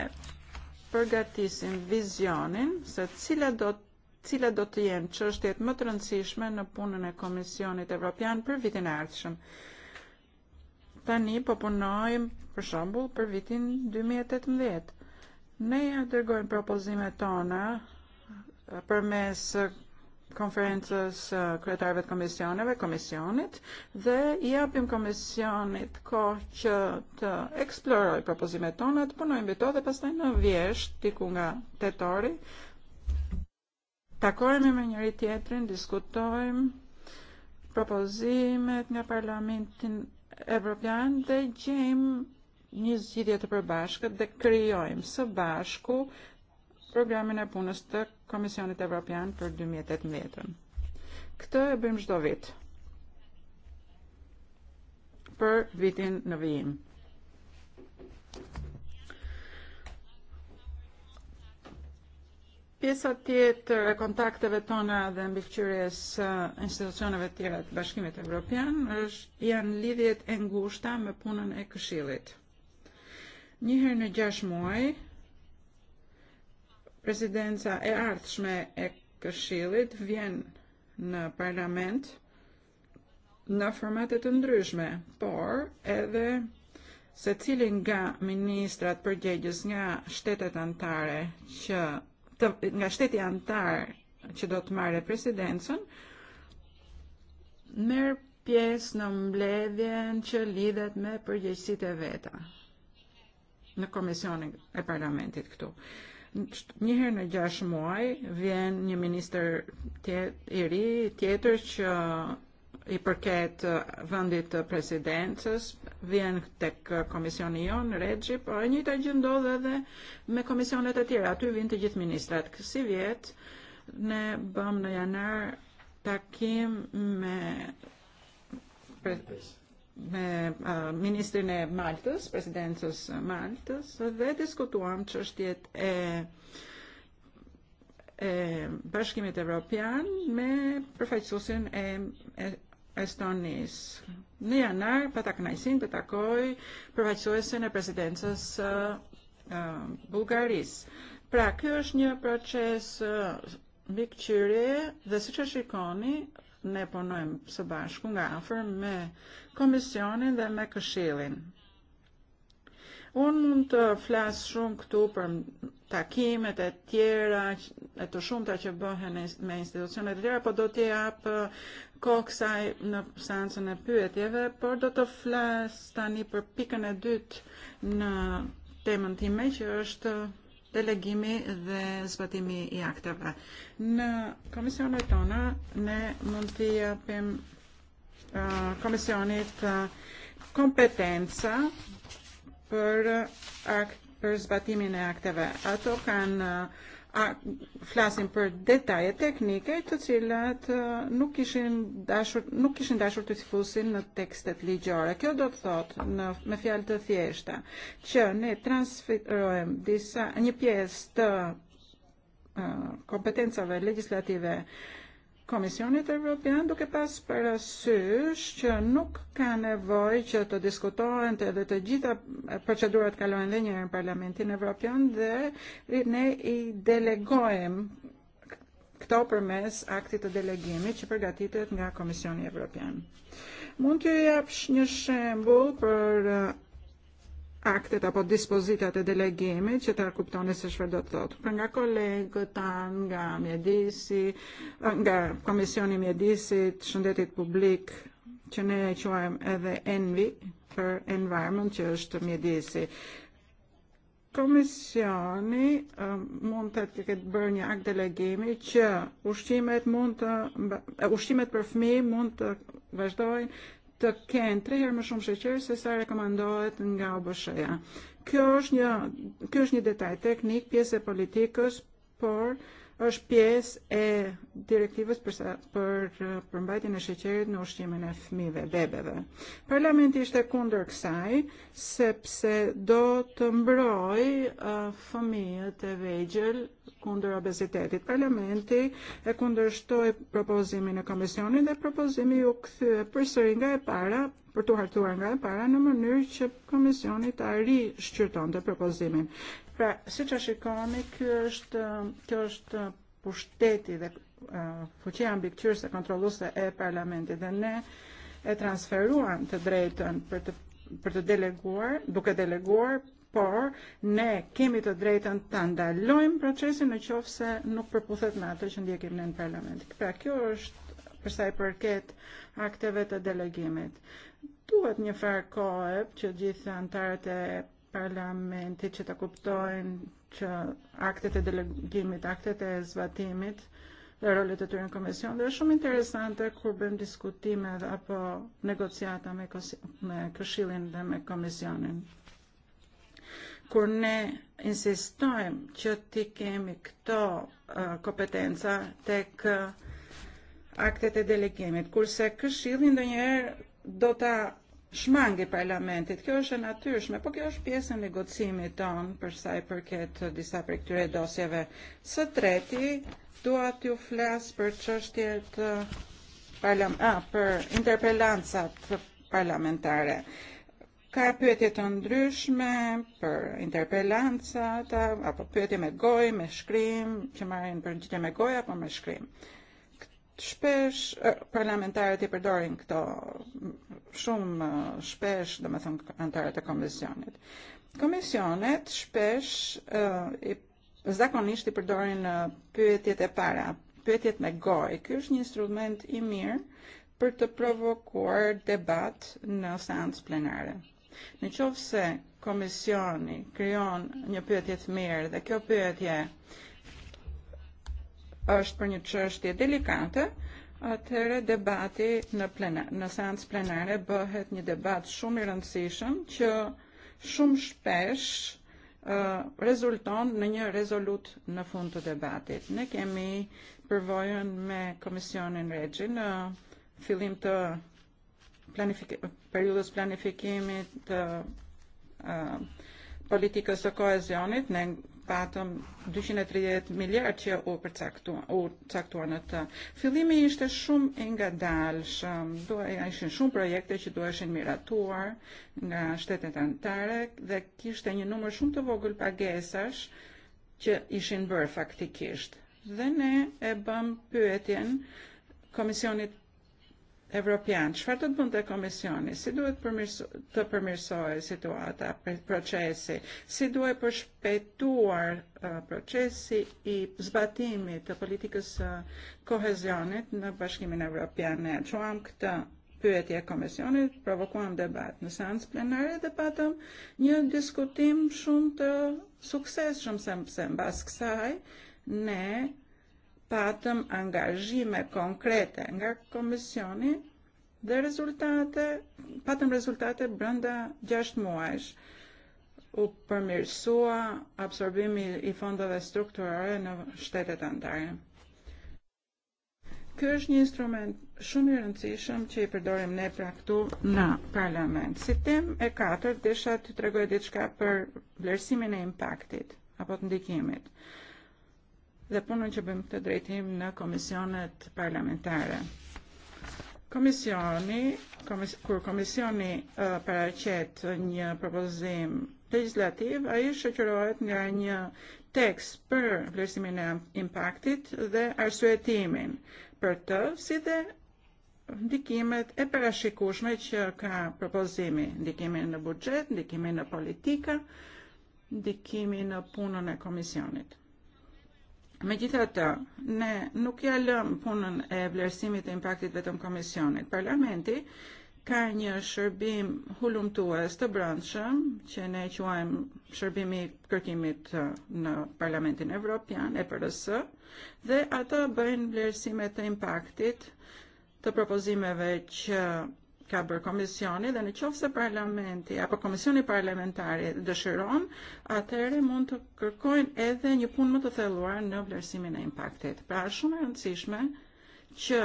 përgatisim vizionin se cilat do të cilat do të jenë çështjet më të rëndësishme në punën e Komisionit Evropian për vitin e ardhshëm. Tani po punojmë për shembull për vitin 2018. Ne ja dërgojmë propozimet tona mes eh, konferencës eh, kryetarëve të komisioneve, komisionit, dhe i apim komisionit ko që eh, të eksploroj propozimet tona, të punojmë bito dhe pastaj në vjesht, tiku nga tetori, Takojmë me njëri tjetrin, diskutojmë, propozimet nga Parlamentin Evropian dhe gjejmë një zgjidhje të përbashkët dhe krijojmë së bashku programin e punës të Komisionit Evropian për 2018. Këtë e bëjmë çdo vit për vitin në vijim. Pjesa tjetër e kontakteve tona dhe mbikëqyrjes uh, uh institucioneve tjera të Bashkimit Evropian uh, është janë lidhjet e ngushta me punën e Këshillit. Një herë në 6 muaj, presidenca e ardhshme e Këshillit vjen në parlament në formate të ndryshme, por edhe se cilin nga ministrat përgjegjës nga shtetet antare që të, nga shteti antar që do të marrë presidencën, merë pjesë në mbledhjen që lidhet me përgjegjësit e veta në komisionin e parlamentit këtu. Njëherë në 6 muaj vjen një minister tjet, i ri tjetër që i përket eh, vendit të presidencës, vjen tek komisioni jon, regji, po e njëta gjë ndodhe edhe me komisionet e tjera, aty vijnë të gjithë ministrat. Si vjet ne bëm në janar takim me pre, me uh, ministrin e Maltës, presidencës Maltës dhe diskutuam çështjet e e bashkimit evropian me përfaqësuesin e, e Estonis. Në janar, pata kënajsin të takoj përfaqësuesin e presidencës uh, um, Bulgaris. Pra, kjo është një proces uh, mbi këqyrje dhe si që shikoni, ne punojmë së bashku nga afër me komisionin dhe me këshillin. Unë mund të flasë shumë këtu për takimet e tjera, e të shumë shumëta që bëhen me institucionet e tjera, po do t'i apë kok koksaj në seancën e pyetjeve, por do të flas tani për pikën e dytë në temën time që është delegimi dhe zbatimi i akteve. Në komisionet tona ne mund t'i japim uh, komisionit uh, kompetenca për akt për zbatimin e akteve. Ato kanë uh, a flasim për detaje teknike të cilat uh, nuk ishin dashur, nuk ishin dashur të sifusin në tekstet ligjore. Kjo do të thotë në, me fjalë të thjeshta që ne transferojmë disa një pjesë të uh, kompetencave legjislative uh, Comisionit European duke pas parasysh që nuk ka nevojë që të diskutohen të edhe të gjitha procedurat kalojnë dhe njërë në Parlamentin Evropian dhe ne i delegojmë këto për mes aktit të delegimit që përgatitet nga Komisioni Evropian. Mund të japsh një shembul për aktet apo dispozitat de delegimit që trakuptoni se çfarë do të thotë. Për nga kolegët tanë, nga mjedisi, nga Komisioni i Mjedisit, Shëndetit Publik, që ne e quajmë edhe ENVI për Environment, që është mjedisi. Komisioni ehm, mund të të këtë bërë një akt delegimi që ushqimet, mund të, ushqimet për fmi mund të vazhdojnë të kenë tre herë më shumë sheqer se sa rekomandohet nga OBSH-ja. Kjo është një ky është një detaj teknik, pjesë e politikës, por është pjesë e direktivës për sa, për përmbajtjen e sheqerit në ushqimin e fëmijëve, bebeve. Parlamenti ishte kundër kësaj sepse do të mbrojë uh, fëmijët e vegjël kundër obezitetit. Parlamenti e kundërshtoi e propozimin e Komisionit dhe propozimi u kthye përsëri nga e para për të hartuar nga e para në mënyrë që Komisioni ta të propozimin. Pra, si që shikoni, kjo është kjo është pushteti dhe uh, fuqia e kontroluse e Parlamentit dhe ne e transferuan të drejtën për të për të deleguar, duke deleguar por ne kemi të drejtën ta ndalojmë procesin nëse nuk përputhet me atë që ndjekim në parlament. Pra kjo është për sa i përket akteve të delegimit. Duhet një farë kohë që gjithë antarët e parlamentit që ta kuptojnë që aktet e delegimit, aktet e zbatimit, dhe rolet e tyre në komision dhe është shumë interesante kur bëjmë diskutime apo negociata me, me këshillin dhe me komisionin kur ne insistojmë që ti kemi këto uh, e, kompetenca tek uh, aktet e delegimit, kurse do ndonjëherë do ta shmangi parlamentit. Kjo është e natyrshme, po kjo është pjesë e negocimit ton për sa i përket disa prej këtyre dosjeve. Së treti, dua t'ju flas për çështjet e, parlam, a, për interpelancat parlamentare. Uh, Ka pyetje të ndryshme për interpelancat apo pyetje me gojë, me shkrim, që marrin përgjigje me gojë apo me shkrim. Shpesh parlamentarët i përdorin këto shumë shpesh, domethënë antarët e komisionit. Komisionet shpesh eh, uh, i, zakonisht i përdorin uh, eh, pyetjet e para, pyetjet me gojë. Ky është një instrument i mirë për të provokuar debat në seancë plenare. Në qovë se komisioni kryon një pyetje të mirë dhe kjo pyetje është për një çështje delikate, atëherë debati në plenar, në seancë plenare bëhet një debat shumë i rëndësishëm që shumë shpesh uh, rezulton në një rezolut në fund të debatit. Ne kemi përvojën me Komisionin regjin në fillim të planific- periodos planifikimit politikës së koezionit ne patëm 230 miljard që u përcaktuan, në të. Fillimi ishte shumë i ngadalshëm, ishin shumë projekte që eshin miratuar nga shtetet antare dhe kishte një numër shumë të vogël pagesash që ishin bërë faktikisht. Dhe ne e bëm pyetjen komisionit Evropian, çfarë do të bënte komisioni, si duhet përmirso, të përmirsohej situata, procesi, si duhet përshpetuar uh, procesi i zbatimit të politikës uh, kohezionit në Bashkimin Evropian. Ne çuam këtë pyetje komisionit, provokuam debat në seancë plenare dhe patëm një diskutim shumë të suksesshëm sepse mbas kësaj ne patëm angazhime konkrete nga komisioni dhe rezultate, patëm rezultate brenda 6 muajsh. U përmirësua absorbimi i fondeve strukturore në shtetet antare. Ky është një instrument shumë i rëndësishëm që i përdorim ne pra këtu në parlament. Si tem e 4, desha të tregoj diçka për vlerësimin e impaktit apo të ndikimit dhe punën që bëjmë të drejtim në komisionet parlamentare. Komisioni, komis, kur komisioni uh, paraqet një propozim legislativ, ai shoqërohet nga një tekst për vlerësimin e impaktit dhe arsyetimin për të, si dhe ndikimet e parashikueshme që ka propozimi, ndikimin në buxhet, ndikimin në politika, ndikimin në punën e komisionit. Megjithatë, ne nuk ja lëm punën e vlerësimit të impaktit vetëm komisionit. Parlamenti ka një shërbim hulumtues të brendshëm që ne quajmë shërbimi kërkimit e, në Parlamentin Evropian, e EPRS, dhe ato bëjnë vlerësime të impaktit të propozimeve që ka bërë komisioni dhe në qofë se parlamenti apo komisioni parlamentari dëshiron, atëre mund të kërkojnë edhe një punë më të theluar në vlerësimin e impactit. Pra shumë e rëndësishme që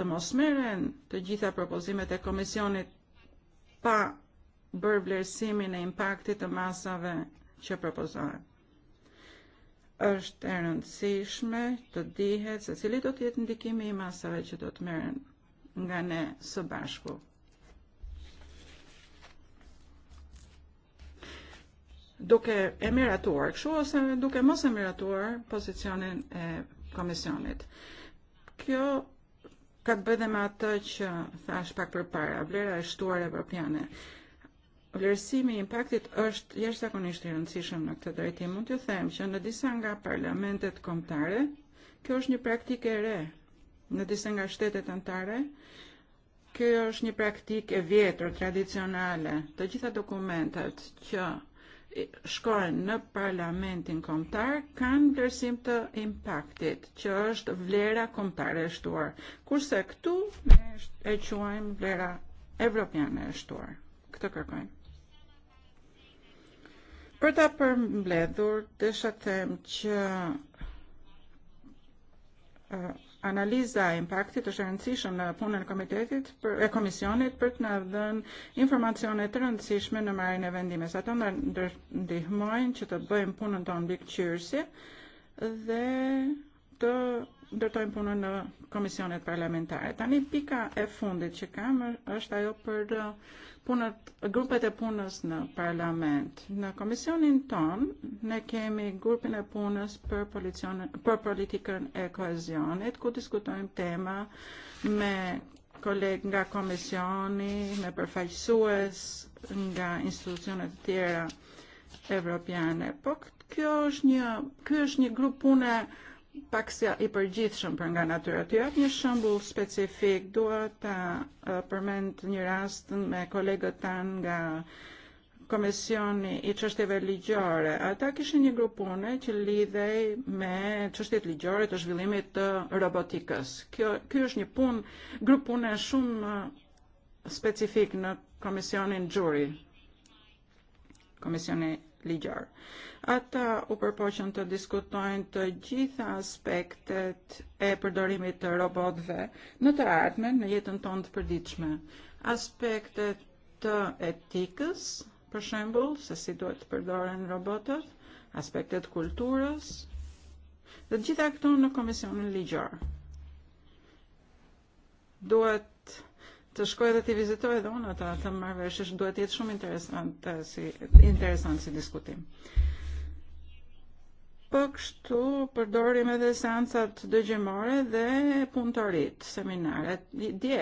të mos meren të gjitha propozimet e komisionit pa bërë vlerësimin e impactit të masave që propozohen është e rëndësishme të dihet se cili do të jetë ndikimi i masave që do të merren Gane Sobáško. Duke e miratuar, kështu ose duke mos e miratuar pozicionin e komisionit. Kjo ka të bëjë dhe me atë që thash pak përpara, vlera e shtuar evropiane. Vlerësimi i impaktit është jashtëzakonisht i rëndësishëm në këtë drejtim. Mund t'ju them që në disa nga parlamentet kombëtare, kjo është një praktikë e re. Në disa nga shtetet anëtare, Kjo është një praktikë e vjetër, tradicionale. Të gjitha dokumentet që uh, shkojnë në parlamentin kombëtar kanë vlerësim të impaktit, që është vlera kombëtare e shtuar, kurse këtu ne e quajmë vlera evropiane e shtuar. Këtë kërkojmë. Për ta përmbledhur, desha të them që uh, analiza impaktit të shërëndësishëm në punën e komitetit për, e komisionit për të në dhënë informacione të rëndësishme në marrën e vendimes. Ato në ndihmojnë që të bëjmë punën tonë mbi këqyrësi dhe të ndërtojmë punën në komisionet parlamentare. Tani pika e fundit që kam është ajo për punët, grupet e punës në parlament. Në komisionin ton, ne kemi grupin e punës për, për politikën e koezionit, ku diskutojmë tema me koleg nga komisioni, me përfajsues nga institucionet të tjera evropiane. Po kjo është një, kjo është një grup pune paksja i përgjithshëm për nga natyra. Të jap një shembull specifik, dua ta e, përmend një rast me kolegët tanë nga Komisioni i çështjeve ligjore. Ata kishin një grup pune që lidhej me çështjet ligjore të zhvillimit të robotikës. Kjo ky është një punë grup pune shumë e, specifik në komisionin jury. Komisioni ligjar. Ata u përpoqën të diskutojnë të gjitha aspektet e përdorimit të robotve në të ardhme, në jetën tonë të përdiqme. Aspektet të etikës, për shembul, se si duhet të përdoren robotët, aspektet kulturës, dhe gjitha këto në komisionin ligjor. Duhet të shkoj dhe ti vizitoj edhe unë ata të marrëvesh, është duhet të jetë shumë interesant si interesant si diskutim. Po kështu përdorim edhe seancat dëgjimore dhe puntorit seminare. Dje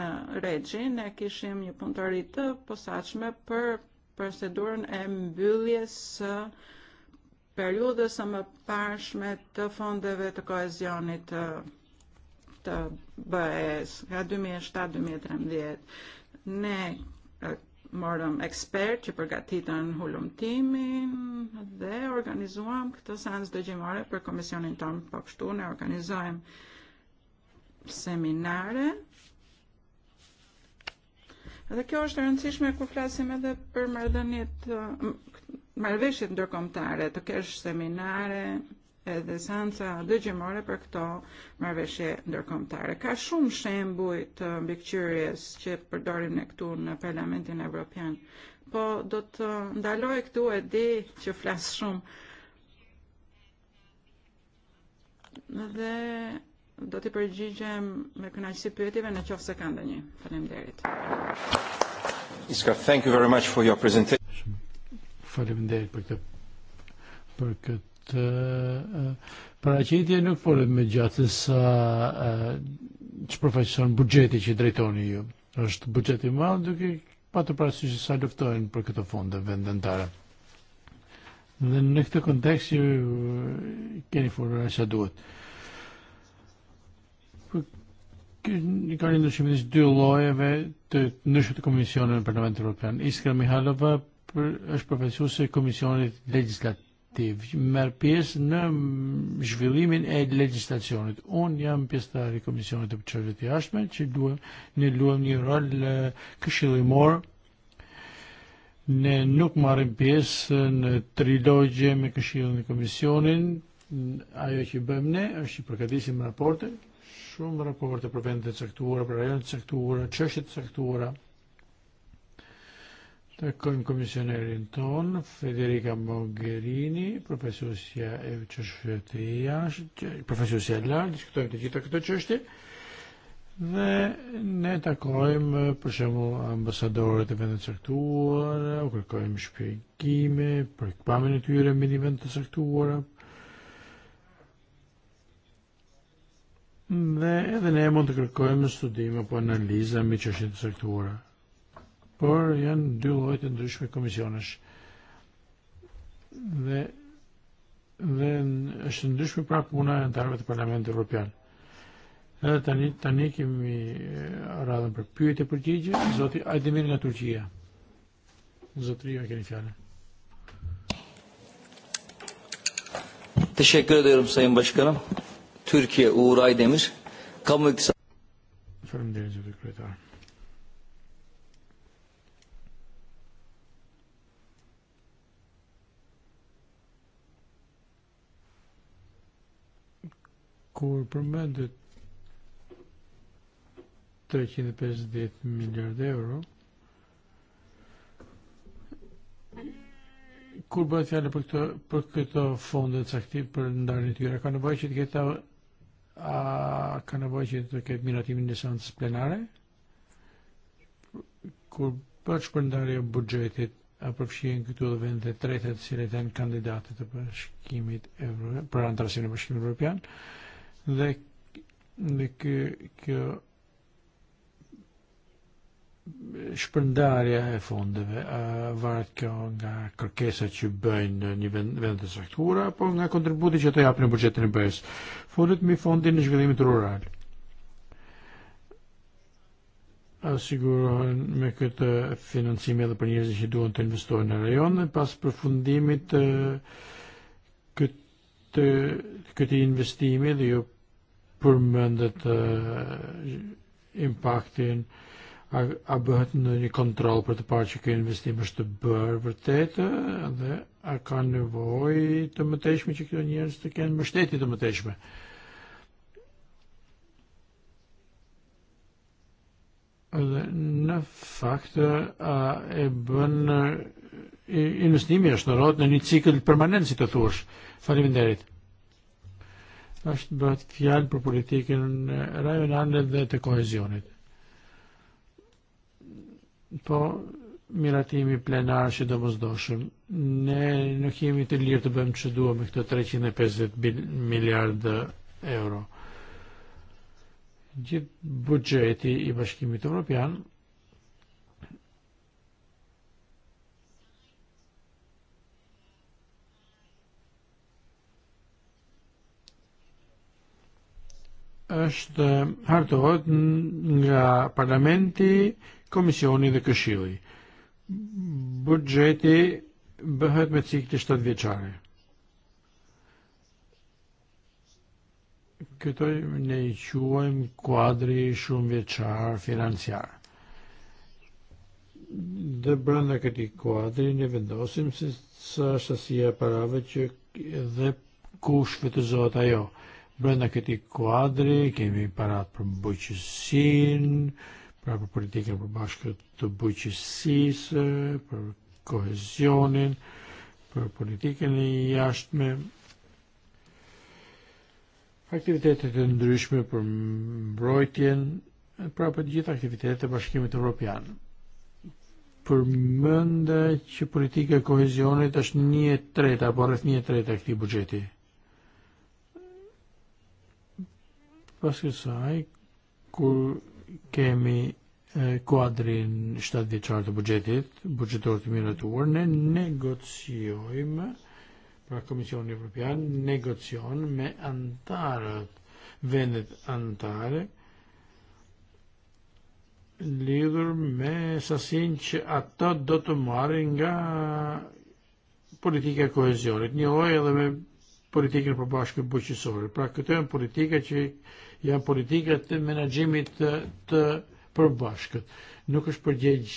në Regji ne kishim një punëtori të posaçme për procedurën e mbylljes së periudhës së më parshme të fondeve të kohezionit të bëhes nga 2007-2013. Ne e, morëm ekspert që përgatitën hulumtimin dhe organizuam këtë seancë dëgjimore për komisionin tonë, po kështu ne organizojmë seminare Dhe kjo është e rëndësishme kur flasim edhe për marrëdhëniet marrëveshjet ndërkombëtare, të kesh seminare edhe seanca dëgjimore për këto marveshje ndërkomtare. Ka shumë shembuj të mbikëqyrjes që përdorim ne këtu në Parlamentin Evropian, po do të ndaloj këtu e di që flas shumë. Dhe do t'i përgjigjem me kënaqësi pyetjeve në qoftë se ka ndonjë. Faleminderit. Iska, thank you very much for your presentation. Faleminderit për këtë për këtë paraqiet janë në forë me gjatë sa që e, profesion buxheti që drejtoni ju. Është buxhet i madh duke patur parasysh sa luftojnë për këto fonde vendetare. Dhe në këtë kontekst ju e, keni folur sa duhet. Një kanë ishtë dy lojeve të nëshu të komisionën në Parlamentin Europian. Iskra Mihalova për, është përfaqësuese e komisionit legjislativ aktiv, attiv mërpjes në zhvillimin e legjislacionit. Unë jam pjesëtar i Komisionit të Çështjeve të Jashtme që duhem ne luajmë një rol e, këshillimor ne nuk marrim pjesë në trilogje me Këshillin e Komisionin. Ajo që bëjmë ne është që përgatisim raporte, shumë raporte për vendet të caktuara, për rajonet të caktuara, çështje të caktuara tal-Komissjonerin ton Federica Mogherini, professusja ċoċfetija, professusja Sia la diskutajm tiġi ta' këto ċoċti, dhe ne takojmë për shemu ambasadorët e vendet saktuara, u kërkojmë shpjegime për këpamin e tyre mbi vendet të dhe edhe ne mund të kërkojmë studime po analiza mbi çështjet e saktuara por janë dy llojet e ndryshme komisionesh. Dhe dhe është ndryshme pra puna e antarëve të Parlamentit Evropian. Edhe tani tani kemi radhën për pyetje përgjigje, zoti Ajdemir nga Turqia. ja keni eh, fjalën. Teşekkür ediyorum Sayın Başkanım. Türkiye Uğur Aydemir. Kamu iktisat... Efendim Denizli Sekreter. kur përmendet 350 e miliard euro, kur bëhet fjalë për këto për këto fonde caktim për ndarjen e tyre, ka nevojë që të ketë a ka nevojë që të ketë miratimin e seancës plenare? Kur për shpërndarja e buxhetit, a përfshihen këtu edhe vende të treta të cilat janë kandidate të bashkimit euro për antarësinë e Bashkimit Evropian? Dhe, dhe kjo, kjo shpërndarja e fondeve varet kjo nga kërkesat që bëjnë në një vend, vend të saktura apo nga kontributi që të japin në buxhetin e BE-s. Fondet me fondin në zhvillimit rural. Asigurohen me këtë financim edhe për njerëzit që duan të investojnë në rajon dhe pas përfundimit të e, këtë këtë investimi dhe jo përmendet uh, impaktin, a, a bëhet në një kontrol për të parë që kjo investim është të bërë vërtetë uh, dhe a ka nevojë të mëtejshme që këto njerëz të kenë mbështetje të mëtejshme. Dhe në fakt uh, a, e bën investimi është në rrotë në një cikël permanent si të thuash. Faleminderit është bëhet fjalë për politikën rajonale dhe të kohezionit. Po miratimi plenar që do domosdoshëm. Ne nuk jemi të lirë të bëjmë që duam me këto 350 miliard euro. Gjithë buxheti i Bashkimit Evropian është hartohet nga parlamenti, komisioni dhe këshili. Budgeti bëhet me cikli 7 vjeqare. Këto ne i quajmë kuadri shumë vjeqar, financiar. Dhe brenda këti kuadri ne vendosim se sa është asia parave që dhe ku shfrytëzohet ajo brenda këti kuadri kemi parat për bujqësin, pra për politikën përbashkët të bujqësisë, për kohezionin, për política de jashtme, aktivitetet të ndryshme për mbrojtjen, pra për gjithë aktivitetet e bashkimit Evropian. mënda që politika e kohezionit është një e treta, apo rrëth një e treta e këti bugjeti. Pasqisaj, kur kemi kuadrin e, 7 vjeqar të bugjetit, bugjetor të miratuar, ne negociojmë pra Komisioni Evropian negocion me antarët, vendet antare lidhur me sasin që ato do të marrë nga politika kohezionit, një lloj edhe me politikën e përbashkët bujqësore. Pra e në politika që janë politikat të menaxhimit të, të përbashkët. Nuk është përgjegjës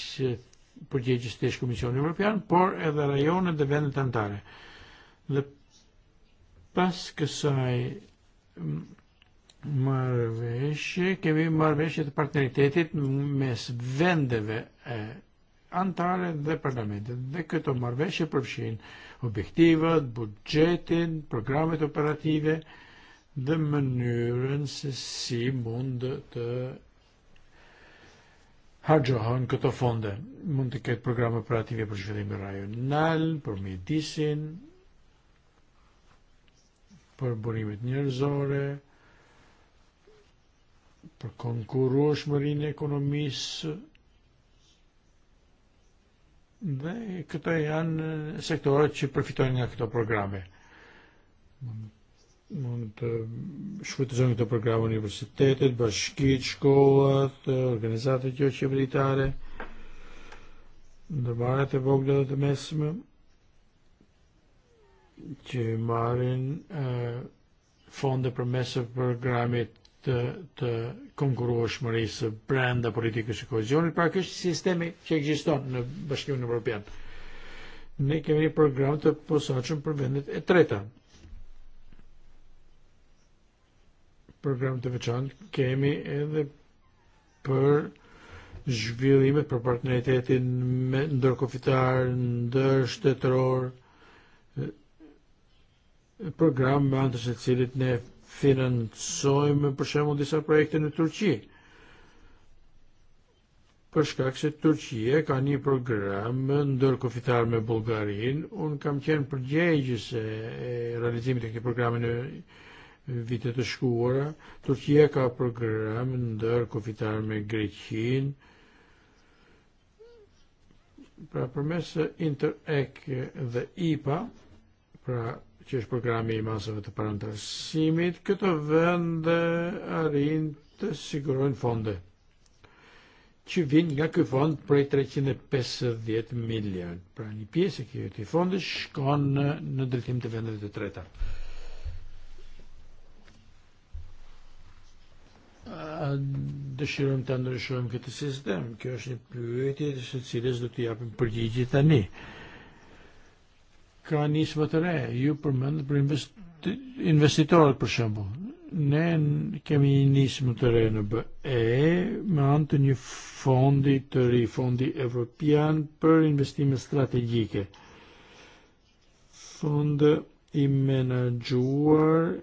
përgjegjës të është Komisioni Evropian, por edhe rajonet dhe vendet antare. Dhe pas kësaj marveshje, kemi marveshje të partneritetit mes vendeve e antare dhe parlamentet. Dhe këto marveshje përfshin objektivat, budgetin, programet operative, dhe mënyrën se si de të hargjohen këto fonde. Mund të ketë programe operative për zhvillimin rajonal, për mjedisin, për burimet njerëzore, për konkurueshmërinë e ekonomisë dhe këto janë sektorët që përfitojnë nga këto programe mund të shfrytëzojnë këto programa universitetet, bashkitë, shkollat, organizatat jo qeveritare, ndërmarrjet e vogla dhe të mesme që marrin uh, eh, fonde përmes programit të, të konkurrueshmërisë brenda politikës së kohezionit, pra ky sistemi që ekziston në no, Bashkimin Evropian. Ne kemi një program të posaçëm për vendet e treta program të veçantë kemi edhe për zhvillimet për partneritetin me ndërkofitar, shtetëror, eh, program me antës e cilit ne financojmë për shembull disa projekte në Turqi. Për shkak se Turqia ka një program ndërkofitar me Bulgarin, unë kam qenë përgjegjës e eh, realizimit e këtë programin në vitet të shkuara, Turqia ka program ndër kufitar me Greqin, pra përmes Interreg dhe IPA, pra që është programi i masave të parantarësimit, këto vende arin të sigurojnë fonde që vinë nga këj fond prej 350 e milion. Pra një pjesë e këtij fondi shkon në, në drejtim të vendet të treta. dëshirojmë të ndryshojmë këtë sistem. Kjo është një pyetje të së cilës do t'i japim përgjigje tani. Ka nisë më të re, ju përmendë për investitorët për shembull. Ne kemi një nisë më të re në no, BE me anë të një fondi të ri, fondi evropian për investime strategjike. Fond i menaxhuar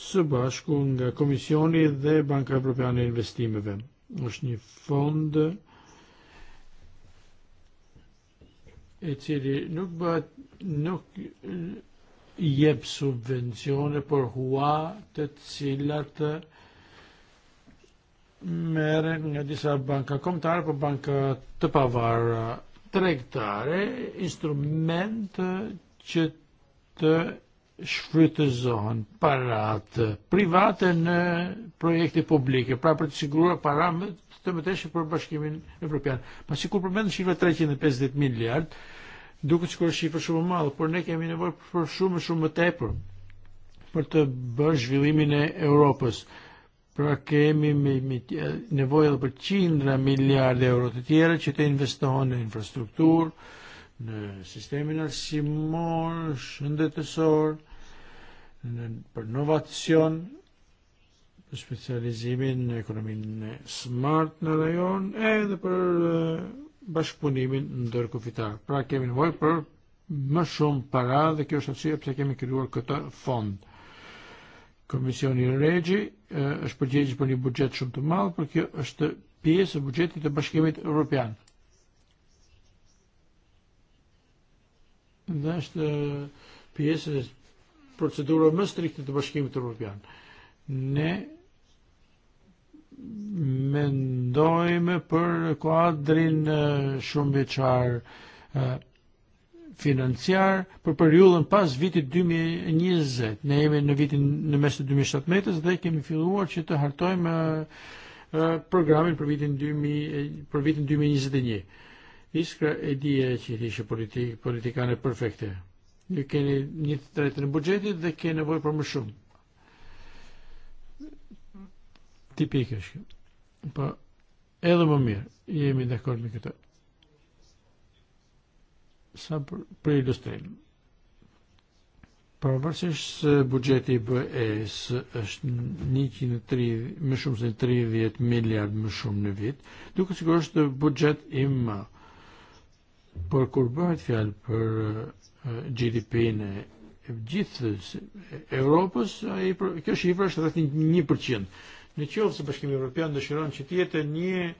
së bashku nga Komisioni dhe Banka Evropiane e Investimeve. Është një fond e cili nuk bëhet nuk jep subvencione për hua të cilat merë nga disa banka komtare për banka të pavarë tregtare, instrument që të shfrytëzohen parat private në projekte publike, pra për të siguruar para më të mëtejshë për bashkimin evropian. si kur përmendë shifra 350 miliard, duke të shkurë shifra shumë malë, por ne kemi nevoj për shumë shumë më tepër për të bërë zhvillimin e Europës. Pra kemi me, me, nevojë edhe për qindra e euro të tjera që të investohen në infrastrukturë, në sistemin arsimor, shëndetësor, për novacion, për specializimin në ekonominë smart në rajon, edhe për eh, bashkëpunimin ndërkufitar. Pra kemi nevojë për më shumë para dhe kjo është arsyeja pse kemi krijuar këtë fond. Komisioni Regji eh, është përgjegjës për një buxhet shumë të madh, por kjo është pjesë e buxhetit të Bashkimit Evropian. Dhe është eh, pjesë e procedurë më strikte të bashkimit evropian. Ne mendojmë për kuadrin shumë uh, veçar uh, financiar për periudhën pas vitit 2020. E ne jemi në vitin në mes të 2017-s e dhe kemi filluar që të hartojmë uh, programin për vitin 2000 për vitin 2021. E Iskra e dije që ishte politik politikane perfekte. Ju keni një të li kien bugjetit dhe budġeti dak për më shumë. Tipi është. Pa, edhe më mirë, jemi dakord me këtë. Sa për, për ilustrejnë. Pavarësisht se bugjeti i BE-s është 130 më shumë se 30 miliard më shumë në vit, duke sigurisht i imma. Por kur bëhet fjalë për gdp në e gjithë Europës, kjo shifra është rreth 1%. Në qovë se Bashkimi Evropian dëshiron që tjetë jetë një e,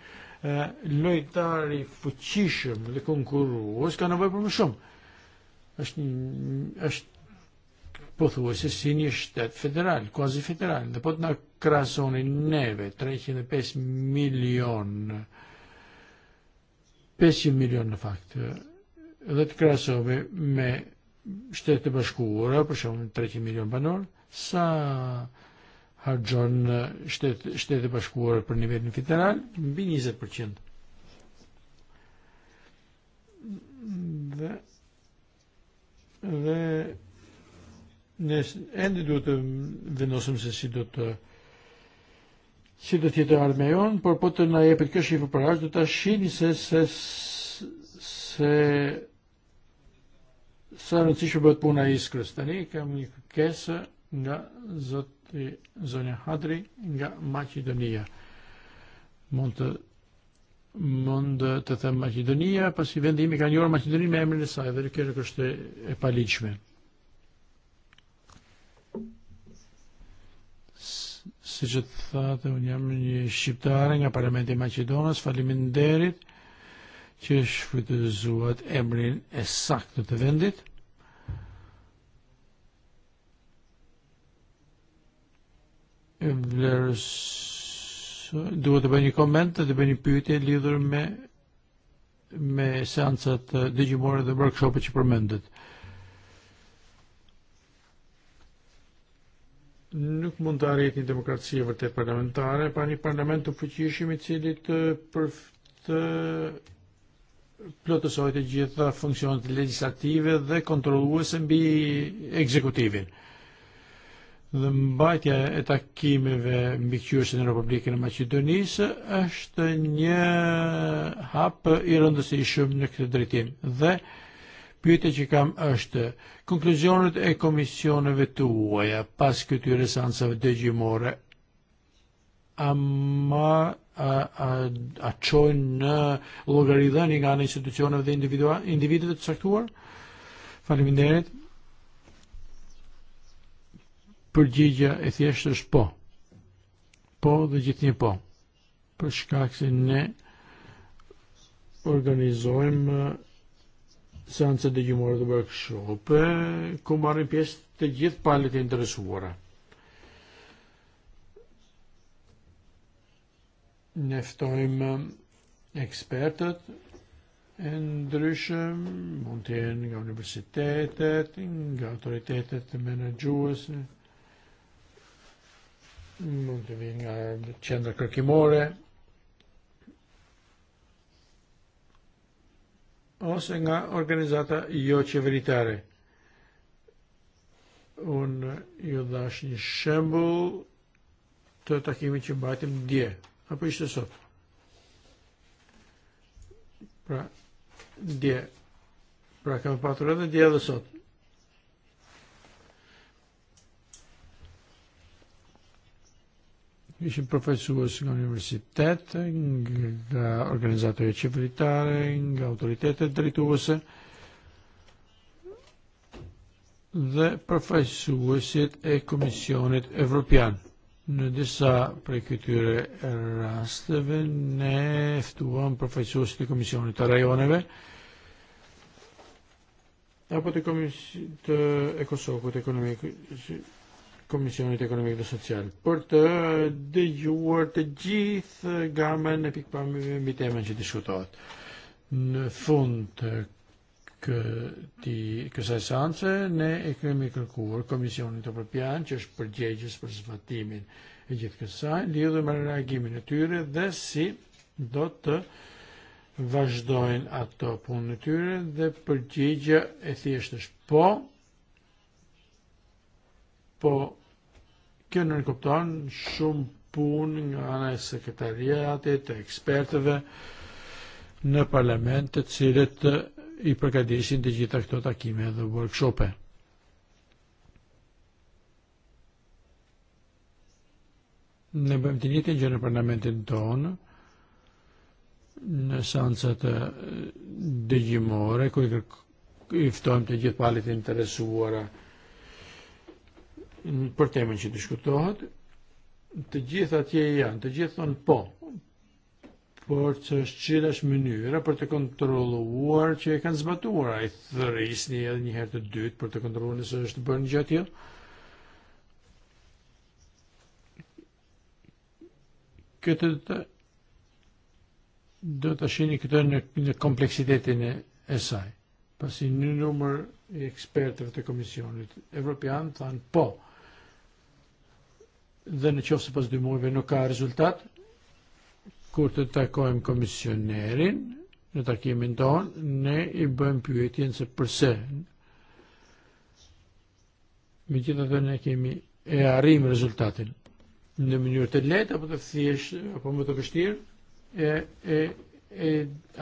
lojtar i fuqishëm dhe konkurrues, ka nevojë për më shumë. Është është po se si një shtetë federal, kuazi federal, dhe po të nga krasoni neve 305 e milion 500 milion në faktë, dhe të krasove me shtetë të Bashkuara, për shumë 300 milion banor, sa hargjon shtetë, shtetë të Bashkuara për nivelin federal, mbi 20%. Dhe dhe ne ende duhet të vendosim se si do të si do tjetë arme jonë, por po të na jepet kjo shifë për ashtë, do të ashtë se, se, se Să rëndësishme puna is iskrës. Tani kemi kërkesë nga Zati Zonja Hadri nga Maqedonia. Mund të mund të them Maqedonia, pasi vendi im ka njohur Maqedoninë me emrin e saj dhe kjo është e paligjshme. Siç e thatë, unë jam një shqiptare nga Parlamenti i Maqedonisë. Faleminderit që është frytëzuat emrin e saktë të vendit. Vlerës duhet të bëj një koment të bëj një pyetje lidhur me me seancat uh, dëgjimore dhe workshopet që përmendet. Nuk mund të arrit një demokraci e vërtet parlamentare pa një parlament të fuqishëm i cili të, uh, për, të plotësojt të gjitha funksionet legislative dhe kontrolluese mbi ekzekutivin. Dhe mbajtja e takimeve mbi qyëshe në Republikën e Macedonisë është një hap i rëndësishëm në këtë drejtim. Dhe pyetja që kam është konkluzionet e komisioneve tuaja pas këtyre seancave dëgjimore ama a, a qojnë në uh, llogaridhënie nga në e dhe individua individëve të caktuar. Faleminderit. Përgjigja e thjeshtë është po. Po dhe gjithë një po. Për shkak se ne organizojmë seancët uh, seancë dëgjimore të workshope ku marrin pjesë të gjithë palet e interesuara. neftoim ekspertët ehm, e ndryshëm, mund të jenë nga universitetet, nga autoritetet menaxhuese, mund ehm, të vinë nga qendra kërkimore, ose nga organizata jo qeveritare. Unë ju dhash një shembull të takimit që mbajtëm dje apo ishte sot. Pra, dje, pra kam patur edhe dje edhe sot. Ishim nga universitet, nga organizatorje nga autoritetet dhe e Komisionit Evropian. Në disa prej këtyre rasteve, ne ftuam përfaqësues të Komisionit të Rajoneve, apo të, komis të Ekosokut Ekonomik, Komisionit Ekonomik dhe Social, për të dëgjuar të gjithë gamën e pikpamëve mbi temën që diskutohet. Në fund të que ti que sa sanse ne e kemi kërkuar Komisionin të Evropian që është përgjegjës për zbatimin e gjithë kësaj lidhur me reagimin e tyre dhe si do të vazhdojnë ato punë e tyre dhe përgjigja e thjesht është po po kjo nënkupton shumë punë nga ana e sekretariatit, e ekspertëve në parlament të cilët i përgatishin të gjitha këto takime dhe workshope. Ne bëjmë të njëjtën gjë në parlamentin tonë, në seancat dëgjimore, ku i ftojmë të gjithë palët interesuara për temën që diskutohet, të gjithë atje janë, të gjithë thonë po, raport është qirash mënyra për të kontroluar që e kanë zbatuar a ai thërrisni edhe një herë të dytë për të kontroluar nëse është bërë një gjatë tjetër. Këtë të, do të shini këtë në, në kompleksitetin e, e saj. Pasi një numër i ekspertëve të Komisionit Evropian thanë po, dhe në qofë se pas dy muajve nuk ka rezultat, kur të takojmë komisionerin në takimin ton ne i bëjmë pyetjen se përse. Me gjitha të ne kemi e arrim rezultatin në mënyrë të letë apo të thjesht apo më të vështirë, e, e, e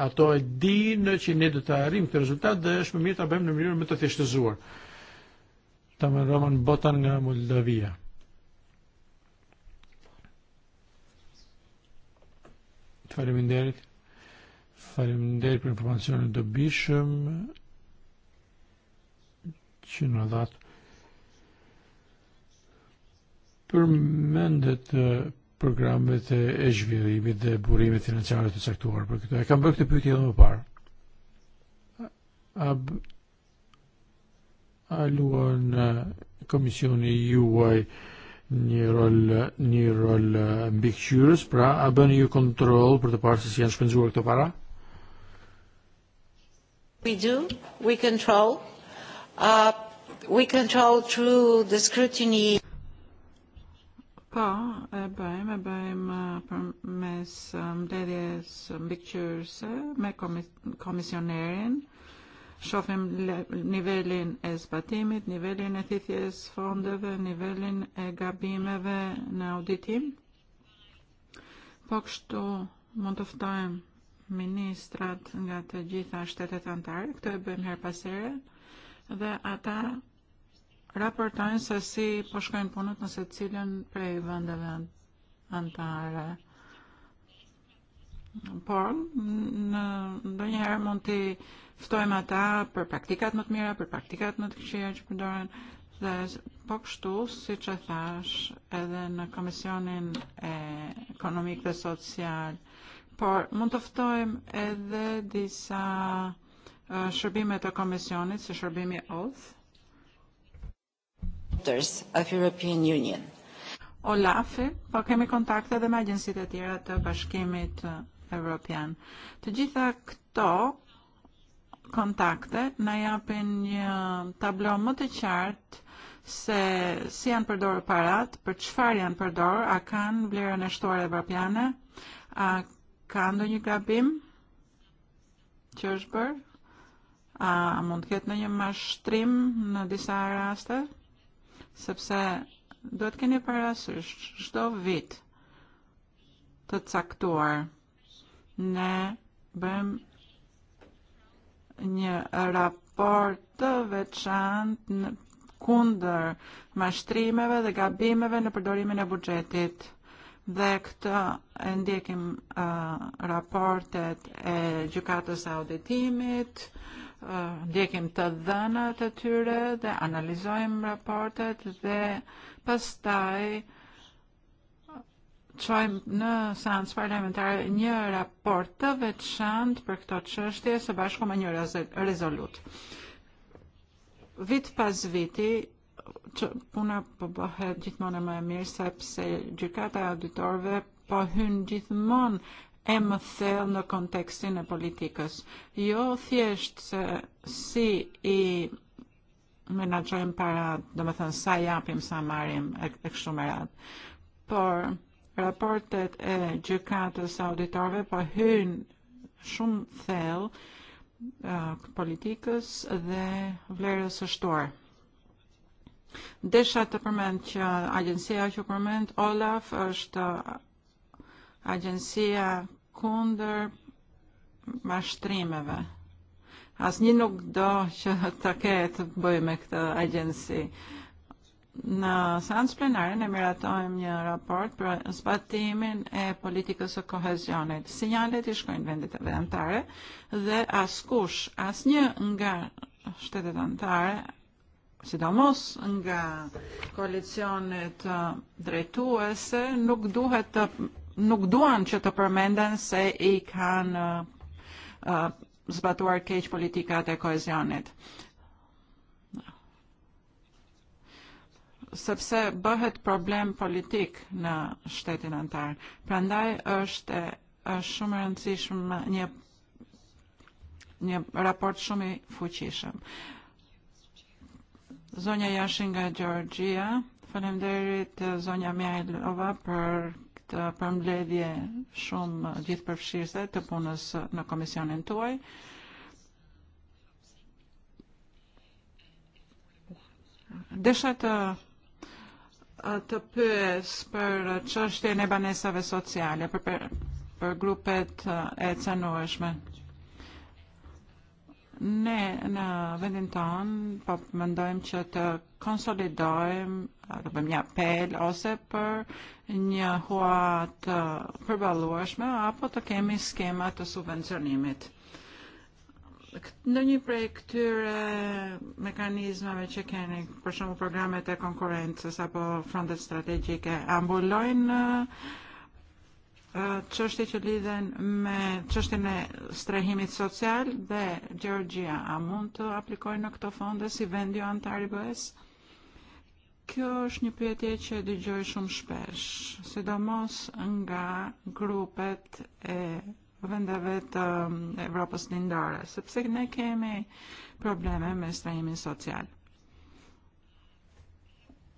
ato e dinë që ne do të arrim këtë rezultat dhe është më mirë të bëjmë në mënyrë më të thjeshtëzuar. Ta më roman botan nga Moldavia. Faleminderit. Faleminderit për informacionin e dobishëm që në dhatë përmendet programet e, e zhvillimit dhe burimit financiare të caktuar për këtë. E kam bërë këtë pyetje edhe më parë. A a luan e, komisioni juaj uh, një rol një rol uh, mbi kqyrës, pra a bën ju kontroll për të parë se si janë shpenzuar këto para? We do, we control. Uh, we control through the scrutiny. Po, e bëjmë, e bëjmë uh, për mes mbledhjes um, mbikëqyrëse um, uh, me komis komisionerin shohim nivelin e zbatimit, nivelin e thithjes fondeve, nivelin e gabimeve në auditim. Po kështu mund të ftojmë ministrat nga të gjitha shtetet antare, këto e bëjmë her pasere, dhe ata raportojnë se si po shkojnë punët nëse cilën prej vëndeve antare. Por, në ndonjëherë mund të ftojma ta' për praktikat më të mira, për praktikat më të këqija që përdoren dhe po kështu, si që thash, edhe në Komisionin e, eh, Ekonomik dhe Social, por mund të ftojmë edhe disa uh, eh, shërbime të Komisionit, si shërbimi OTH, of European Union. Olafi, po kemi kontakte dhe me agjensit e tjera të Bashkimit Europian. Të gjitha këto kontakte, na japin një tablo më të qartë se si janë përdorë parat, për qëfar janë përdorë, a kanë vlerën e shtuar evropiane, a kanë do një grabim që është bërë, a mund të ketë në një mashtrim në disa raste, sepse do të keni parasysh shdo vit të caktuar ne bëjmë një raport të veçantë në kundër mashtrimeve dhe gabimeve në përdorimin e bugjetit. Dhe këtë ndjekim uh, raportet e gjykatës auditimit, uh, ndjekim të dhënat e tyre dhe analizojmë raportet dhe pastaj uh, qojmë në no, seancë parlamentare një raport të veçantë për këto çështje së bashku me një rezolut. Vit pas viti, që puna po bëhet gjithmonë më e mirë sepse gjykata e auditorëve po hyn gjithmonë e më thellë në no kontekstin e politikës. Jo thjesht se si i menaxhojmë para, domethënë sa japim, sa marrim e, e kështu me radhë. Por rapportet e eh, gjykatës auditorve po hyn shumë thellë eh, politikës dhe vlerës së shtuar. Desha të përmend që eh, agjencia që përmend Olaf është agjencia kundër mashtrimeve. Asnjë nuk do që ta ketë të bëjë me këtë agjenci. Uh, na Në seancë plenare në miratojmë një raport për zbatimin e politikës së kohezionit. Sinjalet i shkojnë vendit e vendtare dhe askush, asnjë nga shtetet antare, sidomos nga koalicionet e, drejtuese, nuk duhet të nuk duan që të përmenden se i kanë uh, zbatuar keq politikat e kohezionit. sepse bëhet problem politik në shtetin antar. Prandaj e, është shumë e rëndësishëm një një raport shumë i fuqishëm. Zonja Jashin nga Gjorgjia, falemderit e, Zonja Mjajlova për këtë përmbledhje shumë gjithë përfshirëse të punës në komisionin tuaj. Desha të uh, të pyes për çështjen e banesave sociale për, për, për grupet e cënueshme. Ne në vendin tonë po që të konsolidojmë të bëjmë një apel ose për një hua të përballueshme apo të kemi skema të subvencionimit. Ndonjë prej këtyre mekanizmave që keni, për shumë programet e konkurencës apo fondet strategjike, ambullojnë çështje që lidhen me çështjen e strehimit social dhe Gjorgjia, a mund të aplikojnë në këto fonde si vendi antar i Kjo është një pyetje që dëgjoj shumë shpesh, sidomos nga grupet e vende vet um, ehm, Evropas lindare, sepse ne kemi probleme me strahimin social.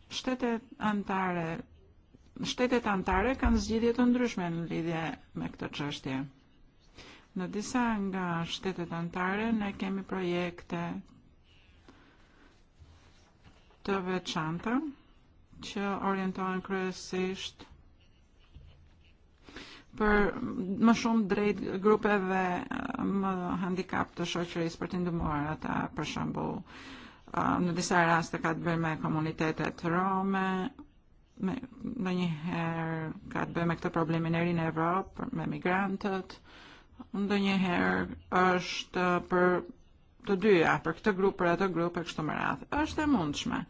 Shtetet antare, shtetet antare kanë zgjidhje të ndryshme në lidhje me këtë çështje. Në disa nga shtetet antare ne kemi projekte të veçanta që orientohen kryesisht për më shumë drejt grupeve më um, handicap të shoqërisë për të ndihmuar ata për shembull në disa raste ka të bëjë me komunitetet rome me, në njëherë ka të bëjë me këtë problemin e ri në Evropë me migrantët ndonjëherë është për të dyja, për këtë grup, për atë grup e kështu me radhë. Është e mundshme.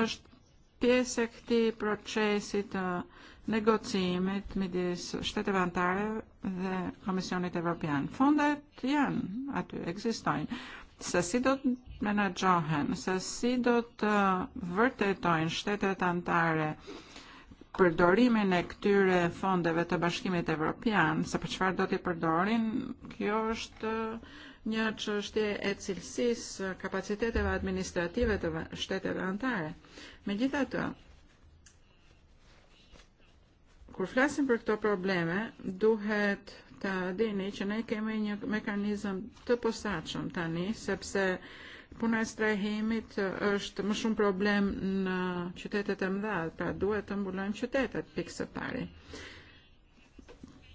Është pjesë e këtij procesi të uh, negocijiet midis shteti vjetare dhe Komisionit Evropian. Fondet janë aty, ekzistojnë. Se si do të menaxhohen, se si do të uh, vërtetojnë shtetet antare përdorimin e këtyre fondeve të Bashkimit Evropian, se për çfarë do t'i përdorin, kjo është uh, një çështje e cilësisë kapaciteteve administrative të shteteve antare. Megjithatë, Kur flasim për këto probleme, duhet të dini që ne kemi një mekanizëm të posaçëm tani, sepse puna e strehimit është më shumë problem në qytetet e mëdha, pra duhet të mbulojmë qytetet pikë së pari.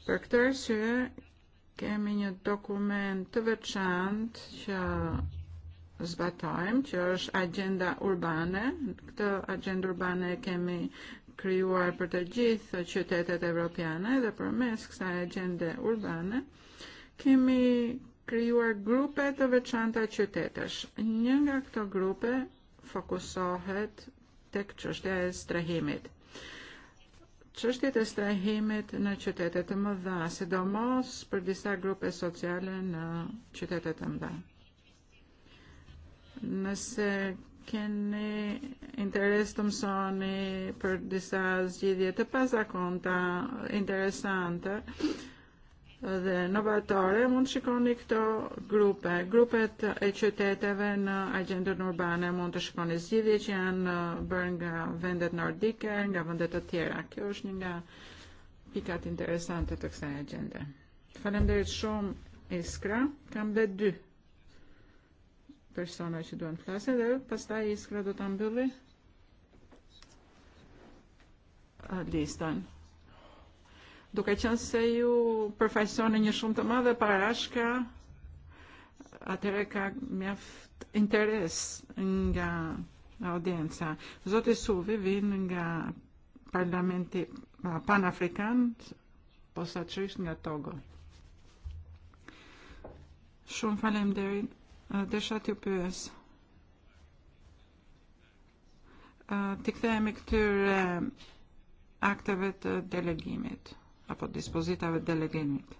Për këtë arsye kemi një dokument të veçantë që zbatojmë, që është agenda urbane. Këtë agenda urbane kemi krijuar për të gjithë qytetet evropiane dhe përmes kësaj agjende urbane kemi krijuar grupe të veçanta qytetesh. Një nga këto grupe fokusohet tek çështja e strehimit. Çështjet e strehimit në qytete të mëdha, sidomos për disa grupe sociale në qytete të mëdha. Nëse kan keni interes të mësoni për disa zgjidhje të pazakonta interesante dhe novatore, mund shikoni këto grupe. Grupet e qyteteve në agendën urbane mund të shikoni zgjidhje që janë bërë nga vendet nordike, nga vendet të tjera. Kjo është një nga pikat interesante të kësaj agende. Falemderit shumë, Iskra. Kam dhe dy persona që duan flasë dhe pastaj e iskra do ta mbylli listën. Duke qenë se ju përfaqësoni një shumë të madhe parashka, ka atëre ka mjaft interes nga audienca. Zoti Suvi vin nga parlamenti panafrikan posaçërisht nga Togo. Shumë faleminderit Uh, të yapıyoruz. Uh, Tikthehemi këtyre um, akteve të uh, delegimit apo dispozitave të delegimit.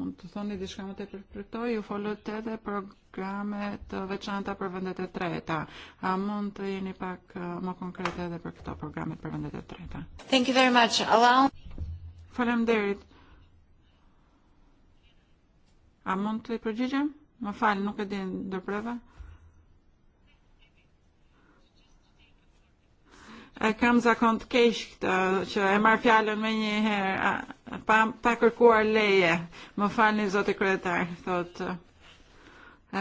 mund të thoni diçka më tepër për këto, ju folët edhe programe të veçanta për vendet e treta. A mund të jeni pak më konkrete edhe për këto programe për vendet e treta? Thank you very much. Allow Faleminderit. A mund të i përgjigjem? Më falë, nuk e din ndërpreva. E kam zakon të keq këtë që e marr fjalën më një herë pa pa kërkuar leje. Më falni zoti kryetar, thotë. E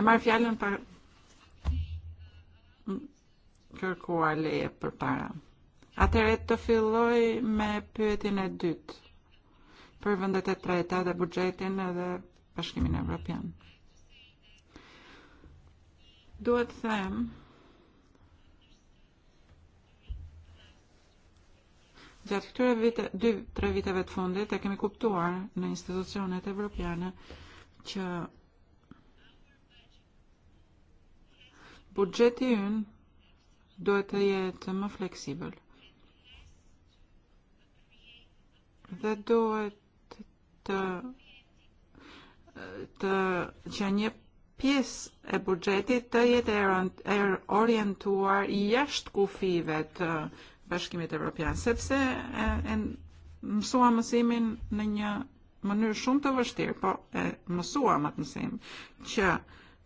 pa kërkuar leje të filloj me pyetin e dytë vendet e treta dhe bugjetin edhe bashkimin evropian. Duhet të them gjatë këtyre vite, 2-3 viteve të fundit e kemi kuptuar në institucionet evropiane që buxheti ynë hm, duhet të jetë më fleksibël. Dhe duhet të që një pjesë e buxhetit të jetë e orientuar jashtë kufive të Bashkimit Evropian, sepse e, e mësua mësimin në një mënyrë shumë të vështirë, po e mësua më të mësim që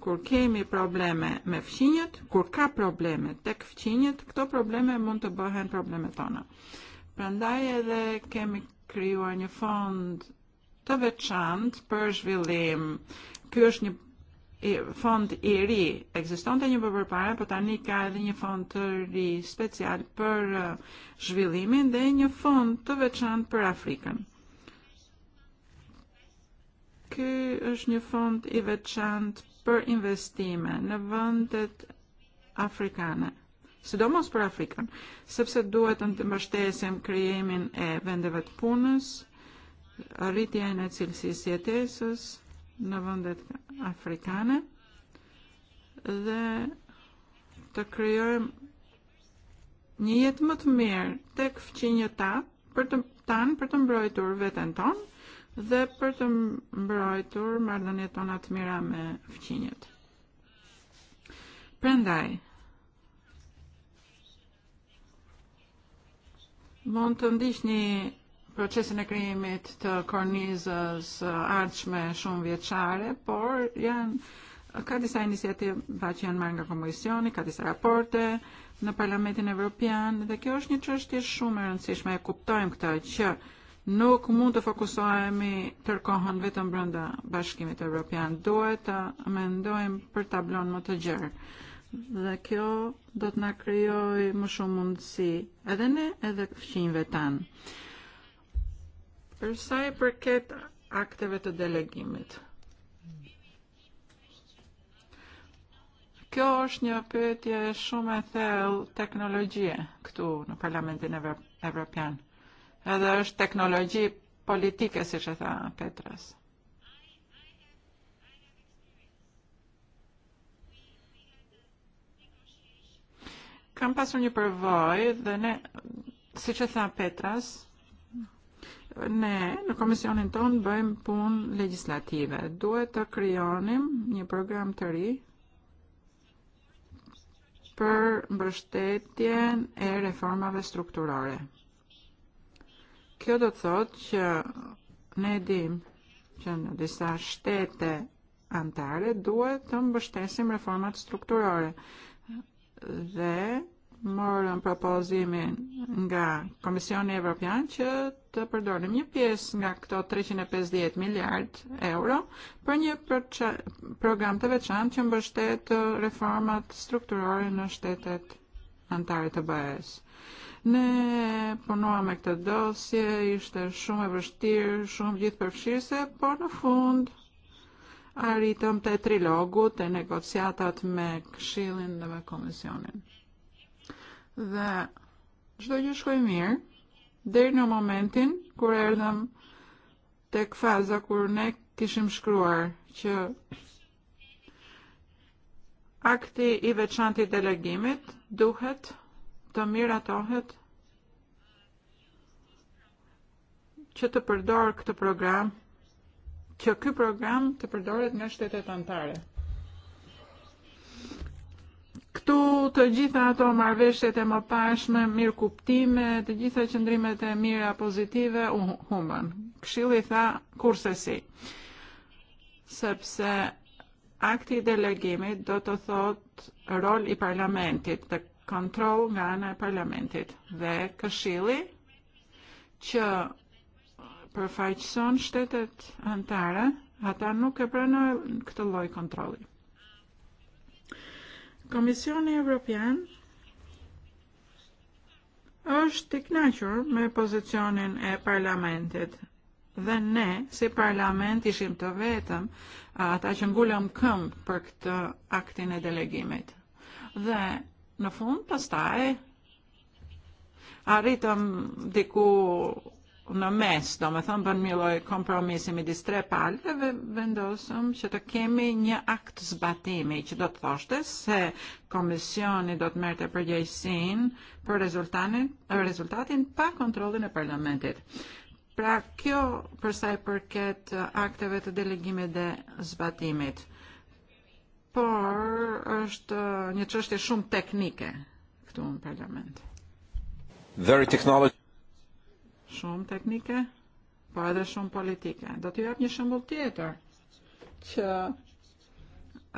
kur kemi probleme me fqinjët, kur ka probleme tek fqinjët, këto probleme mund të bëhen probleme tona. Prandaj edhe kemi krijuar një fond Da veçantë për zhvillim. Ky është një fond i ri, e një për përpara, por tani ka edhe një fond të ri special për zhvillimin dhe një fond të veçant për Afrikën. Ky është një fond i veçant për investime në vendet afrikane sidomos për Afrikën, sepse duhet të mbështesim krijimin e vendeve të punës, rritjen e cilësisë së Africana. në vendet afrikane dhe të krijojmë një jetë më të mirë tek fëmijëta për të tan për të mbrojtur veten tonë dhe për të mbrojtur marrëdhëniet tona të mira me fëmijët. Prandaj mund të ndiqni procesin uh, uh, e krijimit të kornizës ardhshme shumë vjeçare, por janë ka disa iniciativa që janë marrë nga komisioni, ka disa raporte në Parlamentin Evropian dhe kjo është një çështje shumë e rëndësishme e kuptojmë këtë që nuk mund të fokusohemi tërkohën vetëm brenda Bashkimit Evropian. Duhet të mendojmë për tablon më të gjerë. Dhe kjo do të na krijojë më shumë mundësi edhe ne edhe fëmijëve tanë. Për sa i përket akteve të delegimit. Kjo është një pyetje shumë e thellë teknologjie këtu në Parlamentin Evropian. Edhe është teknologji politike, si që tha Petras. Kam pasur një përvoj dhe ne, si që tha Petras, Ne, në no komisionin tonë bëjmë punë legislative. Duhet të kryonim një program të ri për mbështetjen e reformave strukturore. Kjo do të thotë që ne dim që në disa shtete antare duhet të mbështesim reformat strukturore dhe në propozimin nga Komisioni Evropian që të përdorim një pjesë nga këto 350 miliard euro për një program të veçantë që mbështet reformat strukturore në shtetet antare të BE-s. Ne punuam me këtë dosje, ishte shumë e vështirë, shumë gjithë përfshirëse, por në fund arritëm të trilogu, të negociatat me këshilin dhe me komisionin dhe çdo gjë shkoi mirë deri në momentin kur erdhëm tek faza kur ne kishim shkruar që akti i veçantë i delegimit duhet të miratohet që të përdor këtë program, që ky program të përdoret nga shtetet antare. Këtu të gjitha ato marveshtet e më pashme, mirë kuptime, të gjitha qëndrimet e mira pozitive u humën. Këshili tha kurse si. Sepse akti delegimit do të thot rol i parlamentit, të kontrol nga në parlamentit dhe këshili që përfaqëson shtetet antare, ata nuk e pranojnë këtë loj kontrolli. Komisioni Evropian është të knaqur me pozicionin e parlamentit dhe ne, si parlament, ishim të vetëm ata që ngullëm këmbë për këtë aktin e delegimit. Dhe në fund, pastaj, arritëm diku Νομές, το μεθόν των μιλώ κομπρομίση με τις τρε πάλι, βεντώσουν και το κέμι μια άκτος μπατήμι και το θώστες komissjoni do të merrte përgjegjësinë për rezultatin, rezultatin pa kontrolin e parlamentit. Pra kjo për sa i e përket akteve të delegimit dhe zbatimit. Por është një qështje shumë teknike këtu në parlament. Very technology shumë teknike, po edhe shumë politike. Do t'ju jap një shembull tjetër që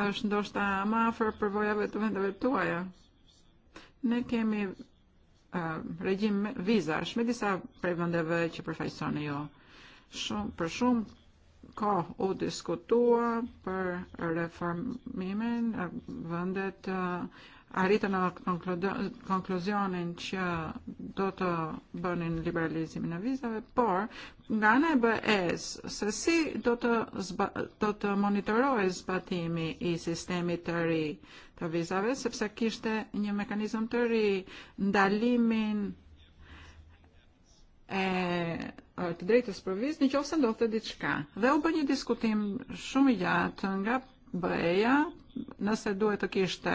është ndoshta më afër përvojave të vendeve tuaja. Ne kemi uh, regjim vizash me disa prej vendeve që përfaqësoni ju. Shumë për shumë kohë u diskutua për reformimin vendet uh, arrivano alla conclusione që do të bënin liberalizimin e vizave, por nga ana e BE-s se si do të zba, do të monitorohej zbatimi i sistemit të ri të vizave, sepse kishte një mekanizëm të ri ndalimin e, e të drejtës për vizë në qofë se ndodhë të diçka. Dhe u bë një diskutim shumë i gjatë nga be nëse duhet të kishte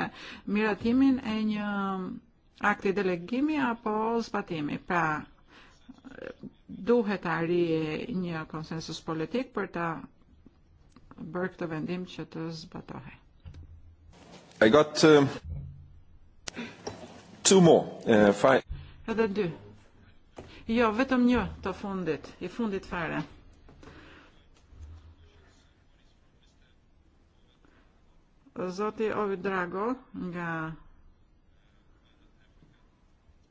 miratimin e një um, akti delegimi apo zbatimi. Pra, duhet të arrijë një konsensus politik për të bërë këtë vendim që të zbatohej. I got uh, two more. Uh, five. Edhe dy. Jo, vetëm një të fundit, i e fundit fare. Zoti Ovi Drago nga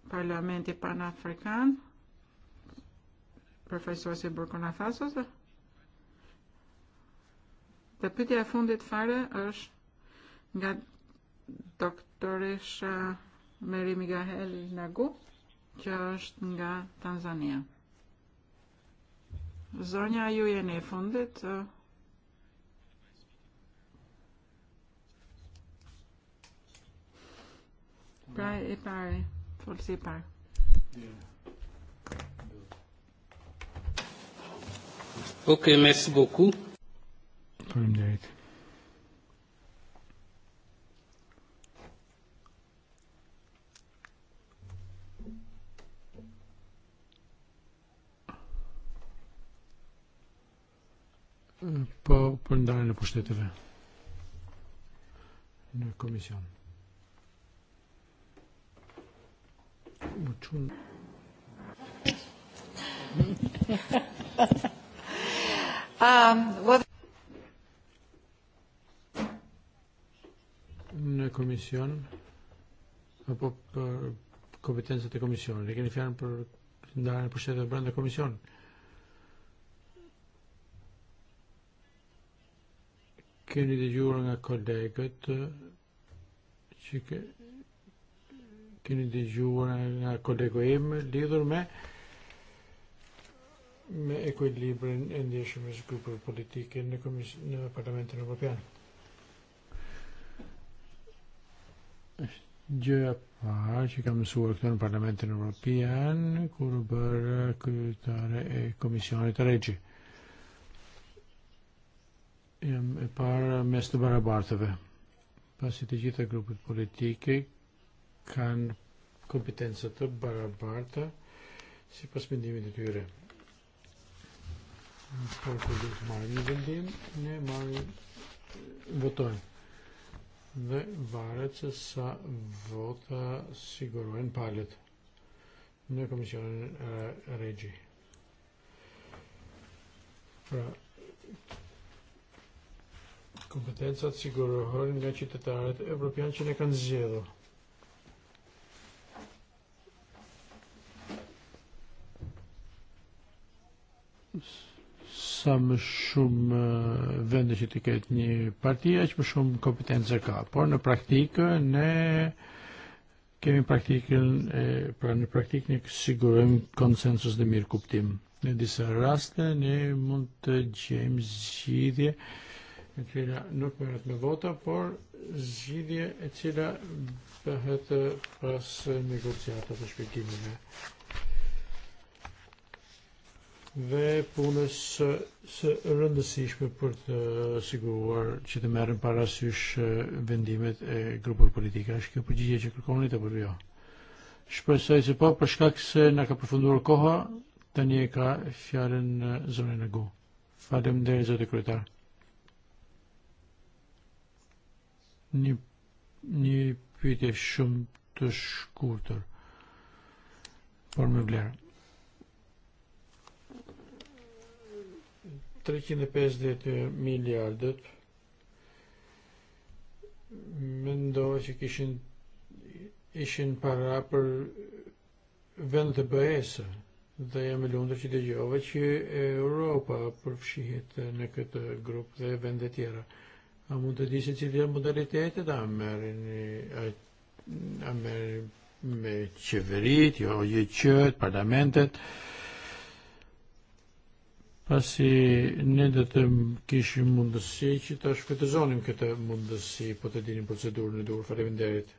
Parlamenti Panafrikan, profesor si Burkina Fasos. Dhe pyetja e fundit fare është nga doktoresha Meri Migahel Nagu, që është nga Tanzania. Zonja ju jeni e fundit, uh, Praia e pare. Forse e pare. Ok, merci beaucoup. Faleminderit. Po po përndarjen e pushteteve në komision. Una comisión Në komision apo për kompetencat e komisionit. Ne keni fjalën për ndarjen e pushtetit brenda komisionit. Keni dëgjuar nga kolegët që ke keni dëgjuar nga kolegu im lidhur me me ekuilibrin e ndjeshmërisë grupeve politike në komis në Parlamentin Evropian. Gjëja parë që kam mësuar këtu në Parlamentin Evropian kur u bërë kryetare e Komisionit të Regji. Jam e parë mes të barabartëve. Pasi të gjitha grupet politike kan kompetenca të barabarta si pas mendimit e të tyre. Por kur do të marrim një vendim, ne marrim votojmë. Dhe varet se sa vota sigurojnë palet në komisionin e regji. Pra, kompetencat sigurohen nga qytetarët evropian që ne kanë zgjedhur. sa më shumë e, vende që të ketë një parti, aq më shumë kompetencë ka. Por në praktikë ne kemi praktikën, e, pra në praktikë ne sigurojmë konsensus dhe mirë kuptim. Në disa raste ne mund të gjejmë zgjidhje e cila nuk merret me vota, por zgjidhje e cila bëhet pas negociatave të shpjegimeve Ve punës së, së rëndësishme për të siguruar që të merren parasysh vendimet e grupeve politike. Është kjo përgjigje që kërkonit apo jo? Shpresoj se po, për shkak se na ka përfunduar koha, tani e ka fjalën zonën e Gu. Faleminderit zotë kryetar. Një një pyetje shumë të shkurtër, por me vlerë 350 352 miljardër mendoj që kishin ishin para për vend të BE-së dhe jam e lumtur që dëgjova që Europa përfshihet në këtë grup dhe vende tjera. A mund të di se cili janë modalitetet a merrin a, a merrin me qeverit, jo gjë qëtë, parlamentet, pasi ne do të kishim mundësi që ta shfrytëzonim këtë mundësi, po të dinim procedurën e duhur. Faleminderit.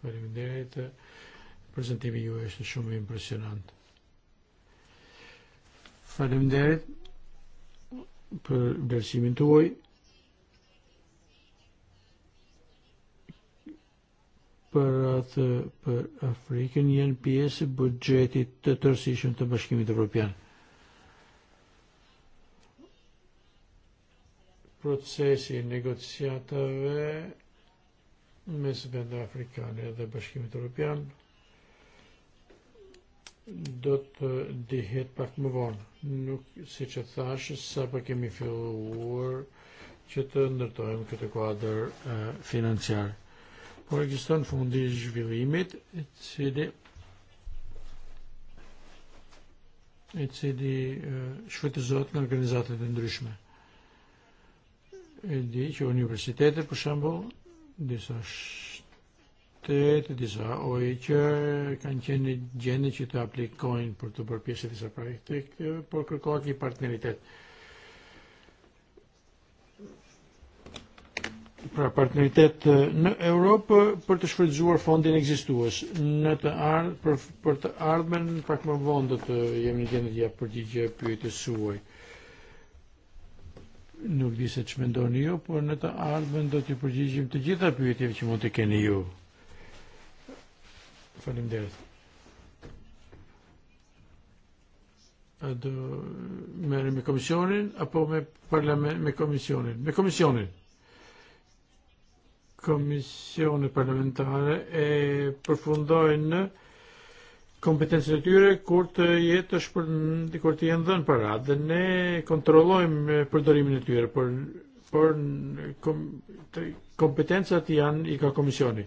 Faleminderit. prezentimi ju është shumë impresionant. Faleminderit për vlerësimin tuaj. për atë për Afrikën janë pjesë e buxhetit të tërësishëm të Bashkimit Evropian. procesi negociatave mes Venda Afrikane de Bashkimit europian do të dihet pak më vonë. Nuk si që thash, sa pa kemi filluar që të ndërtojmë këtë kuadër e, eh, financiar. Por ekziston fundi i zhvillimit, i cili i cili shfrytëzohet eh, në organizatat e ndryshme. Deci, universitete, për shembull, disa shtete, disa OEQ kanë qenë gjendje që të aplikojnë për të bërë pjesë disa projekte, por kërkohet një partneritet. Pra partneritet në no, Europë për të shfrytëzuar fondin ekzistues. Në të ardh për, për të ardhmen pak më vonë do uh, të jemi në gjendje të jap përgjigje pyetjes suaj. Ë Nuk di se që mendoni ju, por në të ardhmen do t'ju përgjigjim të gjitha pyetjeve që mund të keni ju. Faleminderit. do merre me komisionin apo me parlament me komisionin me komisionin Komisionin parlamentare e eh, përfundojnë në kompetencën e tyre kur të jetë të shpër, kur të jenë dhënë para dhe ne kontrollojmë përdorimin e tyre, por por kom, të, kompetencat janë i ka komisioni.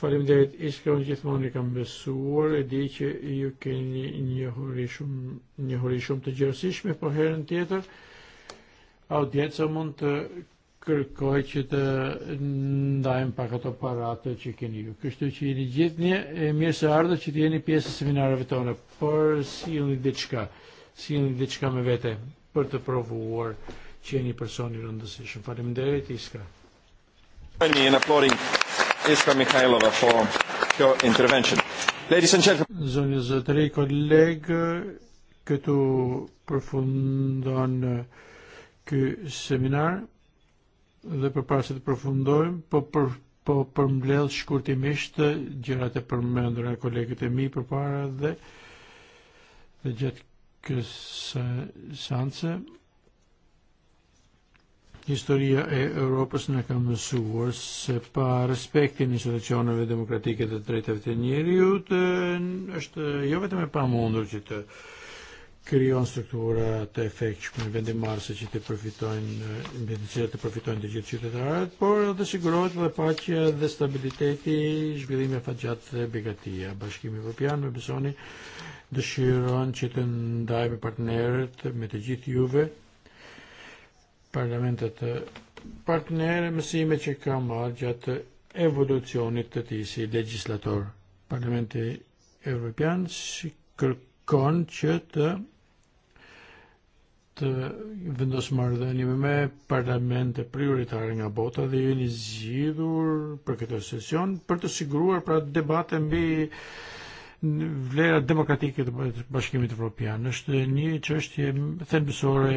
Faleminderit, ish unë gjithmonë i kam besuar, e di që ju keni një hori shumë, një hori shumë të gjerësishme, por herën tjetër audienca mund të kërkoj që të ndajmë pak ato parate që keni ju. Kështu që jeni gjithë një e mirë se ardhët që të jeni pjesë e seminareve tonë, për si jeni diçka, si jeni diçka me vete për të provuar që jeni person i rëndësishëm. Faleminderit Iska. Thank në applauding Iska Mikhailova for your intervention. Ladies and gentlemen. Zonjë zëtëri, kolegë, këtu përfundon eh, kë seminar dhe përpara se të përfundojmë, po për po përmbledh shkurtimisht të gjërat e përmendura e kolegët e mi përpara dhe dhe gjatë kësë sanse Historia e Europës në ka mësuar se pa respektin institucioneve demokratike të drejtëve të njeriut është jo vetëm e pa mundur që të uh, krijon struktura të efekshme vendimase që të përfitojnë në vendin që të përfitojnë të gjithë qytetarët, por edhe sigurohet dhe paqja dhe stabiliteti, zhvillimi i afatgjat dhe begatia. Bashkimi Evropian me besoni dëshiron që të ndajë me partnerët me të gjithë juve parlamentet partnerë mësime që ka marrë gjatë evolucionit të tij si legislator. Parlamenti Evropian si kërkon që të të uh, vendosë marrëdhënie me me parlamente prioritare nga bota dhe ju jeni zgjidhur për këtë sesion për të siguruar pra debate mbi vlerat demokratike të Bashkimit Evropian. Është një çështje thelbësore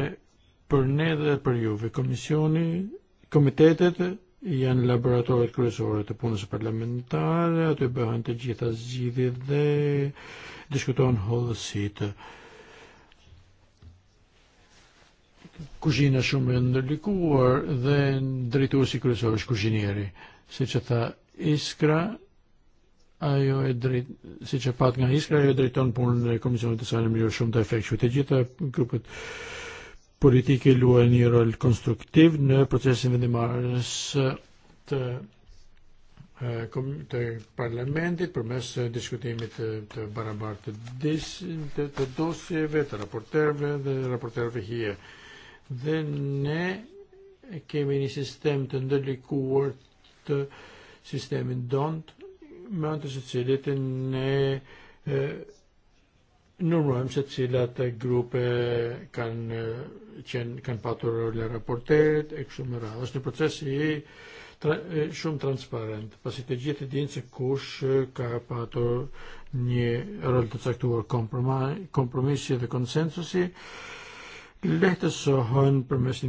për ne dhe për juve. Komisioni, komitetet janë laboratoret kryesore të punës parlamentare, aty bëhen të gjitha zgjidhjet dhe diskutohen hollësitë. kuzhina shumë e ndërlikuar dhe drejtuesi kryesor është kuzhinieri. Siç e tha Iskra, ajo e drejt, siç e pat nga Iskra, ajo drejton punën e komisionit të saj në mënyrë shumë të efektshme. Të gjitha grupet politike luajnë një rol konstruktiv në procesin vendimarrjes të eh, të parlamentit përmes eh, diskutimit eh, të, të barabartë të, të, të dosjeve, të raporterve dhe raporterve hije. Dhe ne kemi një sistem të ndërlikuar të sistemin dont, me anë të së cilit ne e, se cilat grupe kanë qenë uh, kanë patur raporterit e kështu Është proces i uh, shumë transparent, pasi të gjithë dinë se kush uh, ka patur një rol të caktuar kompromisi dhe konsensusi Leħta soħan permess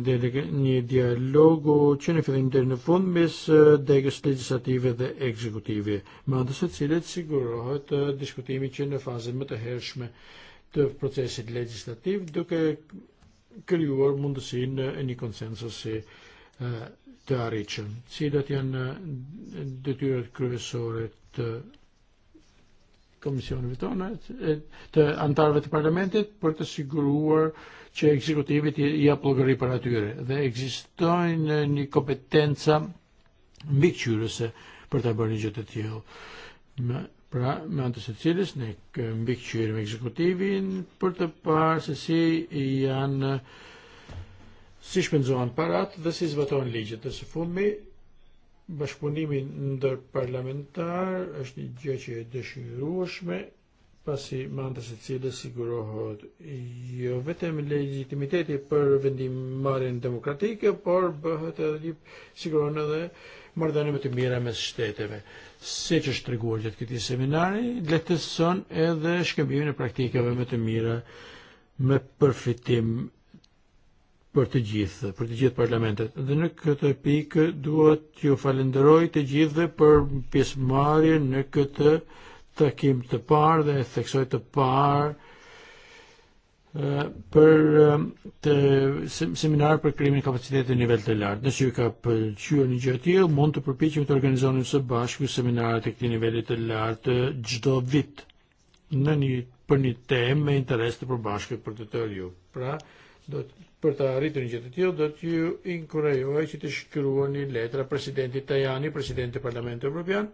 ni dialogu ċini fil-interni fund bis eh, degħis leġislativi dhe ekzekutivi. Ma għandu se cilet sigurohet eh, diskutimi ċini fazi me të hershme të procesit legislativ duke krijuar mundësin eh, një konsensus si të arritshëm. Cilat janë detyrat kryesore të komisionëve tona, të antarëve të parlamentit për të siguruar uh, që ekzekutivit i jap llogari për atyre dhe ekzistojnë eh, një kompetenca mbikëqyrëse eh, për të bërë një gjë të tillë. Pra, me antës e cilës ne eh, mbikëqyrim ekzekutivin për të parë se si janë si shpenzohen parat dhe si zbatohen ligjet. Dhe së fundmi bashkëpunimin ndër parlamentar është një gjë që e dëshirueshme pasi manda se cilë sigurohet jo vetëm legitimiteti për vendimarrjen demokratike, por bëhet edhe një sigurohen edhe marrëdhënie të mira mes shteteve. Siç është treguar gjatë këtij seminari, letëson edhe shkëmbimin e praktikave më të mira me përfitim për të gjithë, për të gjithë parlamentet. Dhe në këtë pikë duhet ju falenderoj të gjithëve për pjesëmarrjen në këtë takim të parë dhe theksoj të parë eh, për eh, të seminar për krimin kapacitet të nivel të lartë. Nëse ju ka pëlqyer një gjë tillë, mund të përpiqem të organizonim së bashku seminare të këtij niveli të lartë çdo vit në një për një temë me interes të përbashkët për të tërë ju. Pra, do të për të arritur një gjë të tillë do t'ju inkurajoj që të shkruani letra presidentit Tajani, presidentit të Parlamentit Evropian,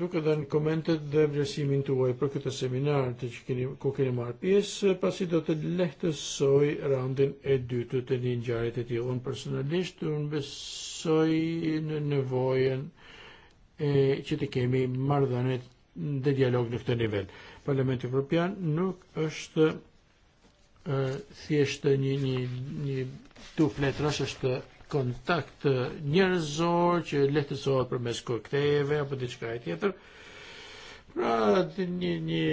duke dhe në komentet dhe vlerësimin tuaj për këtë seminar të që keni, ku keni marrë pjesë, uh, pasi do të lehtësoj randin e dytë të një ngjarjet e tillë. Unë personalisht unë besoj në nevojën e, eh, që të kemi marrëdhënet dhe dialog në këtë nivel. Parlamenti Evropian nuk është eh, e, thjesht një një një tufletrash është kontakt eh, njerëzor që eh, lehtësohet përmes kokteve apo diçka e tjetër. Pra një një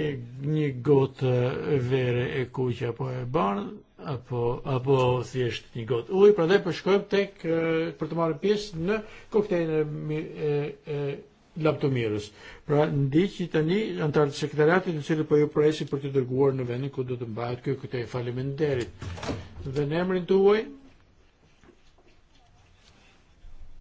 një gotë eh, vere e kuqe apo e bardhë apo apo thjesht një gotë ujë, prandaj po shkojmë tek për të marrë pjesë në koktejlin e, e e laptomirës. Pra ndiqni tani antar të sekretariatit në cilë po ju presi për të dërguar në vendin ku do të mbahet ky koktejl. Faleminderit. Dhe në emrin tuaj